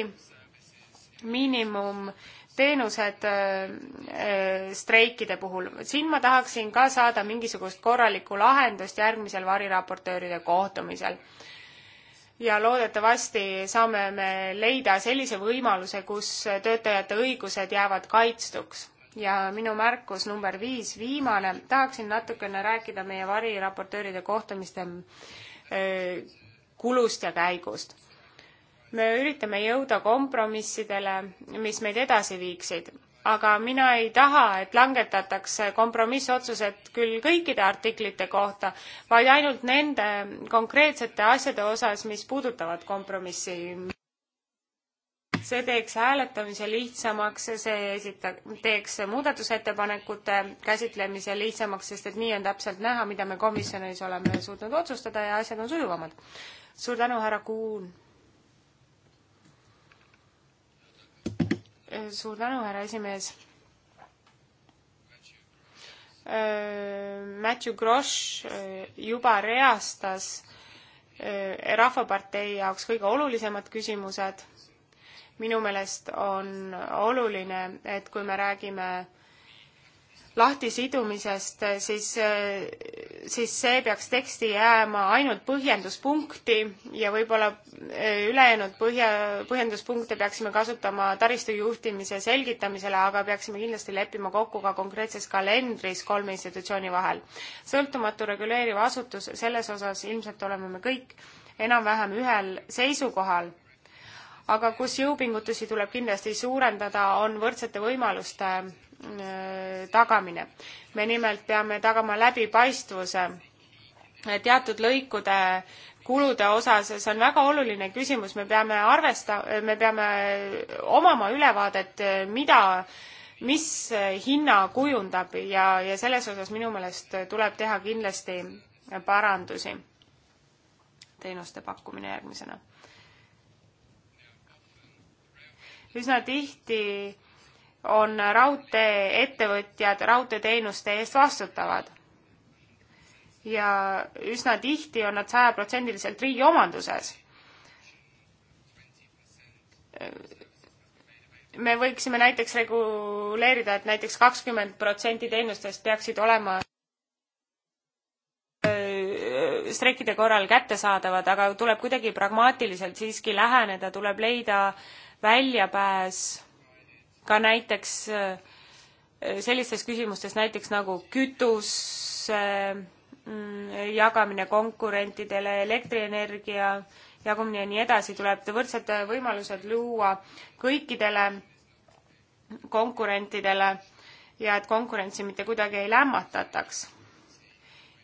miinimum teenused streikide puhul. siin ma tahaksin ka saada mingisugust korralikku lahendust järgmisel variraportööride kohtumisel ja loodetavasti saame me leida sellise võimaluse, kus töötajate õigused jäävad kaitstuks. ja minu märkus number viis, viimane, tahaksin natukene rääkida meie variraportööride kohtumiste kulust ja käigust. me üritame jõuda kompromissidele, mis meid edasi viiksid aga mina ei taha, et langetatakse kompromissotsused küll kõikide artiklite kohta, vaid ainult nende konkreetsete asjade osas, mis puudutavad kompromissi. see teeks hääletamise lihtsamaks, see esita-, teeks muudatusettepanekute käsitlemise lihtsamaks, sest et nii on täpselt näha, mida me komisjonis oleme suutnud otsustada ja asjad on sujuvamad. suur tänu, härra Kuun! suur tänu, härra esimees. Äh, Matthew Grosh äh, juba reastas äh, Rahvapartei jaoks kõige olulisemad küsimused. minu meelest on oluline, et kui me räägime lahtisidumisest, eh, siis, eh, siis see peaks teksti jääma ainult põhjenduspunkti ja võib-olla eh, ülejäänud põhja, põhjenduspunkte peaksime kasutama taristu juhtimise selgitamisele, aga peaksime kindlasti leppima kokku ka konkreetses kalendris kolme institutsiooni vahel. sõltumatu reguleeriv asutus, selles osas ilmselt oleme me kõik enam-vähem ühel seisukohal aga kus jõupingutusi tuleb kindlasti suurendada, on võrdsete võimaluste äh, tagamine. me nimelt peame tagama läbipaistvuse äh, teatud lõikude kulude osas, see on väga oluline küsimus, me peame arvesta-, me peame äh, omama ülevaadet, mida, mis hinna kujundab ja, ja selles osas minu meelest tuleb teha kindlasti parandusi. teenuste pakkumine järgmisena üsna tihti on raudteeettevõtjad raudteeteenuste eest vastutavad. ja üsna tihti on nad sajaprotsendiliselt riigi omanduses. me võiksime näiteks reguleerida, et näiteks kakskümmend protsenti teenustest peaksid olema äh, streikide korral kättesaadavad, aga tuleb kuidagi pragmaatiliselt siiski läheneda, tuleb leida äh, väljapääs ka näiteks äh, sellistes küsimustes näiteks nagu kütuse äh, mm, jagamine konkurentidele, elektrienergia jagumine ja nii edasi, tuleb võrdsed võimalused luua kõikidele konkurentidele ja et konkurentsi mitte kuidagi ei lämmatataks.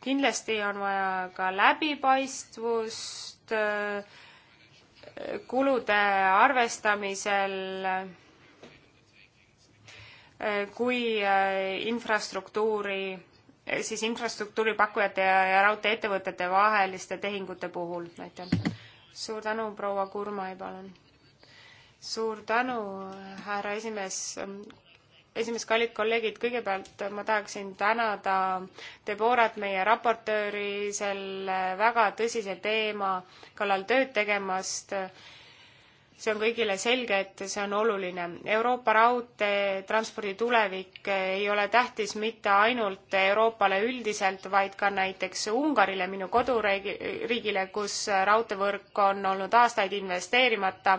kindlasti on vaja ka läbipaistvust äh, kulude arvestamisel eh, kui eh, infrastruktuuri, eh, siis infrastruktuuripakkujate ja, ja raudteeettevõtete vaheliste tehingute puhul, aitäh. suur tänu, proua Kurmai, palun. suur tänu, härra esimees esimees, kallid kolleegid, kõigepealt ma tahaksin tänada Deborat, meie raportööri, selle väga tõsise teema kallal tööd tegemast. see on kõigile selge, et see on oluline. Euroopa raudteetranspordi tulevik ei ole tähtis mitte ainult Euroopale üldiselt, vaid ka näiteks Ungarile, minu koduriigile, kus raudteevõrk on olnud aastaid investeerimata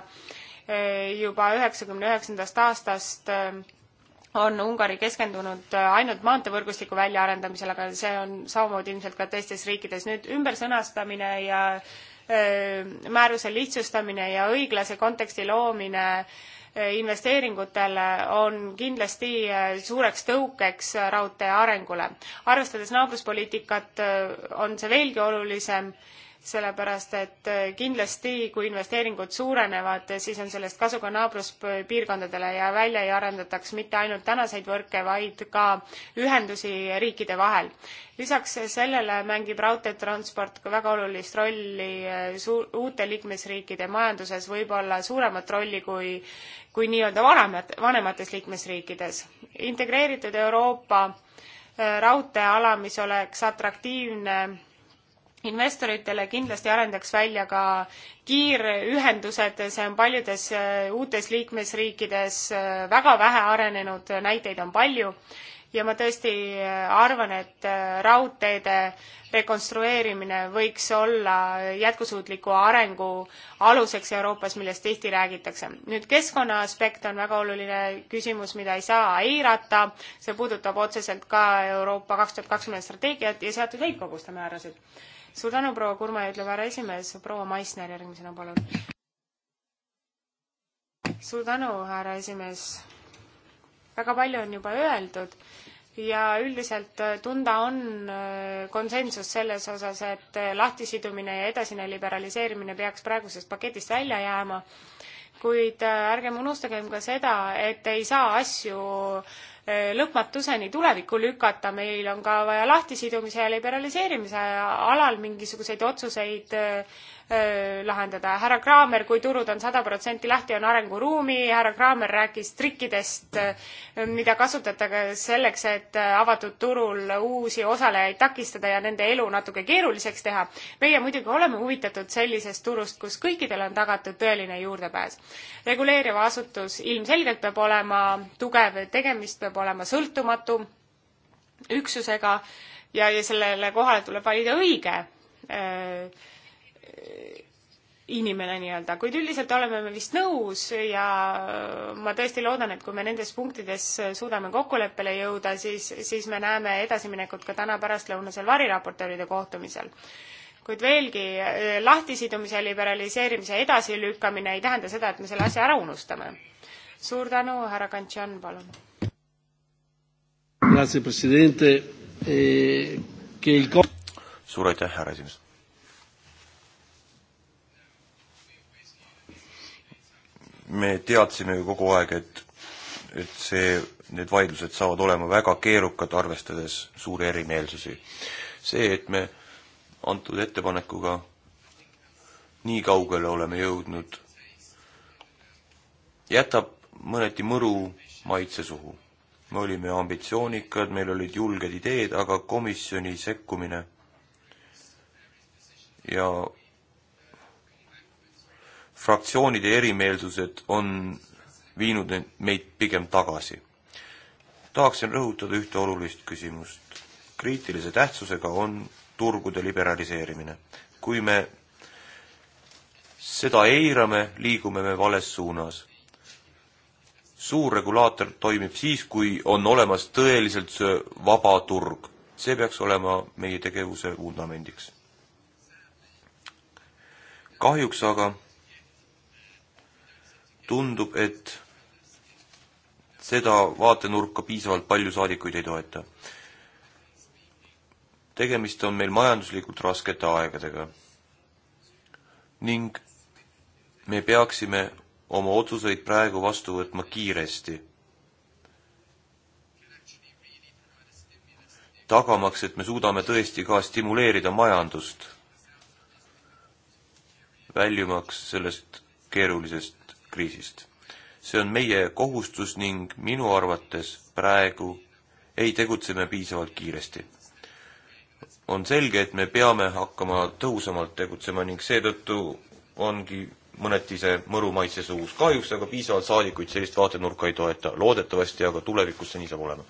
juba üheksakümne üheksandast aastast on Ungari keskendunud ainult maanteevõrgustiku väljaarendamisele, aga see on samamoodi ilmselt ka teistes riikides. nüüd ümbersõnastamine ja öö, määruse lihtsustamine ja õiglase konteksti loomine investeeringutele on kindlasti suureks tõukeks raudtee arengule. arvestades naabruspoliitikat, on see veelgi olulisem sellepärast et kindlasti, kui investeeringud suurenevad, siis on sellest kasu ka naabruspiirkondadele ja välja ei arendataks mitte ainult tänaseid võrke, vaid ka ühendusi riikide vahel. lisaks sellele mängib raudteetransport ka väga olulist rolli eh, suu-, uute liikmesriikide majanduses, võib-olla suuremat rolli kui kui nii-öelda vanemad, vanemates liikmesriikides. integreeritud Euroopa eh, raudteeala, mis oleks atraktiivne investoritele kindlasti arendaks välja ka kiirühendused, see on paljudes äh, uutes liikmesriikides äh, väga vähe arenenud, näiteid on palju ja ma tõesti äh, arvan, et raudteede rekonstrueerimine võiks olla jätkusuutliku arengu aluseks Euroopas, millest tihti räägitakse. nüüd keskkonna aspekt on väga oluline küsimus, mida ei saa eirata, see puudutab otseselt ka Euroopa kaks tuhat kakskümmend strateegiat ja seatud heitkoguste määrasid suur tänu, proua Kurme, ütleb härra esimees, proua Maisner järgmisena, palun. suur tänu, härra esimees. väga palju on juba öeldud ja üldiselt äh, tunda on äh, konsensus selles osas, et äh, lahtisidumine ja edasine liberaliseerimine peaks praegusest paketist välja jääma, kuid ärgem unustagem ka seda, et ei saa asju Eh, lõpmatuseni tulevikku lükata, meil on ka vaja lahtisidumise ja liberaliseerimise alal mingisuguseid otsuseid eh, Äh, lahendada. härra Kraamer, kui turud on sada protsenti lahti, on arenguruumi, härra Kraamer rääkis trikkidest, äh, mida kasutatakse selleks, et äh, avatud turul uusi osalejaid takistada ja nende elu natuke keeruliseks teha. meie muidugi oleme huvitatud sellisest turust, kus kõikidel on tagatud tõeline juurdepääs. reguleeriv asutus ilmselgelt peab olema tugev, tegemist peab olema sõltumatu üksusega ja, ja sellele kohale tuleb valida õige öö, inimene nii-öelda, kuid üldiselt oleme me vist nõus ja äh, ma tõesti loodan, et kui me nendes punktides äh, suudame kokkuleppele jõuda, siis, siis me näeme edasiminekut ka täna pärastlõunasel variraportööride kohtumisel. kuid veelgi, äh, lahtisidumise liberaliseerimise edasilükkamine ei tähenda seda, et me selle asja ära unustame. suur tänu, härra Kantšan, palun. Eh, suur aitäh, härra esimees me teadsime ju kogu aeg, et, et see, need vaidlused saavad olema väga keerukad, arvestades suuri erimeelsusi. see, et me antud ettepanekuga nii kaugele oleme jõudnud, jätab mõneti mõru maitse suhu. me olime ambitsioonikad, meil olid julged ideed, aga komisjoni sekkumine ja fraktsioonide erimeelsused on viinud meid pigem tagasi. tahaksin rõhutada ühte olulist küsimust. kriitilise tähtsusega on turgude liberaliseerimine. kui me seda eirame, liigume me vales suunas. suur regulaator toimib siis, kui on olemas tõeliselt vaba turg. see peaks olema meie tegevuse vundamendiks. kahjuks aga tundub, et seda vaatenurka piisavalt palju saadikuid ei toeta. tegemist on meil majanduslikult raskete aegadega ning me peaksime oma otsuseid praegu vastu võtma kiiresti, tagamaks, et me suudame tõesti ka stimuleerida majandust, väljumaks sellest keerulisest kriisist. see on meie kohustus ning minu arvates praegu ei tegutse me piisavalt kiiresti. on selge, et me peame hakkama tõhusamalt tegutsema ning seetõttu ongi mõneti see mõru maitses uus. kahjuks aga piisavalt saadikuid sellist vaatenurka ei toeta. loodetavasti aga tulevikus see nii saab olema.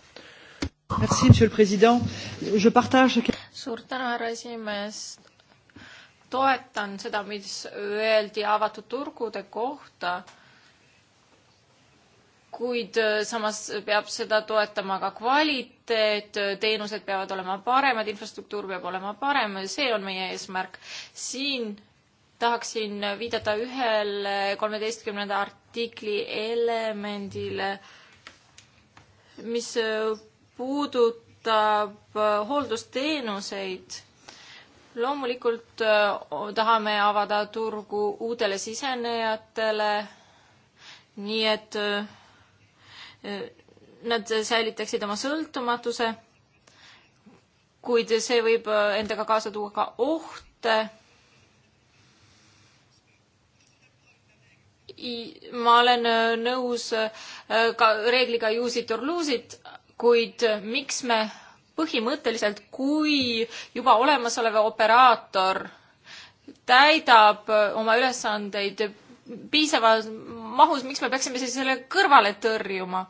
suur tänu, härra esimees toetan seda, mis öeldi avatud turgude kohta, kuid äh, samas peab seda toetama ka kvaliteet, äh, teenused peavad olema paremad, infrastruktuur peab olema parem, see on meie eesmärk. siin tahaksin viidata ühele kolmeteistkümnenda artikli elemendile, mis äh, puudutab hooldusteenuseid loomulikult äh, tahame avada turgu uutele sisenejatele, nii et äh, äh, nad säilitaksid oma sõltumatuse, kuid see võib endaga kaasa tuua ka ohte. ma olen nõus ka reegliga use it or lose it, kuid miks me põhimõtteliselt, kui juba olemasolev operaator täidab oma ülesandeid piisavas mahus, miks me peaksime siis selle kõrvale tõrjuma?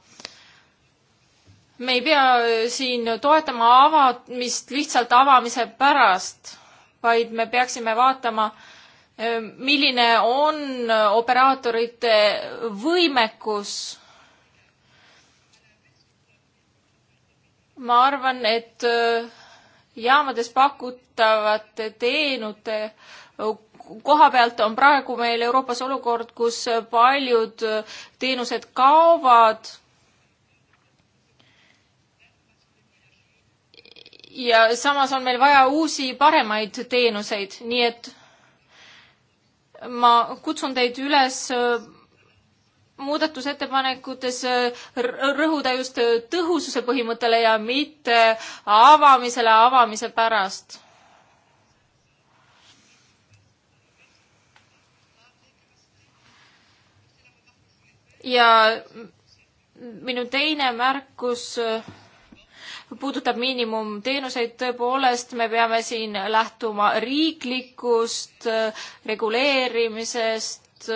me ei pea siin toetama avamist lihtsalt avamise pärast, vaid me peaksime vaatama, milline on operaatorite võimekus ma arvan, et äh, jaamades pakutavate teenude äh, koha pealt on praegu meil Euroopas olukord, kus äh, paljud teenused kaovad. ja samas on meil vaja uusi paremaid teenuseid, nii et ma kutsun teid üles muudatusettepanekutes äh, rõhuda just äh, tõhususe põhimõttele ja mitte äh, avamisele avamise pärast. ja minu teine märkus puudutab miinimumteenuseid, tõepoolest me peame siin lähtuma riiklikust reguleerimisest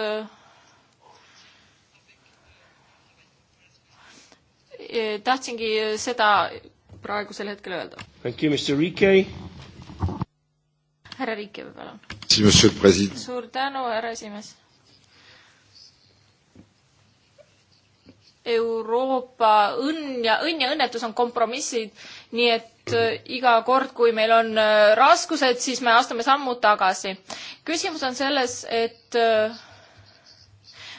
E, tahtsingi seda praegusel hetkel öelda. härra Riike, palun. suur tänu, härra esimees. Euroopa õnn ja, õnn ja õnnetus on kompromissid, nii et e, iga kord, kui meil on e, raskused, siis me astume sammu tagasi. küsimus on selles, et äh,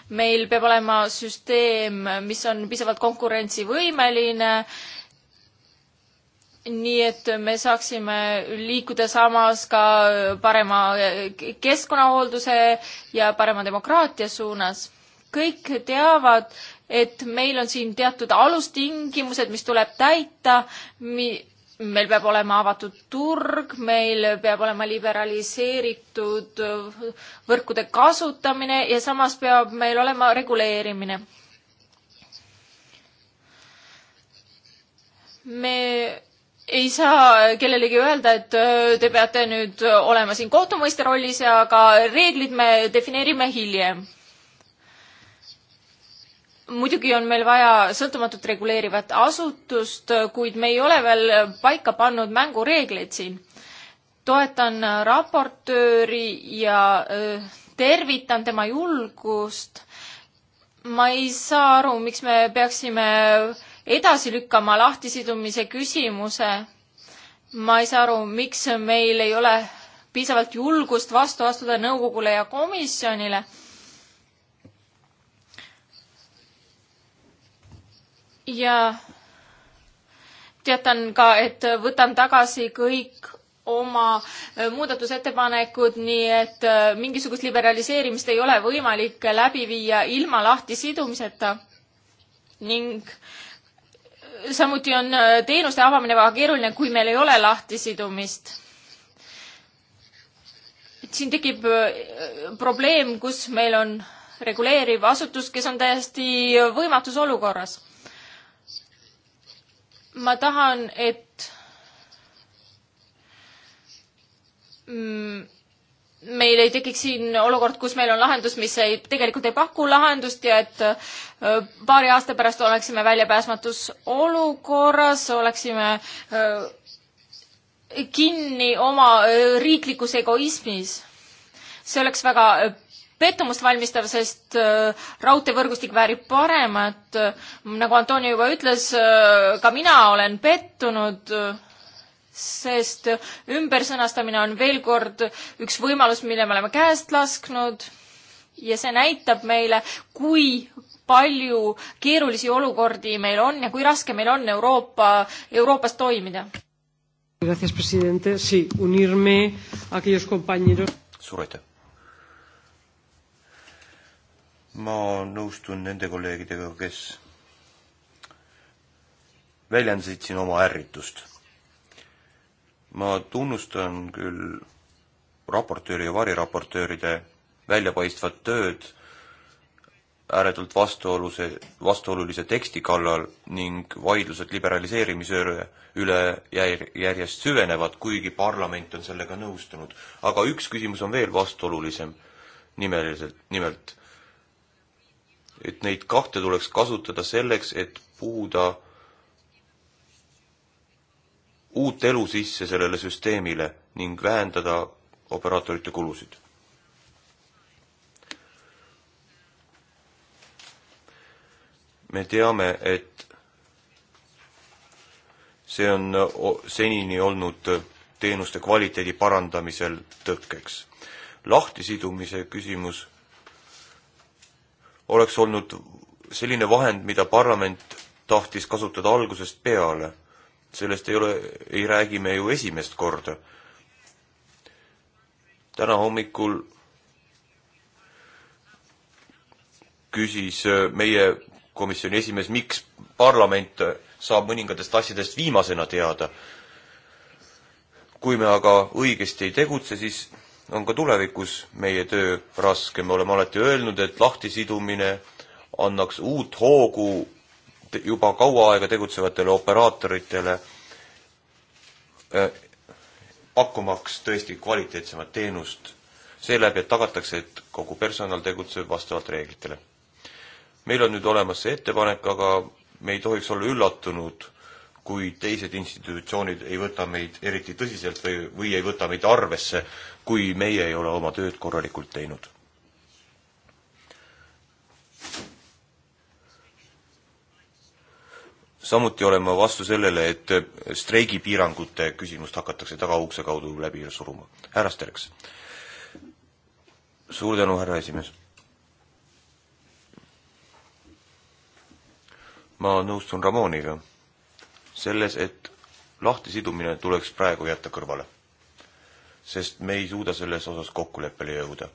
meil peab olema süsteem, mis on piisavalt konkurentsivõimeline, nii et me saaksime liikuda samas ka parema keskkonnahoolduse ja parema demokraatia suunas. kõik teavad, et meil on siin teatud alustingimused, mis tuleb täita mi-, meil peab olema avatud turg, meil peab olema liberaliseeritud võrkude kasutamine ja samas peab meil olema reguleerimine. me ei saa kellelegi öelda, et te peate nüüd olema siin kohtumõiste rollis, aga reeglid me defineerime hiljem muidugi on meil vaja sõltumatut reguleerivat asutust, kuid me ei ole veel paika pannud mängureegleid siin. toetan raportööri ja tervitan tema julgust. ma ei saa aru, miks me peaksime edasi lükkama lahtisidumise küsimuse. ma ei saa aru, miks meil ei ole piisavalt julgust vastu astuda nõukogule ja komisjonile ja teatan ka, et võtan tagasi kõik oma äh, muudatusettepanekud, nii et äh, mingisugust liberaliseerimist ei ole võimalik läbi viia ilma lahtisidumiseta ning äh, samuti on teenuste avamine väga keeruline, kui meil ei ole lahtisidumist. siin tekib probleem, kus meil on reguleeriv asutus, kes on täiesti võimatus olukorras ma tahan, et mm, meil ei tekiks siin olukord, kus meil on lahendus, mis ei, tegelikult ei paku lahendust ja et äh, paari aasta pärast oleksime väljapääsmatus olukorras, oleksime äh, kinni oma äh, riiklikus egoismis. see oleks väga pettumust valmistav, sest äh, raudteevõrgustik väärib paremat. nagu Antonio juba ütles, äh, ka mina olen pettunud, sest ümbersõnastamine on veel kord üks võimalus, mille me oleme käest lasknud ja see näitab meile, kui palju keerulisi olukordi meil on ja kui raske meil on Euroopa, Euroopas toimida. Gracias, presidente. Sí, unirme a aquellos compañeros. Suur aitäh ma nõustun nende kolleegidega, kes väljendasid siin oma ärritust. ma tunnustan küll raportööri ja variraportööride väljapaistvat tööd ääretult vastuoluse, vastuolulise teksti kallal ning vaidlused liberaliseerimise üle järjest süvenevad, kuigi parlament on sellega nõustunud. aga üks küsimus on veel vastuolulisem nimeliselt, nimelt et neid kahte tuleks kasutada selleks, et puhuda uut elu sisse sellele süsteemile ning vähendada operaatorite kulusid. me teame, et see on senini olnud teenuste kvaliteedi parandamisel tõkkeks. lahtisidumise küsimus oleks olnud selline vahend, mida parlament tahtis kasutada algusest peale. sellest ei ole, ei räägi me ju esimest korda. täna hommikul küsis äh, meie komisjoni esimees, miks parlament saab mõningatest asjadest viimasena teada. kui me aga õigesti ei tegutse, siis on ka tulevikus meie töö raske, me oleme alati öelnud, et lahtisidumine annaks uut hoogu juba kaua aega tegutsevatele operaatoritele, pakkumaks tõesti kvaliteetsemat teenust seeläbi, et tagatakse, et kogu personal tegutseb vastavalt reeglitele. meil on nüüd olemas see ettepanek, aga me ei tohiks olla üllatunud kui teised institutsioonid ei võta meid eriti tõsiselt või, või ei võta meid arvesse, kui meie ei ole oma tööd korralikult teinud. samuti olen ma vastu sellele, et streigipiirangute küsimust hakatakse tagaukse kaudu läbi suruma. härra Sterks. suur tänu, härra esimees ma nõustun Ramoniga selles, et lahtisidumine tuleks praegu jätta kõrvale. sest me ei suuda selles osas kokkuleppele jõuda.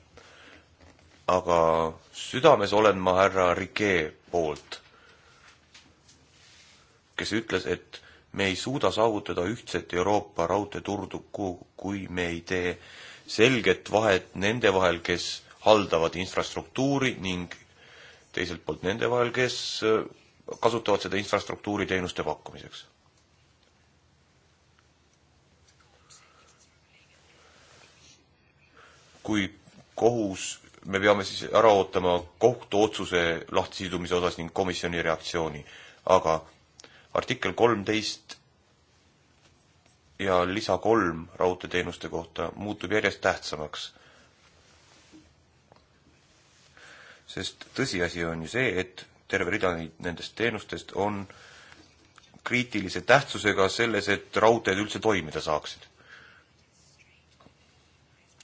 aga südames olen ma härra Riquet poolt, kes ütles, et me ei suuda saavutada ühtset Euroopa raudteeturdu, kui me ei tee selget vahet nende vahel, kes haldavad infrastruktuuri ning teiselt poolt nende vahel, kes äh, kasutavad seda infrastruktuuri teenuste pakkumiseks kui kohus, me peame siis ära ootama kohtuotsuse lahtisidumise osas ning komisjoni reaktsiooni. aga artikkel kolmteist ja lisa kolm raudteeteenuste kohta muutub järjest tähtsamaks. sest tõsiasi on ju see, et terve rida nendest teenustest on kriitilise tähtsusega selles, et raudteed üldse toimida saaksid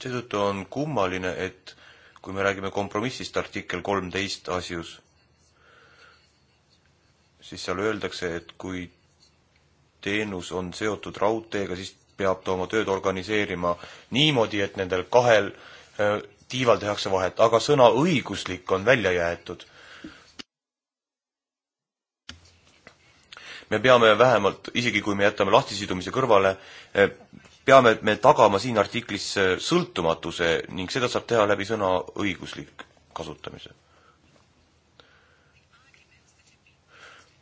seetõttu on kummaline, et kui me räägime kompromissist artikkel kolmteist asjus, siis seal öeldakse, et kui teenus on seotud raudteega, siis peab ta oma tööd organiseerima niimoodi, et nendel kahel äh, tiival tehakse vahet, aga sõna õiguslik on välja jäetud. me peame vähemalt, isegi kui me jätame lahtisidumise kõrvale, äh, peame me tagama siin artiklis äh, sõltumatuse ning seda saab teha läbi sõna õiguslik kasutamise.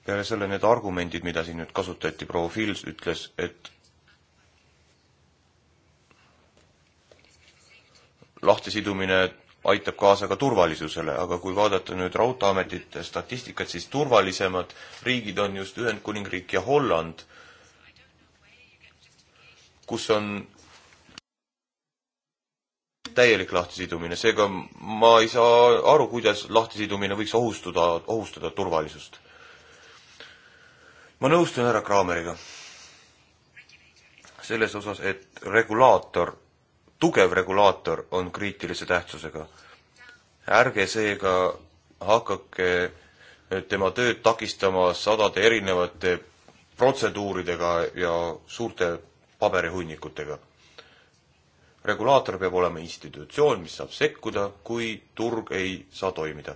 peale selle need argumendid, mida siin nüüd kasutati, proua Fils ütles, et lahtisidumine aitab kaasa ka turvalisusele, aga kui vaadata nüüd Raudteeametite statistikat, siis turvalisemad riigid on just Ühendkuningriik ja Holland kus on täielik lahtisidumine, seega ma ei saa aru, kuidas lahtisidumine võiks ohustuda, ohustada turvalisust. ma nõustun härra Kraameriga selles osas, et regulaator, tugev regulaator on kriitilise tähtsusega. ärge seega hakake tema tööd takistama sadade erinevate protseduuridega ja suurte paberihunnikutega. regulaator peab olema institutsioon, mis saab sekkuda, kui turg ei saa toimida.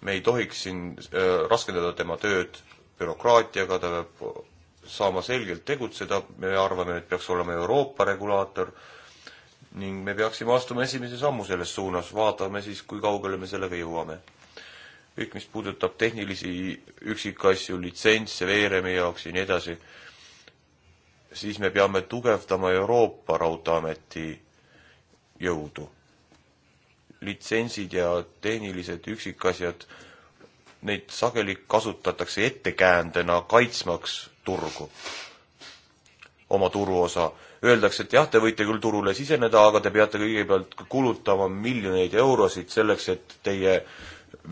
me ei tohiks siin äh, raskendada tema tööd bürokraatiaga, ta peab saama selgelt tegutseda, me arvame, et peaks olema Euroopa regulaator ning me peaksime astuma esimese sammu selles suunas, vaatame siis, kui kaugele me sellega jõuame. kõik, mis puudutab tehnilisi üksikasju, litsentse, veeremi jaoks ja nii edasi siis me peame tugevdama Euroopa Raudteeameti jõudu. litsentsid ja tehnilised üksikasjad, neid sageli kasutatakse ettekäändena kaitsmaks turgu, oma turuosa. Öeldakse, et jah, te võite küll turule siseneda, aga te peate kõigepealt kulutama miljoneid eurosid selleks, et teie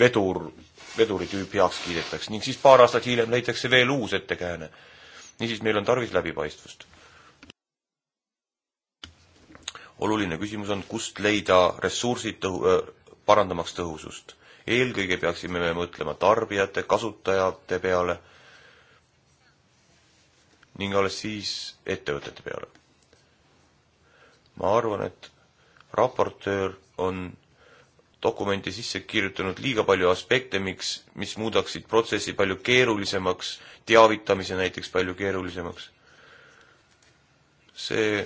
vedur, veduritüüp heaks kiidetaks ning siis paar aastat hiljem leitakse veel uus ettekääne niisiis, meil on tarvis läbipaistvust. oluline küsimus on, kust leida ressursid tõhu-, parandamaks tõhusust. eelkõige peaksime me mõtlema tarbijate, kasutajate peale ning alles siis ettevõtete peale. ma arvan, et raportöör on dokumenti sisse kirjutanud liiga palju aspekte, miks, mis muudaksid protsessi palju keerulisemaks, teavitamise näiteks palju keerulisemaks. see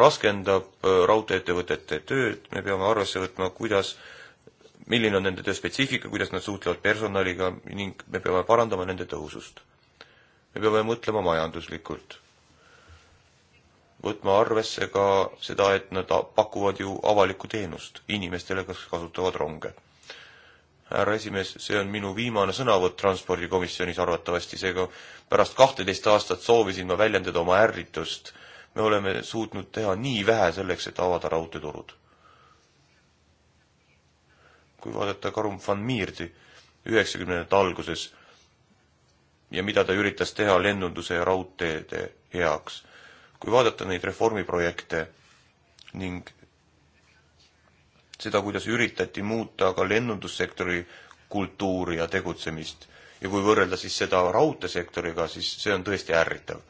raskendab äh, raudtee-ettevõtete tööd, me peame arvesse võtma, kuidas, milline on nende töö spetsiifika, kuidas nad suhtlevad personaliga ning me peame parandama nende tõhusust. me peame mõtlema majanduslikult võtma arvesse ka seda, et nad pakuvad ju avalikku teenust inimestele, kes kasutavad ronge. härra esimees, see on minu viimane sõnavõtt Transpordikomisjonis arvatavasti, seega pärast kahteteist aastat soovisin ma väljendada oma ärritust. me oleme suutnud teha nii vähe selleks, et avada raudteeturud. kui vaadata Karum van Miirdi üheksakümnendate alguses ja mida ta üritas teha lennunduse ja raudteede heaks kui vaadata neid reformiprojekte ning seda, kuidas üritati muuta ka lennundussektori kultuuri ja tegutsemist ja kui võrrelda siis seda raudteesektoriga, siis see on tõesti ärritav.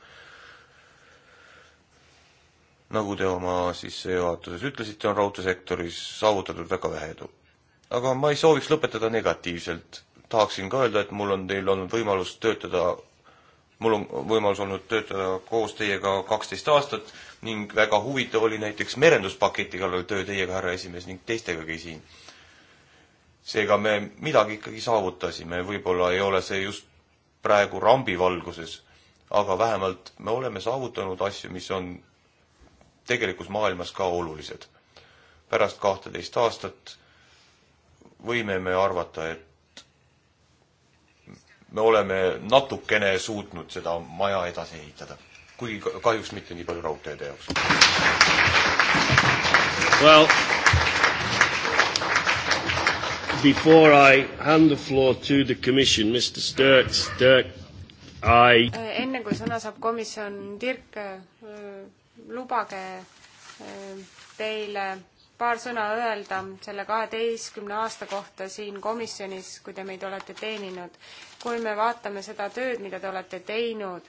nagu te oma sissejuhatuses ütlesite, on raudteesektoris saavutatud väga vähe edu. aga ma ei sooviks lõpetada negatiivselt, tahaksin ka öelda, et mul on teil olnud võimalus töötada mul on võimalus olnud töötada koos teiega kaksteist aastat ning väga huvitav oli näiteks merenduspaketi kallal töö teiega, härra esimees, ning teistegagi siin. seega me midagi ikkagi saavutasime, võib-olla ei ole see just praegu rambivalguses, aga vähemalt me oleme saavutanud asju, mis on tegelikus maailmas ka olulised. pärast kahteteist aastat võime me arvata, et me oleme natukene suutnud seda maja edasi ehitada, kuigi kahjuks mitte nii palju raudteede jaoks. Well, before I hand the floor to the commission, Mr Sturks, Dirk, I äh, enne kui sõna saab komisjon, Dirk, äh, lubage äh, teile paar sõna öelda selle kaheteistkümne aasta kohta siin komisjonis, kui te meid olete teeninud. kui me vaatame seda tööd, mida te olete teinud,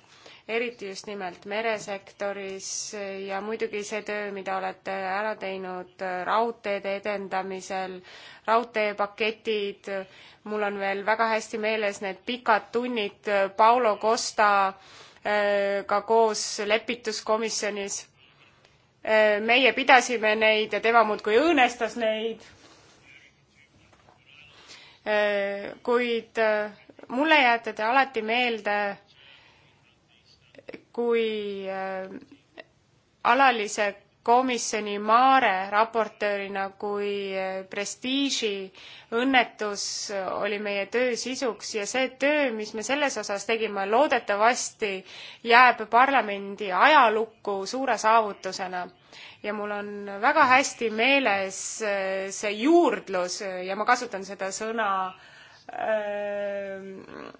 eriti just nimelt meresektoris ja muidugi see töö, mida olete ära teinud äh, raudteede edendamisel, raudteepaketid, mul on veel väga hästi meeles need pikad tunnid äh, Paulo Costa äh, ka koos lepituskomisjonis Äh, meie pidasime neid ja tema muudkui õõnestas neid. Äh, kuid äh, mulle jääte te alati meelde kui alalise komisjoni Maare raportöörina, kui eh, prestiiži õnnetus oli meie töö sisuks ja see töö, mis me selles osas tegime, loodetavasti jääb parlamendi ajalukku suure saavutusena. ja mul on väga hästi meeles eh, see juurdlus eh, ja ma kasutan seda sõna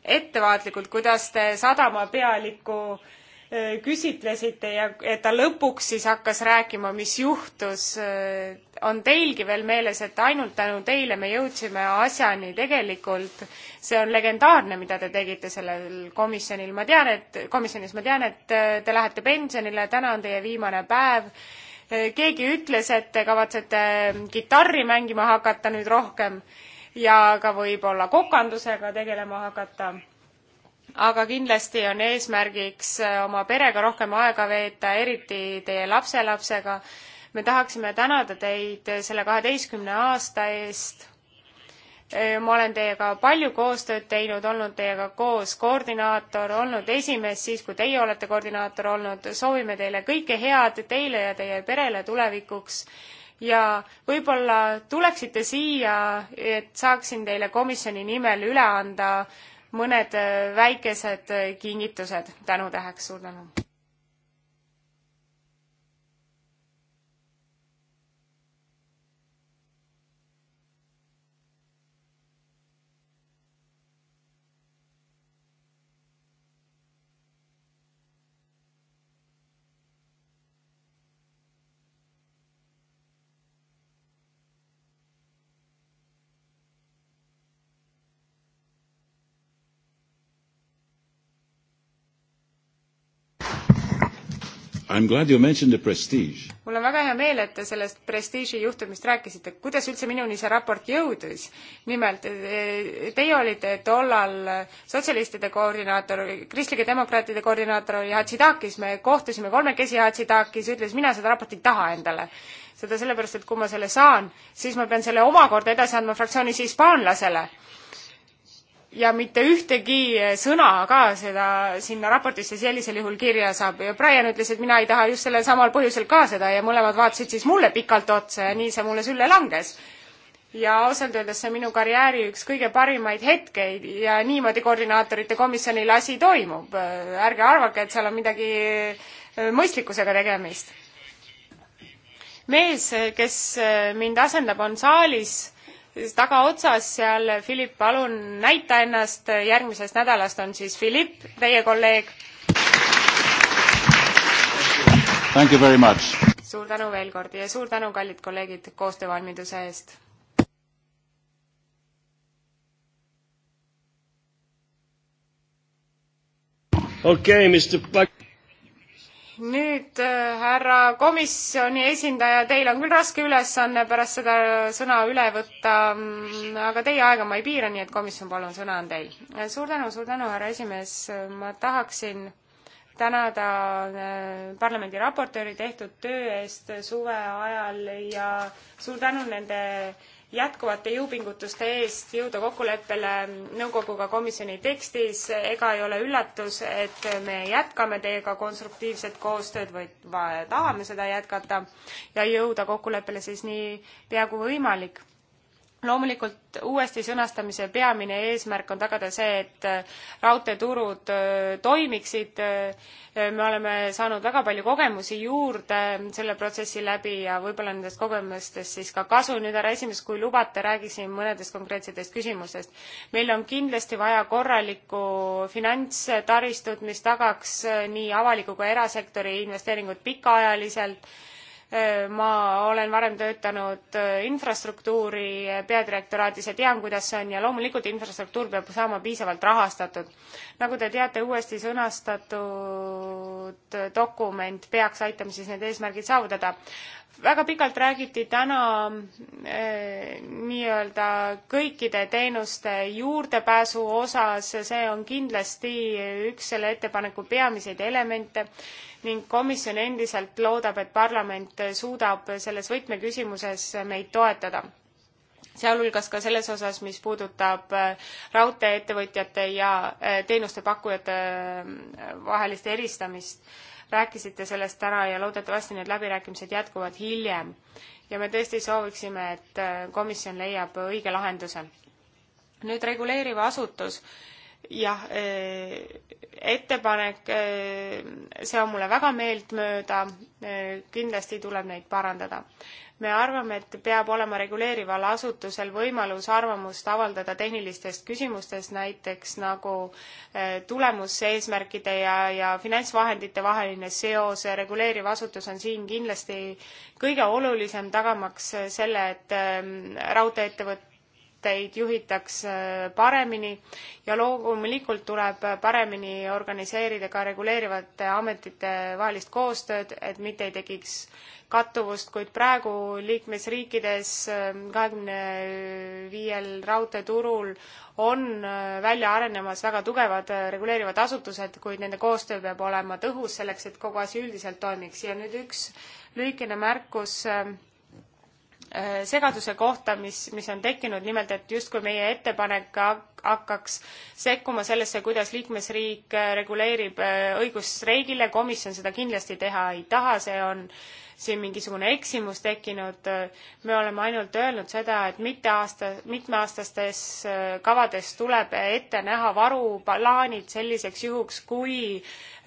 ettevaatlikult, kuidas te sadama pealiku äh, Äh, küsitlesite ja et ta lõpuks siis hakkas rääkima, mis juhtus. Äh, on teilgi veel meeles, et ainult tänu teile me jõudsime asjani tegelikult. see on legendaarne, mida te tegite sellel komisjonil. ma tean, et komisjonis ma tean, et äh, te lähete pensionile, täna on teie viimane päev. keegi ütles, et te kavatsete kitarri mängima hakata nüüd rohkem ja ka võib-olla kokandusega tegelema hakata aga kindlasti on eesmärgiks äh, oma perega rohkem aega veeta, eriti teie lapselapsega. me tahaksime tänada teid äh, selle kaheteistkümne aasta eest. Äh, ma olen teiega palju koostööd teinud, olnud teiega koos koordinaator, olnud esimees siis, kui teie olete koordinaator olnud. soovime teile kõike head, teile ja teie perele tulevikuks ja võib-olla tuleksite siia, et saaksin teile komisjoni nimel üle anda äh, mõned äh, väikesed äh, kingitused tänutäheks, suur tänu! mul on väga hea meel, et te sellest prestiiži juhtumist rääkisite. kuidas üldse minuni see raport jõudis? nimelt, eh, teie olite tollal sotsialistide koordinaator, kristlike demokraatide koordinaator oli Hatsidakis, me kohtusime kolmekesi Hatsidakis, ütles mina seda raportit ei taha endale seda sellepärast, et kui ma selle saan, siis ma pean selle omakorda edasi andma fraktsioonis hispaanlasele ja mitte ühtegi eh, sõna ka seda sinna raportisse sellisel juhul kirja saab ja Brian ütles, et mina ei taha just sellel samal põhjusel ka seda ja mõlemad vaatasid siis mulle pikalt otsa ja nii see mulle sülle langes. ja ausalt öeldes see minu karjääri üks kõige parimaid hetkeid ja niimoodi koordinaatorite komisjonil asi toimub. Eh, ärge arvake, et seal on midagi eh, mõistlikkusega tegemist. mees, kes mind asendab, on saalis tagaotsas seal, Philipp, palun näita ennast, järgmisest nädalast on siis Philipp, teie kolleeg. suur tänu veel kord ja suur tänu, kallid kolleegid, koostöövalmiduse eest okei okay,, Mr Black nüüd äh, härra komisjoni esindaja, teil on küll raske ülesanne pärast seda sõna üle võtta, mm, aga teie aega ma ei piira, nii et komisjon, palun, sõna on teil. Äh, suur tänu, suur tänu, härra esimees, ma tahaksin tänada äh, parlamendi raportööri tehtud töö eest suve ajal ja suur tänu nende jätkuvate jõupingutuste eest jõuda kokkuleppele nõukoguga komisjoni tekstis. ega ei ole üllatus, et me jätkame teiega konstruktiivset koostööd või tahame seda jätkata ja jõuda kokkuleppele siis nii pea kui võimalik loomulikult uuesti sõnastamise peamine eesmärk on tagada see, et äh, raudteeturud äh, toimiksid. Äh, me oleme saanud väga palju kogemusi juurde selle protsessi läbi ja võib-olla nendest kogemustest siis ka kasu. nüüd härra esimees, kui lubate, räägiksin mõnedest konkreetsetest küsimustest. meil on kindlasti vaja korralikku finantstaristut, mis tagaks nii avaliku kui erasektori investeeringud pikaajaliselt Äh, ma olen varem töötanud äh, infrastruktuuri äh, peadirektoraadis ja tean, kuidas see on ja loomulikult infrastruktuur peab saama piisavalt rahastatud. nagu te teate, uuesti sõnastatud dokument peaks aitama siis need eesmärgid saavutada. väga pikalt räägiti täna eh, nii-öelda kõikide teenuste juurdepääsu osas, see on kindlasti üks selle ettepaneku peamiseid elemente ning komisjon endiselt loodab, et parlament suudab selles võtmeküsimuses meid toetada sealhulgas ka selles osas, mis puudutab äh, raudteeettevõtjate ja äh, teenuste pakkujate äh, vahelist eristamist. rääkisite sellest täna ja loodetavasti need läbirääkimised jätkuvad hiljem. ja me tõesti sooviksime, et komisjon leiab õige lahenduse. nüüd reguleeriv asutus jah, eh, ettepanek, eh, see on mulle väga meeltmööda, eh, kindlasti tuleb neid parandada. me arvame, et peab olema reguleerival asutusel võimalus arvamust avaldada tehnilistest küsimustest, näiteks nagu tulemuseesmärkide ja, ja finantsvahendite vaheline seos, reguleeriv asutus on siin kindlasti kõige olulisem, tagamaks selle, et raudtee-ettevõte ettevõtteid juhitaks paremini ja loomulikult tuleb paremini organiseerida ka reguleerivate ametite vahelist koostööd, et mitte ei tekiks kattuvust, kuid praegu liikmesriikides ähm, kahekümne viiel raudteeturul on äh, välja arenemas väga tugevad äh, reguleerivad asutused, kuid nende koostöö peab olema tõhus selleks, et kogu asi üldiselt toimiks ja nüüd üks lühikene märkus ähm, Äh, segaduse kohta, mis, mis on tekkinud, nimelt et justkui meie ettepanek hakkaks sekkuma sellesse, kuidas liikmesriik äh, reguleerib äh, õigust streigile, komisjon seda kindlasti teha ei taha, see on äh, siin mingisugune eksimus tekkinud. Äh, me oleme ainult öelnud seda, et mitte aasta, mitmeaastastes äh, kavades tuleb ette näha varuplaanid selliseks juhuks, kui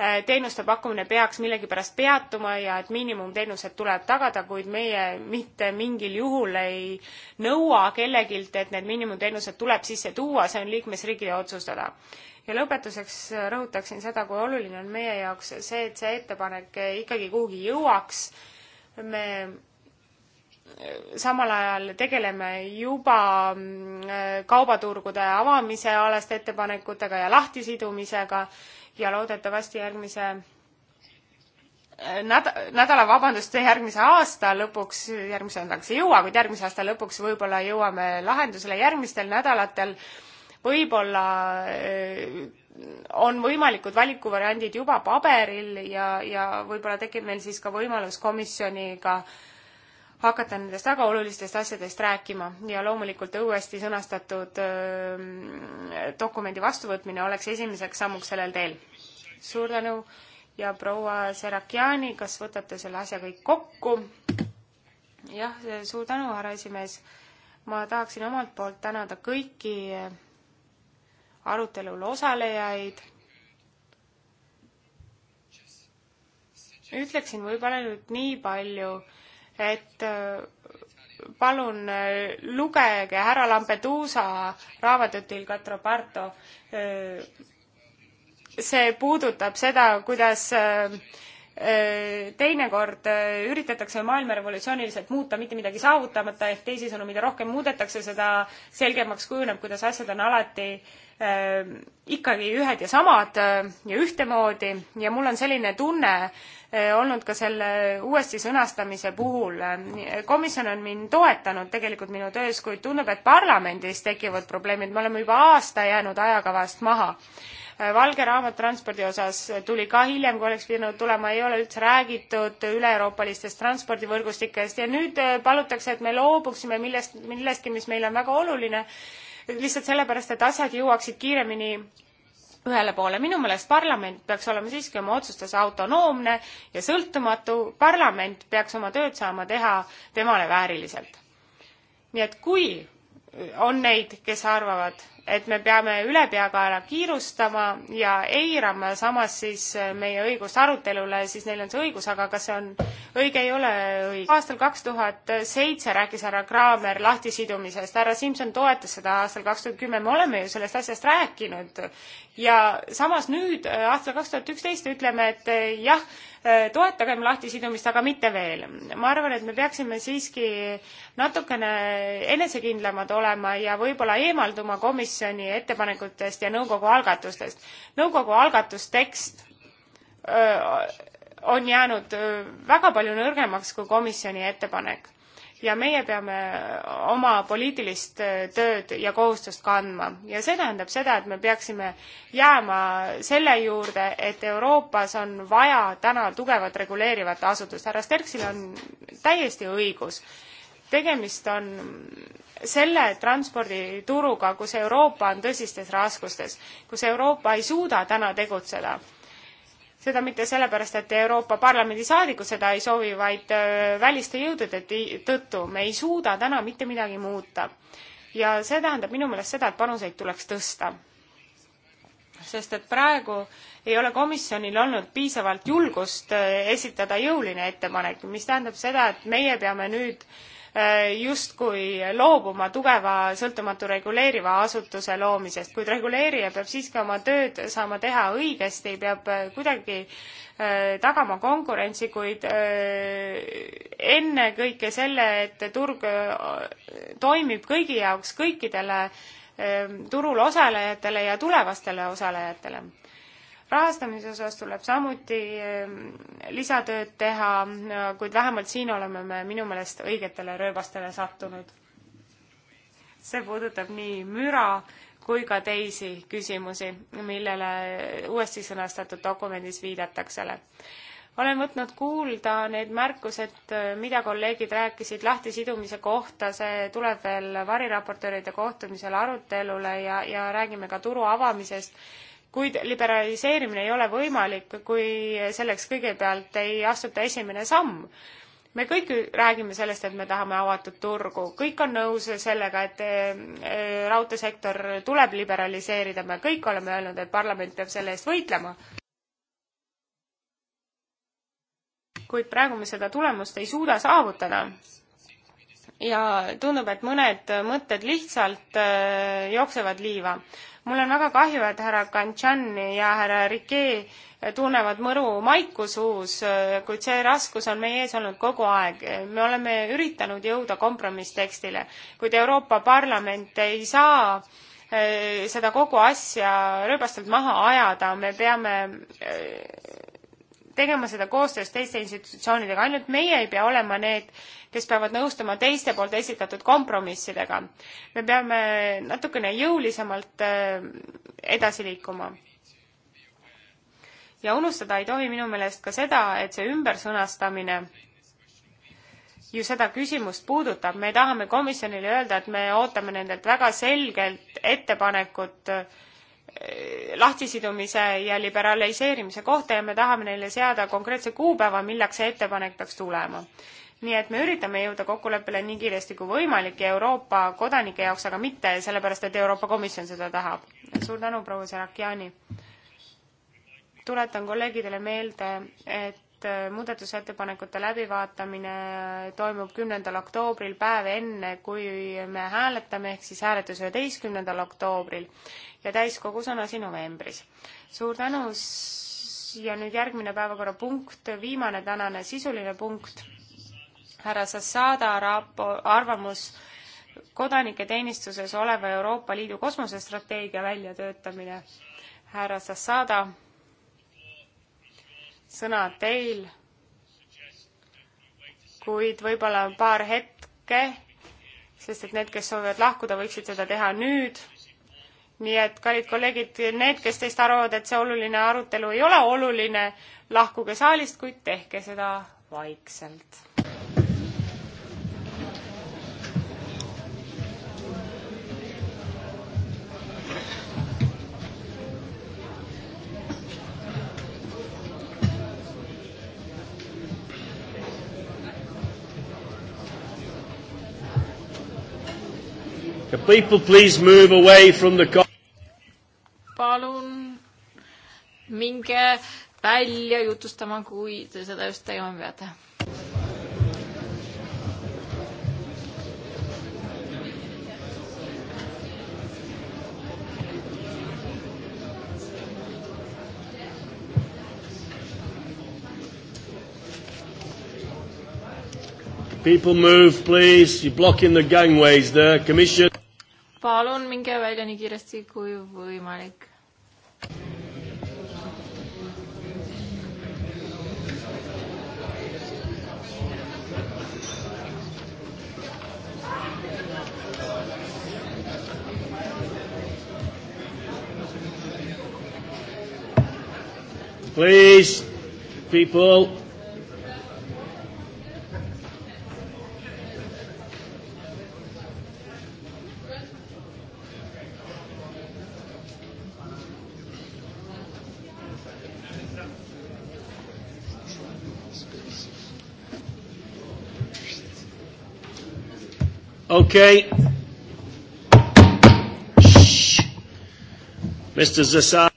äh, teenuste pakkumine peaks millegipärast peatuma ja et miinimumteenused tuleb tagada, kuid meie mitte mingil juhul ei nõua kellegilt, et need miinimumteenused tuleb sisse tuua, see on liikmesriigile otsustada ja lõpetuseks rõhutaksin seda, kui oluline on meie jaoks see, et see ettepanek ikkagi kuhugi jõuaks me samal ajal tegeleme juba mm, kaubaturgude avamise alaste ettepanekutega ja lahtisidumisega ja loodetavasti järgmise eh, näd-, nädala, vabandust, järgmise aasta lõpuks, järgmise nädalaks ei jõua, kuid järgmise aasta lõpuks võib-olla jõuame lahendusele järgmistel nädalatel äh, võib-olla äh, on võimalikud valikuvariandid juba paberil ja, ja võib-olla tekib meil siis ka võimalus komisjoniga hakata nendest väga olulistest asjadest rääkima ja loomulikult õuesti sõnastatud öö, äh, dokumendi vastuvõtmine oleks esimeseks sammuks sellel teel. suur tänu ja proua Serakiani, kas võtate selle asja kõik kokku? jah, suur tänu, härra esimees. ma tahaksin omalt poolt tänada kõiki arutelul osalejaid. ütleksin võib-olla nüüd nii palju, et äh, palun äh, lugege härra Lampeduusa raamatut Il Catroparto. Äh, see puudutab seda, kuidas Äh, teinekord äh, üritatakse maailma revolutsiooniliselt muuta mitte midagi saavutamata ehk teisisõnu, mida rohkem muudetakse, seda selgemaks kujuneb, kuidas asjad on alati äh, ikkagi ühed ja samad äh, ja ühtemoodi ja mul on selline tunne äh, olnud ka selle uuesti sõnastamise puhul. Äh, komisjon on mind toetanud tegelikult minu töös, kuid tundub, et parlamendis tekivad probleemid, me oleme juba aasta jäänud ajakavast maha Äh, valge raamat transpordi osas tuli ka hiljem, kui oleks pidanud tulema, ei ole üldse räägitud üle-euroopalistest transpordivõrgustikest ja nüüd äh, palutakse, et me loobuksime millest, millestki, mis meile on väga oluline, lihtsalt sellepärast, et asjad jõuaksid kiiremini ühele poole. minu meelest parlament peaks olema siiski oma otsustes autonoomne ja sõltumatu. parlament peaks oma tööd saama teha temale vääriliselt. nii et kui on neid, kes arvavad, et me peame ülepeakaela kiirustama ja eirama samas siis meie õigust arutelule, siis neil on see õigus, aga kas see on õige, ei ole õige. aastal kaks tuhat seitse rääkis härra Kraamer lahtisidumisest, härra Simson toetas seda aastal kaks tuhat kümme, me oleme ju sellest asjast rääkinud. ja samas nüüd aastal kaks tuhat üksteist ütleme, et jah, Äh, toetagem lahtisidumist, aga mitte veel. ma arvan, et me peaksime siiski natukene enesekindlamad olema ja võib-olla eemalduma komisjoni ettepanekutest ja nõukogu algatustest. nõukogu algatustekst öö, äh, on jäänud äh, väga palju nõrgemaks kui komisjoni ettepanek ja meie peame oma poliitilist äh, tööd ja kohustust kandma. ja see tähendab seda, et me peaksime jääma selle juurde, et Euroopas on vaja täna tugevat reguleerivat asutust. härra Sterksil on täiesti õigus. tegemist on selle transpordituruga, kus Euroopa on tõsistes raskustes, kus Euroopa ei suuda täna tegutseda seda mitte sellepärast, et Euroopa Parlamendi saadikud seda ei soovi, vaid äh, väliste jõudude tõttu me ei suuda täna mitte midagi muuta. ja see tähendab minu meelest seda, et panuseid tuleks tõsta. sest et praegu ei ole komisjonil olnud piisavalt julgust äh, esitada jõuline ettepanek, mis tähendab seda, et meie peame nüüd äh, Äh, justkui loobuma tugeva sõltumatu reguleeriva asutuse loomisest, kuid reguleerija peab siiski oma tööd saama teha õigesti, peab äh, kuidagi äh, tagama konkurentsi, kuid ennekõike selle, et turg toimib kõigi jaoks, kõikidele turul osalejatele ja tulevastele osalejatele rahastamise osas tuleb samuti ehm, lisatööd teha, kuid vähemalt siin oleme me minu meelest õigetele rööbastele sattunud. see puudutab nii müra kui ka teisi küsimusi, millele uuesti sõnastatud dokumendis viidatakse olen võtnud kuulda need märkused, mida kolleegid rääkisid lahtisidumise kohta, see tuleb veel variraportööride kohtumisel arutelule ja, ja räägime ka turu avamisest kuid liberaliseerimine ei ole võimalik, kui selleks kõigepealt ei astuta esimene samm. me kõik räägime sellest, et me tahame avatud turgu, kõik on nõus sellega, et eh, raudteesektor tuleb liberaliseerida, me kõik oleme öelnud, et parlament peab selle eest võitlema. kuid praegu me seda tulemust ei suuda saavutada ja tundub, et mõned mõtted lihtsalt eh, jooksevad liiva mul on väga kahju, et härra Kanchan ja härra Rike tunnevad mõru maiku suus, kuid see raskus on meie ees olnud kogu aeg. me oleme üritanud jõuda kompromisstekstile, kuid Euroopa Parlament ei saa eh, seda kogu asja rööbastelt maha ajada, me peame eh, tegema seda koostöös teiste institutsioonidega, ainult meie ei pea olema need, kes peavad nõustuma teiste poolt esitatud kompromissidega. me peame natukene jõulisemalt äh, edasi liikuma. ja unustada ei tohi minu meelest ka seda, et see ümbersõnastamine ju seda küsimust puudutab, me tahame komisjonile öelda, et me ootame nendelt väga selgelt ettepanekut äh, Eh, lahtisidumise ja liberaliseerimise kohta ja me tahame neile seada konkreetse kuupäeva, millaks see ettepanek peaks tulema. nii et me üritame jõuda kokkuleppele nii kiiresti kui võimalik ja Euroopa kodanike jaoks, aga mitte sellepärast, et Euroopa Komisjon seda tahab. suur tänu, proua Serakiani! tuletan kolleegidele meelde, et et äh, muudatusettepanekute läbivaatamine äh, toimub kümnendal oktoobril, päev enne, kui me hääletame, ehk siis hääletus üheteistkümnendal oktoobril ja täiskogus on asi novembris. suur tänu ja nüüd järgmine päevakorrapunkt, viimane tänane sisuline punkt, härra Sassada rapo-, arvamus kodanike teenistuses oleva Euroopa Liidu kosmosestrateegia väljatöötamine. härra Sassada sõna teil, kuid võib-olla paar hetke, sest et need, kes soovivad lahkuda, võiksid seda teha nüüd. nii et, kallid kolleegid, need, kes teist arvavad, et see oluline arutelu ei ole oluline, lahkuge saalist, kuid tehke seda vaikselt The people please move away from the palun minge välja jutustama, kui te seda just tegema peate. People move, please. You're blocking the gangways there. Commission palun minge välja nii kiiresti kui võimalik. Please, people. Okay. Mr Zasada.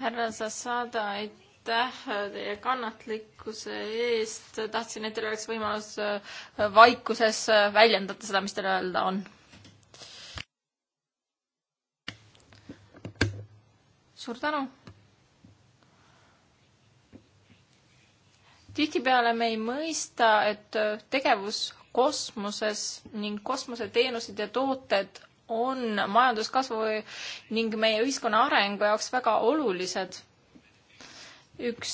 härra Zasada, aitäh teie kannatlikkuse eest. tahtsin, et teil oleks võimalus äh, vaikuses äh, väljendada seda, mis teil öelda on. suur tänu tihtipeale me ei mõista, et äh, tegevus kosmoses ning kosmoseteenused ja tooted on majanduskasvu ning meie ühiskonna arengu jaoks väga olulised. üks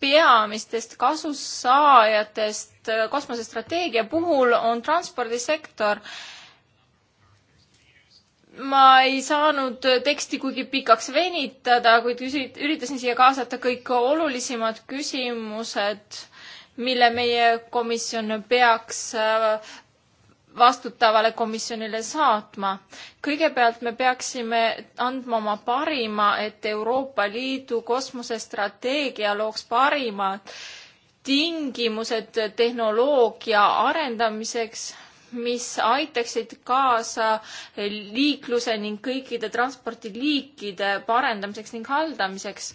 peamistest kasusaajatest kosmosestrateegia puhul on transpordisektor. ma ei saanud teksti kuigi pikaks venitada, kuid üritasin siia kaasata kõik olulisemad küsimused mille meie komisjon peaks äh, vastutavale komisjonile saatma. kõigepealt me peaksime andma oma parima, et Euroopa Liidu kosmosestrateegia looks parimad tingimused tehnoloogia arendamiseks, mis aitaksid kaasa liikluse ning kõikide transpordiliikide parendamiseks ning haldamiseks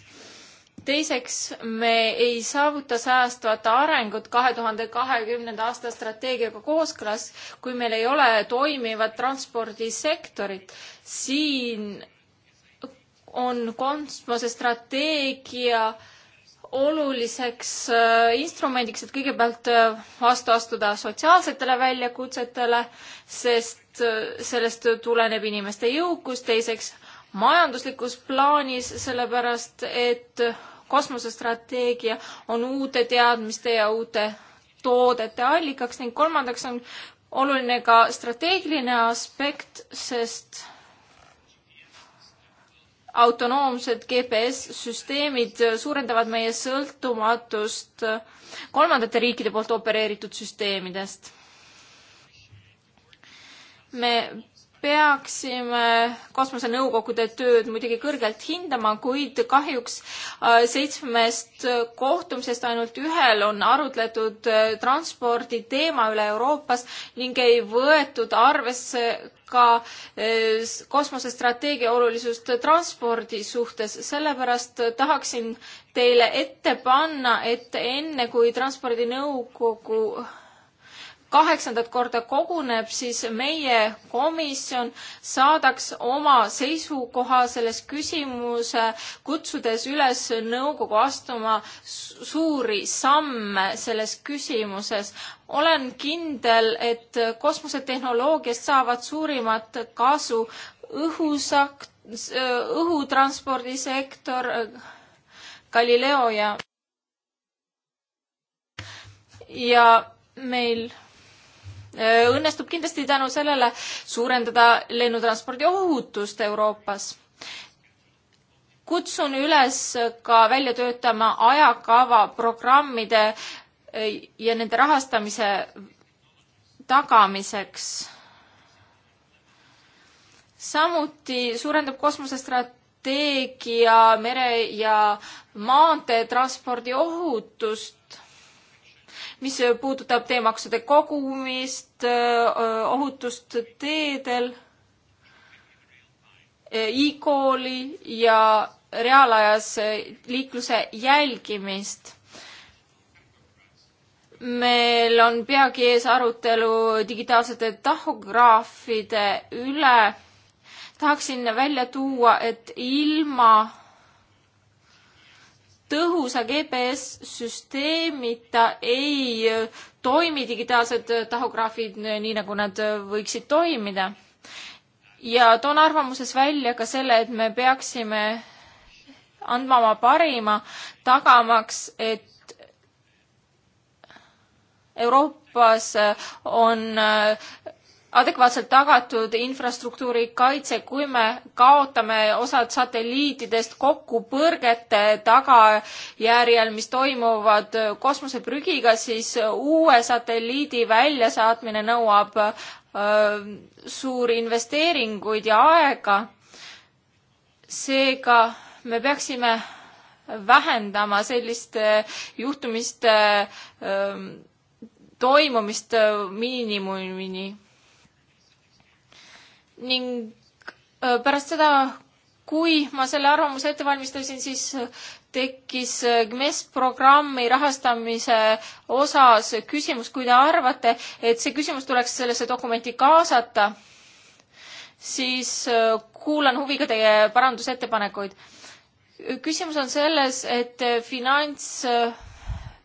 teiseks, me ei saavuta säästvat arengut kahe tuhande kahekümnenda aasta strateegiaga kooskõlas, kui meil ei ole toimivat transpordisektorit. siin on kosmose strateegia oluliseks äh, instrumendiks, et kõigepealt äh, vastu astuda sotsiaalsetele väljakutsetele, sest äh, sellest tuleneb inimeste jõukus, teiseks majanduslikus plaanis, sellepärast et kosmosestrateegia on uute teadmiste ja uute toodete allikaks ning kolmandaks on oluline ka strateegiline aspekt, sest autonoomsed GPS-süsteemid suurendavad meie sõltumatust kolmandate riikide poolt opereeritud süsteemidest. me peaksime kosmosenõukogude tööd muidugi kõrgelt hindama, kuid kahjuks äh, seitsmest kohtumisest ainult ühel on arutletud äh, transpordi teema üle Euroopas ning ei võetud arvesse ka äh, kosmosestrateegia olulisust transpordi suhtes, sellepärast tahaksin teile ette panna, et enne kui transpordinõukogu kaheksandat korda koguneb, siis meie komisjon saadaks oma seisukoha selles küsimuse, kutsudes üles nõukogu astuma suuri samme selles küsimuses. olen kindel, et kosmosetehnoloogiast saavad suurimat kasu õhusakt, õhutranspordisektor, Galileo ja ja meil Äh, õnnestub kindlasti tänu sellele suurendada lennutranspordi ohutust Euroopas kutsun üles ka välja töötama ajakava programmide äh, ja nende rahastamise tagamiseks. samuti suurendab kosmosestrateegia mere ja maanteetranspordi ohutust mis puudutab teemaksude kogumist, ohutust teedel e, e-kooli ja reaalajas liikluse jälgimist. meil on peagi ees arutelu digitaalsete tahograafide üle. tahaksin välja tuua, et ilma tõhusa GPS-süsteemita ei äh, toimi digitaalsed äh, tahograafid äh, nii, nagu nad võiksid toimida. ja toon arvamuses välja ka selle, et me peaksime andma oma parima, tagamaks, et Euroopas on adekvaatselt tagatud infrastruktuuri kaitse, kui me kaotame osad satelliitidest kokkupõrgete tagajärjel, mis toimuvad kosmoseprügiga, siis uue satelliidi väljasaatmine nõuab äh, suuri investeeringuid ja aega. seega me peaksime vähendama selliste juhtumiste äh, toimumist miinimumini ning äh, pärast seda, kui ma selle arvamuse ette valmistasin, siis äh, tekkis äh, GMES programmi rahastamise osas küsimus, kui te arvate, et see küsimus tuleks sellesse dokumenti kaasata, siis kuulan huviga teie parandusettepanekuid. küsimus on selles, et finants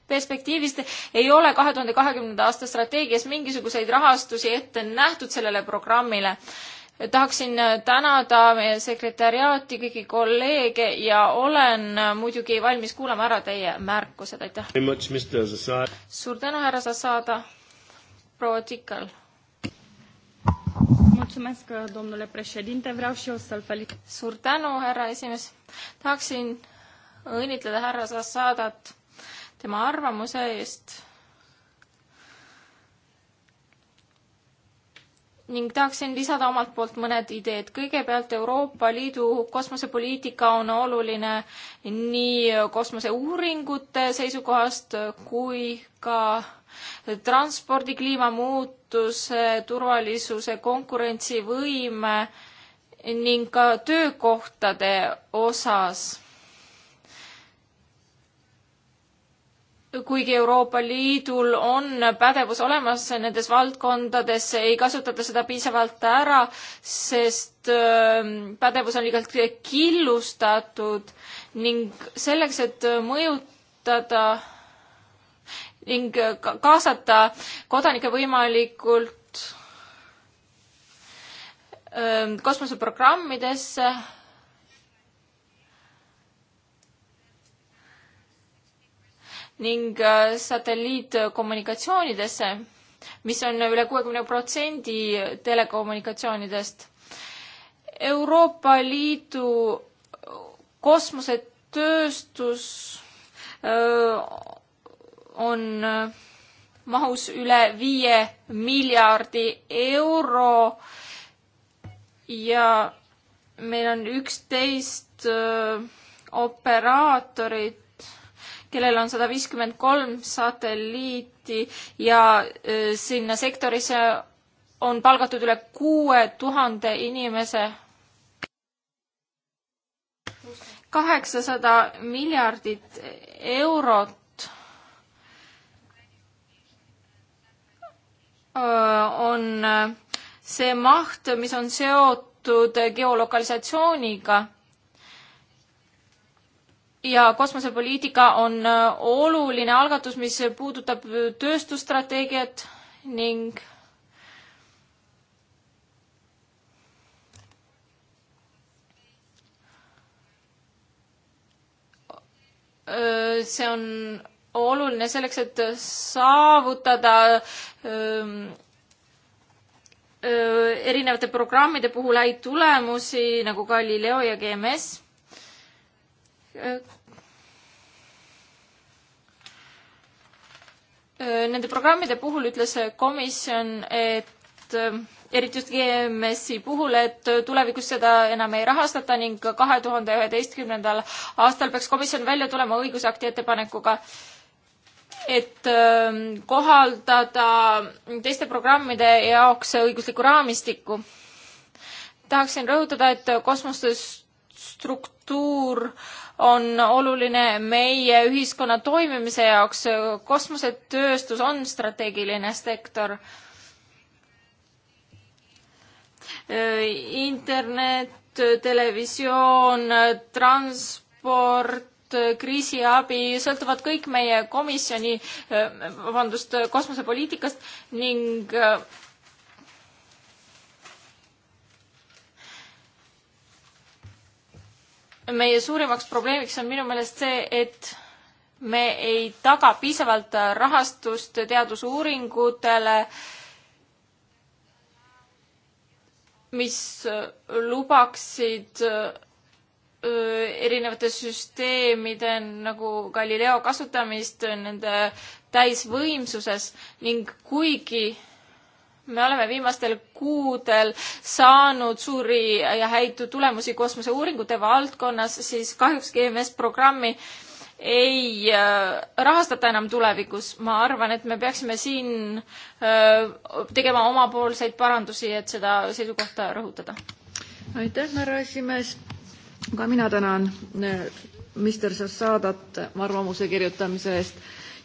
perspektiivist ei ole kahe tuhande kahekümnenda aasta strateegias mingisuguseid rahastusi ette nähtud sellele programmile tahaksin äh, tänada meie sekretäriaati, kõiki kolleege ja olen äh, muidugi valmis kuulama ära teie märkused, aitäh. suur tänu, härra Zasada. proua Tikal. suur tänu, härra esimees. tahaksin õnnitleda härra Zasadat tema arvamuse eest ning tahaksin lisada omalt poolt mõned ideed. kõigepealt Euroopa Liidu kosmosepoliitika on oluline nii kosmoseuuringute seisukohast kui ka transpordi kliimamuutuse, turvalisuse, konkurentsivõime ning ka töökohtade osas kuigi Euroopa Liidul on pädevus olemas nendes valdkondades, ei kasutata seda piisavalt ära, sest ähm, pädevus on liigalt killustatud ning selleks, et mõjutada ning kaasata kodanikke võimalikult ähm, kosmoseprogrammidesse, ning äh, satelliitkommunikatsioonidesse, mis on üle kuuekümne protsendi telekommunikatsioonidest. Euroopa Liidu äh, kosmosetööstus äh, on mahus üle viie miljardi euro ja meil on üksteist operaatorit, kellel on sada viiskümmend kolm satelliiti ja sinna sektorisse on palgatud üle kuue tuhande inimese. kaheksasada miljardit eurot on see maht, mis on seotud geolokalisatsiooniga ja kosmosepoliitika on äh, oluline algatus, mis puudutab äh, tööstusstrateegiat ning äh, see on oluline selleks, et saavutada ähm, erinevate programmide puhul häid tulemusi nagu Galileo ja GMS Nende programmide puhul ütles komisjon, et äh, eriti just GMS-i puhul, et tulevikus seda enam ei rahastata ning kahe tuhande üheteistkümnendal aastal peaks komisjon välja tulema õigusakti ettepanekuga, et äh, kohaldada teiste programmide jaoks õiguslikku raamistikku. tahaksin rõhutada, et kosmose struktuur äh, on oluline meie ühiskonna toimimise jaoks. kosmosetööstus on strateegiline sektor. internet, televisioon, transport, kriisiabi sõltuvad kõik meie komisjoni, vabandust, kosmosepoliitikast ning meie suurimaks probleemiks on minu meelest see, et me ei taga piisavalt rahastust teadusuuringutele, mis lubaksid äh, erinevate süsteemide nagu Galileo kasutamist nende täisvõimsuses ning kuigi me oleme viimastel kuudel saanud suuri ja häid tulemusi kosmoseuuringute valdkonnas, siis kahjuks GMS programmi ei äh, rahastata enam tulevikus. ma arvan, et me peaksime siin äh, tegema omapoolseid parandusi, et seda seisukohta rõhutada. aitäh, härra esimees. ka mina tänan äh, minister Sassadat arvamuse kirjutamise eest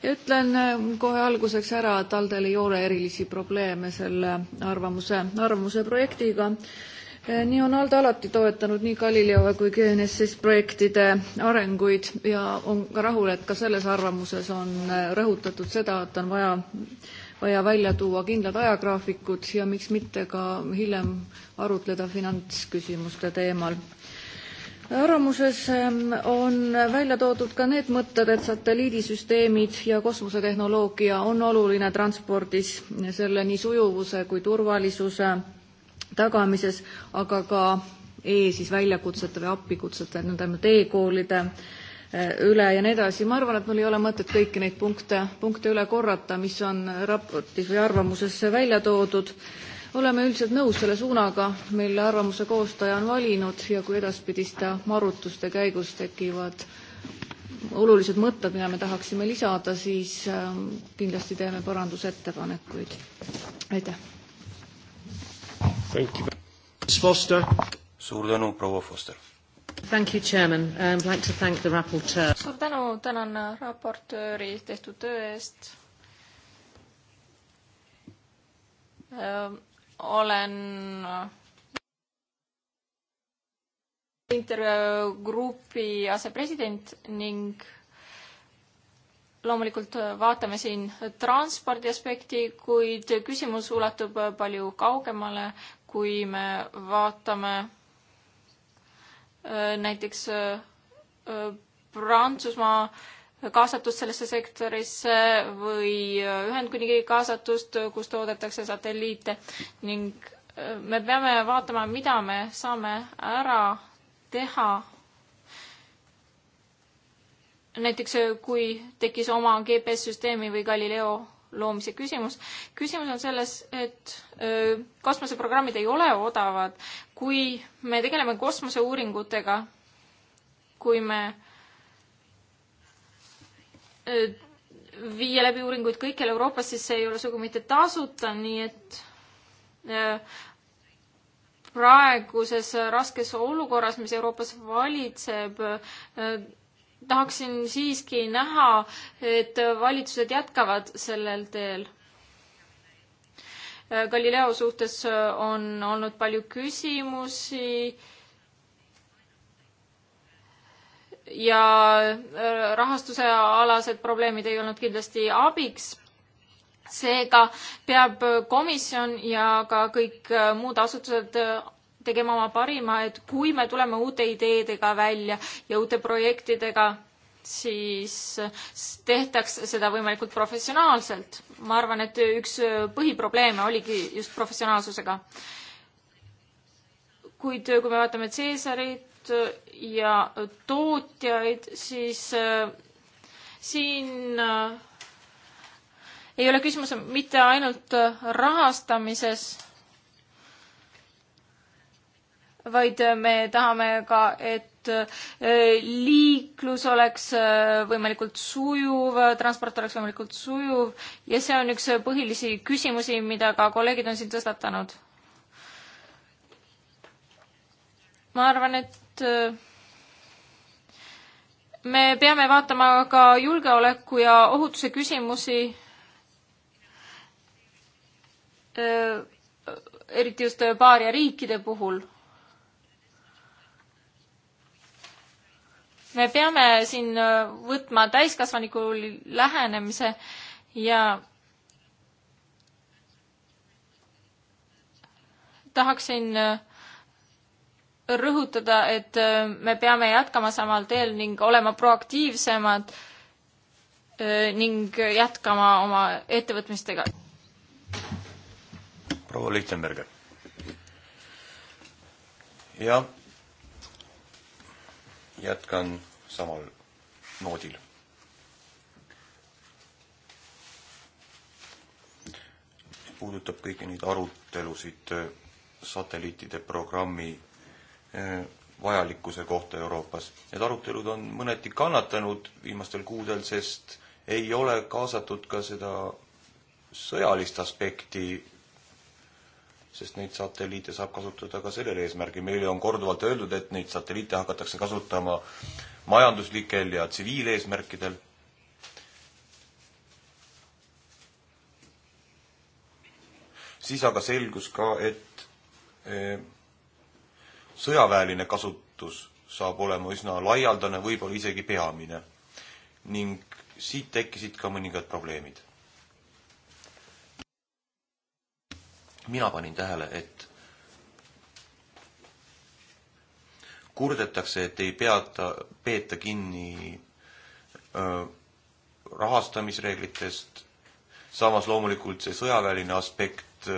ja ütlen äh, kohe alguseks ära, et Aldel ei ole erilisi probleeme selle arvamuse, arvamuse projektiga. Äh, nii on Alde alati toetanud nii Galileo kui GNSS projektide arenguid ja on ka rahul, et ka selles arvamuses on äh, rõhutatud seda, et on vaja vaja välja tuua kindlad ajagraafikud ja miks mitte ka hiljem arutleda finantsküsimuste teemal arvamuses ähm, on välja toodud ka need mõtted, et satelliidisüsteemid ja kosmosetehnoloogia on oluline transpordis selle nii sujuvuse kui turvalisuse tagamises, aga ka e siis väljakutsete või appikutsete, nõndanimetatud e-koolide äh, üle ja nii edasi. ma arvan, et mul ei ole mõtet kõiki neid punkte, punkte üle korrata, mis on raportis või arvamuses välja toodud oleme üldiselt nõus selle suunaga, mille arvamuse koostaja on valinud ja kui edaspidiste arutluste käigus tekivad olulised mõtted, mida me tahaksime lisada, siis ähm, kindlasti teeme parandusettepanekuid. aitäh! suur tänu, proua Foster! Thank you, Chairman. I'd um, like to thank the rapporteur. suur tänu, tänan äh, raportööri tehtud töö eest. Um, olen intergrupi asepresident ning loomulikult vaatame siin transpordi aspekti, kuid küsimus ulatub palju kaugemale, kui me vaatame äh, näiteks äh, Prantsusmaa kaasatust sellesse sektorisse või äh, Ühendkuningriigi kaasatust, kus toodetakse satelliite ning äh, me peame vaatama, mida me saame ära teha. näiteks äh, kui tekkis oma GPS-süsteemi või Galileo loomise küsimus. küsimus on selles, et kosmoseprogrammid ei ole odavad. kui me tegeleme kosmoseuuringutega, kui me Äh, viia läbi uuringuid kõikjal Euroopas, siis see ei ole sugugi mitte tasuta, nii et äh, praeguses raskes olukorras, mis Euroopas valitseb, äh, tahaksin siiski näha, et valitsused jätkavad sellel teel Galileo suhtes on olnud palju küsimusi ja äh, rahastuse alased probleemid ei olnud kindlasti abiks. seega peab komisjon ja ka kõik äh, muud asutused äh, tegema oma parima, et kui me tuleme uute ideedega välja ja uute projektidega, siis tehtaks seda võimalikult professionaalselt. ma arvan, et üks põhiprobleeme oligi just professionaalsusega. kuid kui me vaatame Caesarit ja tootjaid, siis äh, siin äh, ei ole küsimus mitte ainult äh, rahastamises, vaid äh, me tahame ka, et äh, liiklus oleks võimalikult sujuv, transport oleks võimalikult sujuv ja see on üks põhilisi küsimusi, mida ka kolleegid on siin tõstatanud. ma arvan, et me peame vaatama ka julgeoleku ja ohutuse küsimusi. eriti just paaria riikide puhul. me peame siin võtma täiskasvaniku lähenemise ja tahaksin äh, rõhutada, et äh, me peame jätkama samal teel ning olema proaktiivsemad äh, ning jätkama oma ettevõtmistega. proua Lichtenberger. jah, jätkan samal noodil. puudutab kõiki neid arutelusid äh, satelliitide programmi Eh, vajalikkuse kohta Euroopas. Need arutelud on mõneti kannatanud viimastel kuudel, sest ei ole kaasatud ka seda sõjalist aspekti, sest neid satelliite saab kasutada ka sellel eesmärgil. meile on korduvalt öeldud, et neid satelliite hakatakse kasutama majanduslikel ja tsiviileesmärkidel siis aga selgus ka, et eh, sõjaväeline kasutus saab olema üsna laialdane, võib-olla isegi peamine. ning siit tekkisid ka mõningad probleemid. mina panin tähele, et kurdetakse, et ei peata, peeta kinni öö, rahastamisreeglitest, samas loomulikult see sõjaväeline aspekt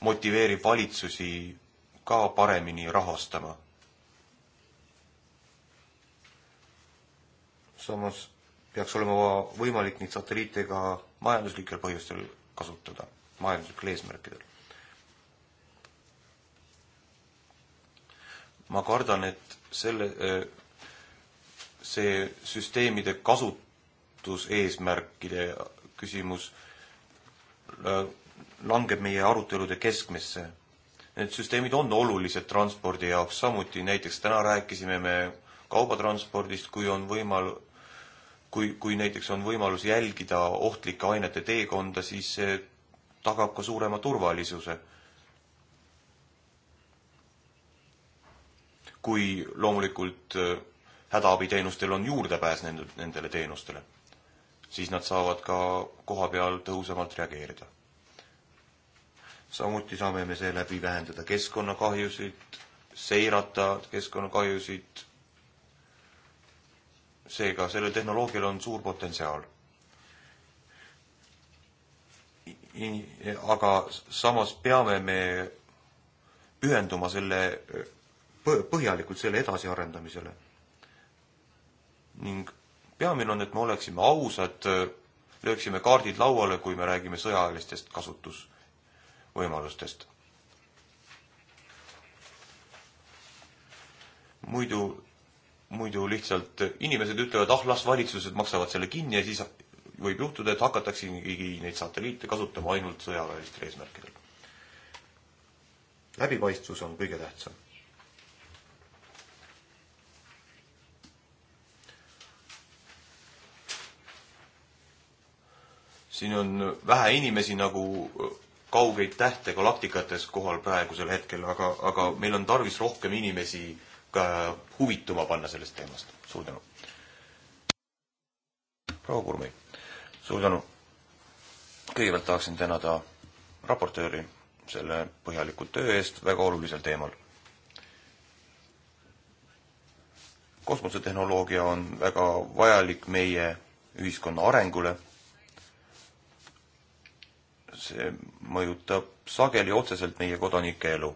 motiveerib valitsusi ka paremini rahastama. samas peaks olema võimalik neid satelliite ka majanduslikel põhjustel kasutada, majanduslikel eesmärkidel. ma kardan, et selle, see süsteemide kasutuseesmärkide küsimus langeb meie arutelude keskmesse Need süsteemid on olulised transpordi jaoks samuti, näiteks täna rääkisime me kaubatranspordist, kui on võimal-, kui, kui näiteks on võimalus jälgida ohtlike ainete teekonda, siis see tagab ka suurema turvalisuse. kui loomulikult äh, hädaabiteenustel on juurdepääs nendele teenustele, siis nad saavad ka kohapeal tõhusamalt reageerida samuti saame me seeläbi vähendada keskkonnakahjusid, seirata keskkonnakahjusid. seega sellel tehnoloogial on suur potentsiaal. aga samas peame me pühenduma selle, põhjalikult selle edasiarendamisele. ning peamine on, et me oleksime ausad, lööksime kaardid lauale, kui me räägime sõjaväelistest kasutus võimalustest. muidu, muidu lihtsalt inimesed ütlevad, ah las valitsused maksavad selle kinni ja siis võib juhtuda, et hakataksegi neid satelliite kasutama ainult sõjaväelistel eesmärkidel. läbipaistvus on kõige tähtsam. siin on vähe inimesi nagu kaugeid tähte galaktikates kohal praegusel hetkel, aga, aga meil on tarvis rohkem inimesi ka huvituma panna sellest teemast. suur tänu. proua Kurmi, suur tänu. kõigepealt tahaksin tänada raportööri selle põhjaliku töö eest väga olulisel teemal. kosmosetehnoloogia on väga vajalik meie ühiskonna arengule see mõjutab sageli otseselt meie kodanike elu.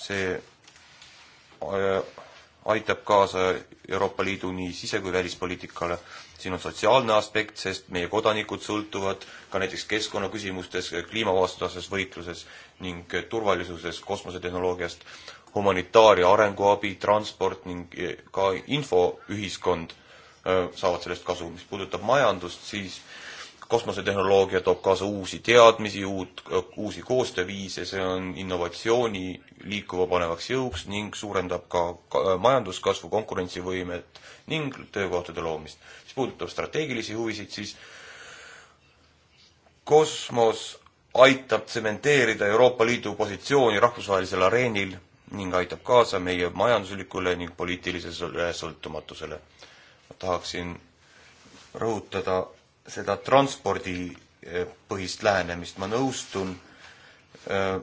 see äh, aitab kaasa Euroopa Liidu nii sise- kui välispoliitikale. siin on sotsiaalne aspekt, sest meie kodanikud sõltuvad ka näiteks keskkonnaküsimustes, kliimavastases võitluses ning turvalisuses, kosmosetehnoloogiast, humanitaar- ja arenguabi, transport ning e, ka infoühiskond äh, saavad sellest kasu. mis puudutab majandust, siis äh, kosmosetehnoloogia toob kaasa uusi teadmisi, uut, uusi koostööviise, see on innovatsiooni liikuma panevaks jõuks ning suurendab ka, ka äh, majanduskasvu, konkurentsivõimet ning töökohtade loomist. mis puudutab strateegilisi huvisid, siis kosmos aitab tsementeerida Euroopa Liidu positsiooni rahvusvahelisel areenil ning aitab kaasa meie majanduslikule ning poliitilisele sõltumatusele. ma tahaksin rõhutada seda transpordipõhist eh, lähenemist, ma nõustun äh,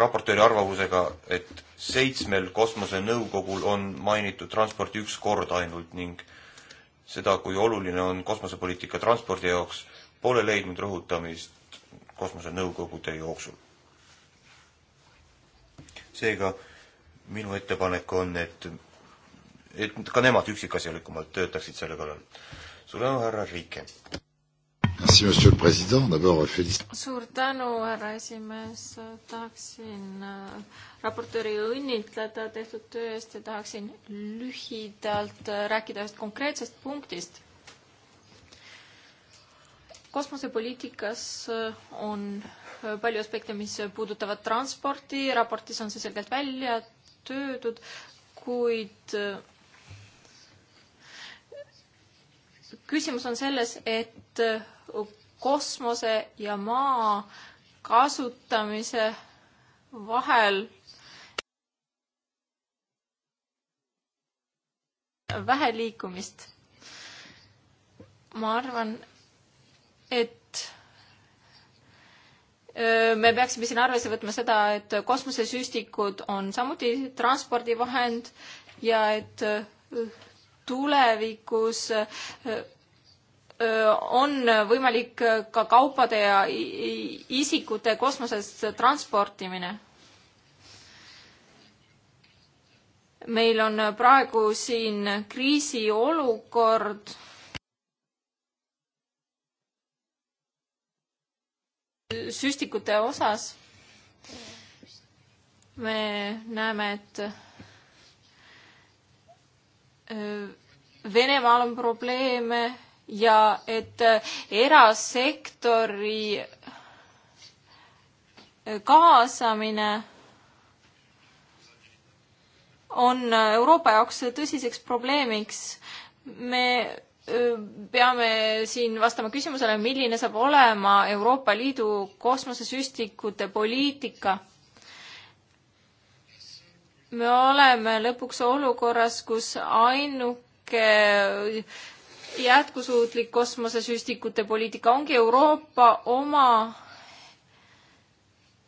raportööri arvamusega, et seitsmel kosmosenõukogul on mainitud transporti üks kord ainult ning seda, kui oluline on kosmosepoliitika transpordi jaoks, pole leidnud rõhutamist kosmosenõukogude jooksul. seega minu ettepanek on, et, et ka nemad üksikasjalikumalt töötaksid selle kallal. suur tänu, härra Riike! Merci, monsieur le president, d'abord félicit-. suur tänu, härra esimees, tahaksin äh, raportööri õnnitleda tehtud töö eest ja tahaksin lühidalt äh, rääkida ühest konkreetsest punktist. kosmosepoliitikas äh, on palju aspekte, mis puudutavad transporti, raportis on see selgelt välja töödud, kuid küsimus on selles, et äh, kosmose ja maa kasutamise vahel vähe liikumist. ma arvan, et äh, me peaksime siin arvesse võtma seda, et kosmosesüstikud on samuti transpordivahend ja et äh, tulevikus on võimalik ka kaupade ja isikute kosmoses transportimine meil on praegu siin kriisiolukord. süstikute osas me näeme, et Venemaal on probleeme ja et äh, erasektori äh, kaasamine on äh, Euroopa jaoks tõsiseks probleemiks. me peame siin vastama küsimusele, milline saab olema Euroopa Liidu kosmosesüstikute poliitika me oleme lõpuks olukorras, kus ainuke jätkusuutlik kosmosesüstikute poliitika ongi Euroopa oma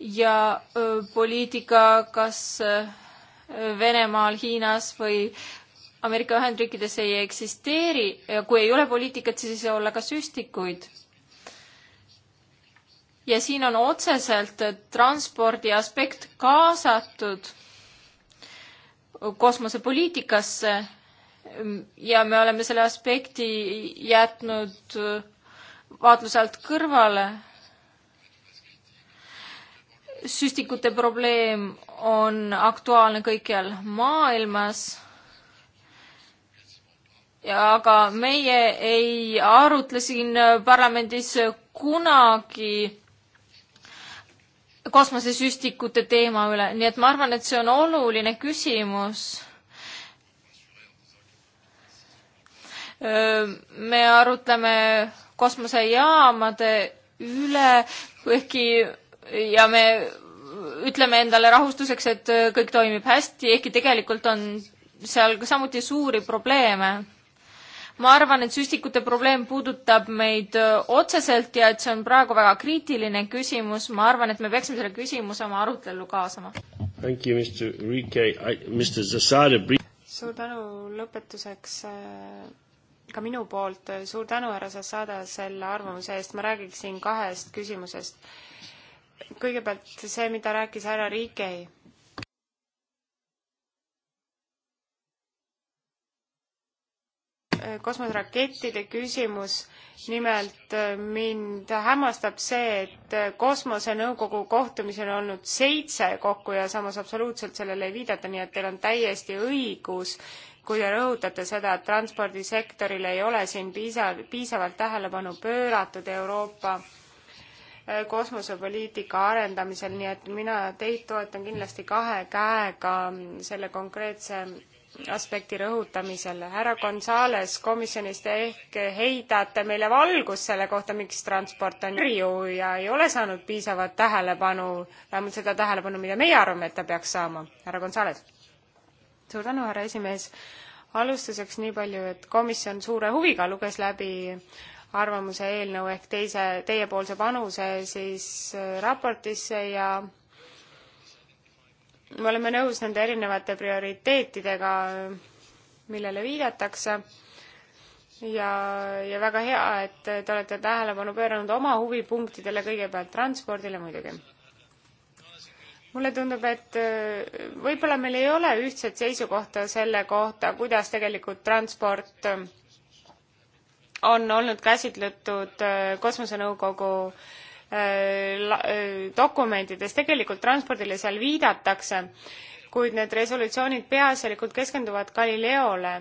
ja öö, poliitika kas öö, Venemaal, Hiinas või Ameerika Ühendriikides ei eksisteeri ja kui ei ole poliitikat, siis ei saa olla ka süstikuid. ja siin on otseselt transpordi aspekt kaasatud kosmosepoliitikasse ja me oleme selle aspekti jätnud äh, vaatluse alt kõrvale. süstikute probleem on aktuaalne kõikjal maailmas. ja aga meie ei arutle siin parlamendis kunagi kosmosesüstikute teema üle, nii et ma arvan, et see on oluline küsimus. me arutleme kosmosejaamade üle, ehkki ja me ütleme endale rahustuseks, et kõik toimib hästi, ehkki tegelikult on seal samuti suuri probleeme ma arvan, et süstikute probleem puudutab meid äh, otseselt ja et see on praegu väga kriitiline küsimus, ma arvan, et me peaksime selle küsimuse oma arutellu kaasama. suur tänu lõpetuseks äh, ka minu poolt, suur tänu, härra Zasada, selle arvamuse eest, ma räägiksin kahest küsimusest. kõigepealt see, mida rääkis härra Riikei kosmoserakettide küsimus. nimelt äh, mind hämmastab see, et äh, kosmosenõukogu kohtumisi on olnud seitse kokku ja samas absoluutselt sellele ei viidata, nii et teil on täiesti õigus, kui te rõhutate seda, et transpordisektorile ei ole siin piisa-, piisavalt tähelepanu pööratud Euroopa äh, kosmosepoliitika arendamisel, nii et mina teid toetan kindlasti kahe käega selle konkreetse aspekti rõhutamisele. härra Gonzales komisjonist ehk heidate meile valgust selle kohta, miks transport on rju ja ei ole saanud piisavat tähelepanu, vähemalt seda tähelepanu, mida meie arvame, et ta peaks saama. härra Gonzales. suur tänu, härra esimees. alustuseks nii palju, et komisjon suure huviga luges läbi arvamuse eelnõu ehk teise, teiepoolse panuse siis raportisse ja me oleme nõus nende erinevate prioriteetidega, millele viidatakse ja, ja väga hea, et te olete tähelepanu pööranud oma huvipunktidele, kõigepealt transpordile muidugi. mulle tundub, et äh, võib-olla meil ei ole ühtset seisukohta selle kohta, kuidas tegelikult transport äh, on olnud käsitletud äh, Kosmosenõukogu äh, Äh, äh, dokumentides tegelikult transpordile seal viidatakse, kuid need resolutsioonid peaasjalikult keskenduvad Galileole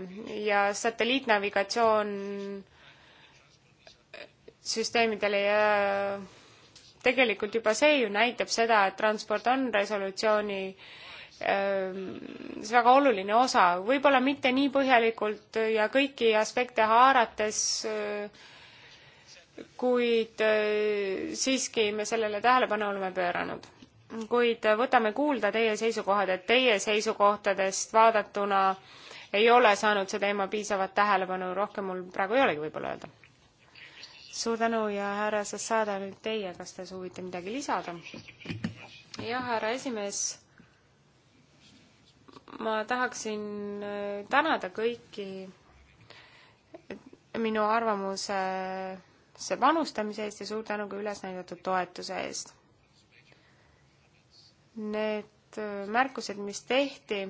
ja satelliitnavigatsioon äh, süsteemidele ja tegelikult juba see ju näitab seda, et transport on resolutsiooni see väga oluline osa, võib-olla mitte nii põhjalikult ja kõiki aspekte haarates äh, kuid äh, siiski me sellele tähelepanu oleme pööranud. kuid äh, võtame kuulda teie seisukohad, et teie seisukohtadest vaadatuna ei ole saanud see teema piisavat tähelepanu, rohkem mul praegu ei olegi võib-olla öelda. suur tänu ja härra Sassada, nüüd teie, kas te soovite midagi lisada? jah, härra esimees, ma tahaksin äh, tänada kõiki minu arvamuse aktiivse panustamise eest ja suur tänu ka üles näidatud toetuse eest. Need äh, märkused, mis tehti,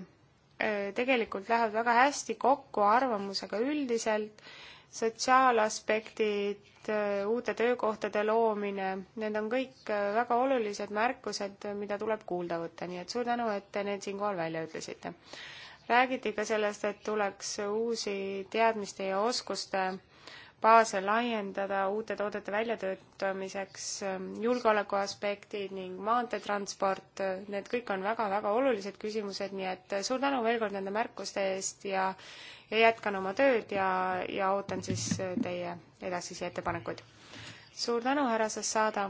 äh, tegelikult lähevad väga hästi kokku arvamusega üldiselt, sotsiaalaspektid, äh, uute töökohtade loomine, need on kõik väga olulised märkused, mida tuleb kuulda võtta, nii et suur tänu, et te need siinkohal välja ütlesite. räägiti ka sellest, et tuleks uusi teadmiste ja oskuste baase laiendada uute toodete väljatöötamiseks, ähm, julgeoleku aspektid ning maanteetransport, äh, need kõik on väga-väga olulised küsimused, nii et äh, suur tänu veel kord nende märkuste eest ja, ja jätkan oma tööd ja, ja ootan siis äh, teie edasisi ettepanekuid. suur tänu, härra Sassada!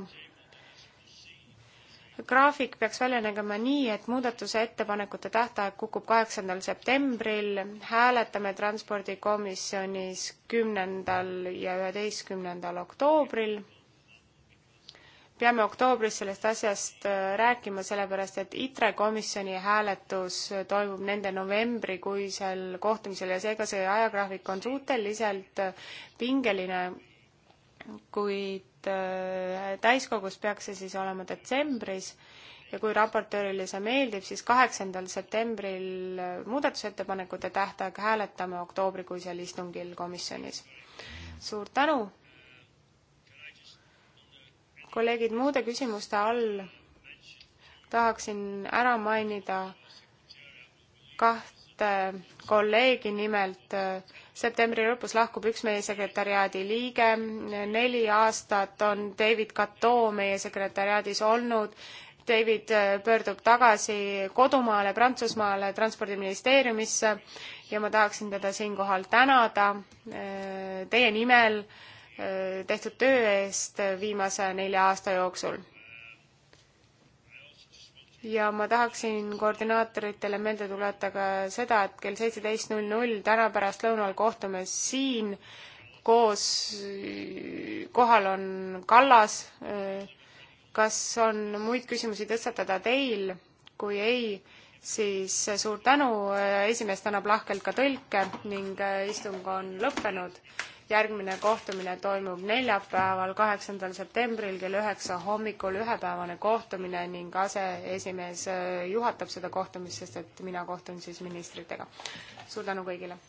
graafik peaks välja nägema nii, et muudatuse ettepanekute tähtaeg kukub kaheksandal septembril, hääletame transpordikomisjonis kümnendal ja üheteistkümnendal oktoobril. peame oktoobris sellest asjast äh, rääkima, sellepärast et ITRE komisjoni hääletus toimub nende novembrikuisel kohtumisel ja seega see ajagraafik on suhteliselt äh, pingeline, kuid Äh, täiskogus peaks see siis olema detsembris ja kui raportöörile see meeldib, siis kaheksandal septembril äh, muudatusettepanekute tähtaeg hääletame oktoobrikuisel istungil komisjonis. suur tänu! kolleegid, muude küsimuste all tahaksin ära mainida kahte kolleegi, nimelt äh, septembri lõpus lahkub üks meie sekretäriaadi liige, neli aastat on David Cato meie sekretäriaadis olnud. David äh, pöördub tagasi kodumaale, Prantsusmaale, Transpordiministeeriumisse ja ma tahaksin teda siinkohal tänada äh, teie nimel äh, tehtud töö eest viimase nelja aasta jooksul ja ma tahaksin koordinaatoritele meelde tuletada ka seda, et kell seitseteist null null täna pärastlõunal kohtume siin, koos, kohal on Kallas. kas on muid küsimusi tõstatada teil, kui ei, siis suur tänu, esimees tänab lahkelt ka tõlke ning istung on lõppenud järgmine kohtumine toimub neljapäeval, kaheksandal septembril kell üheksa hommikul, ühepäevane kohtumine ning aseesimees äh, juhatab seda kohtumist, sest et mina kohtun siis ministritega. suur tänu kõigile!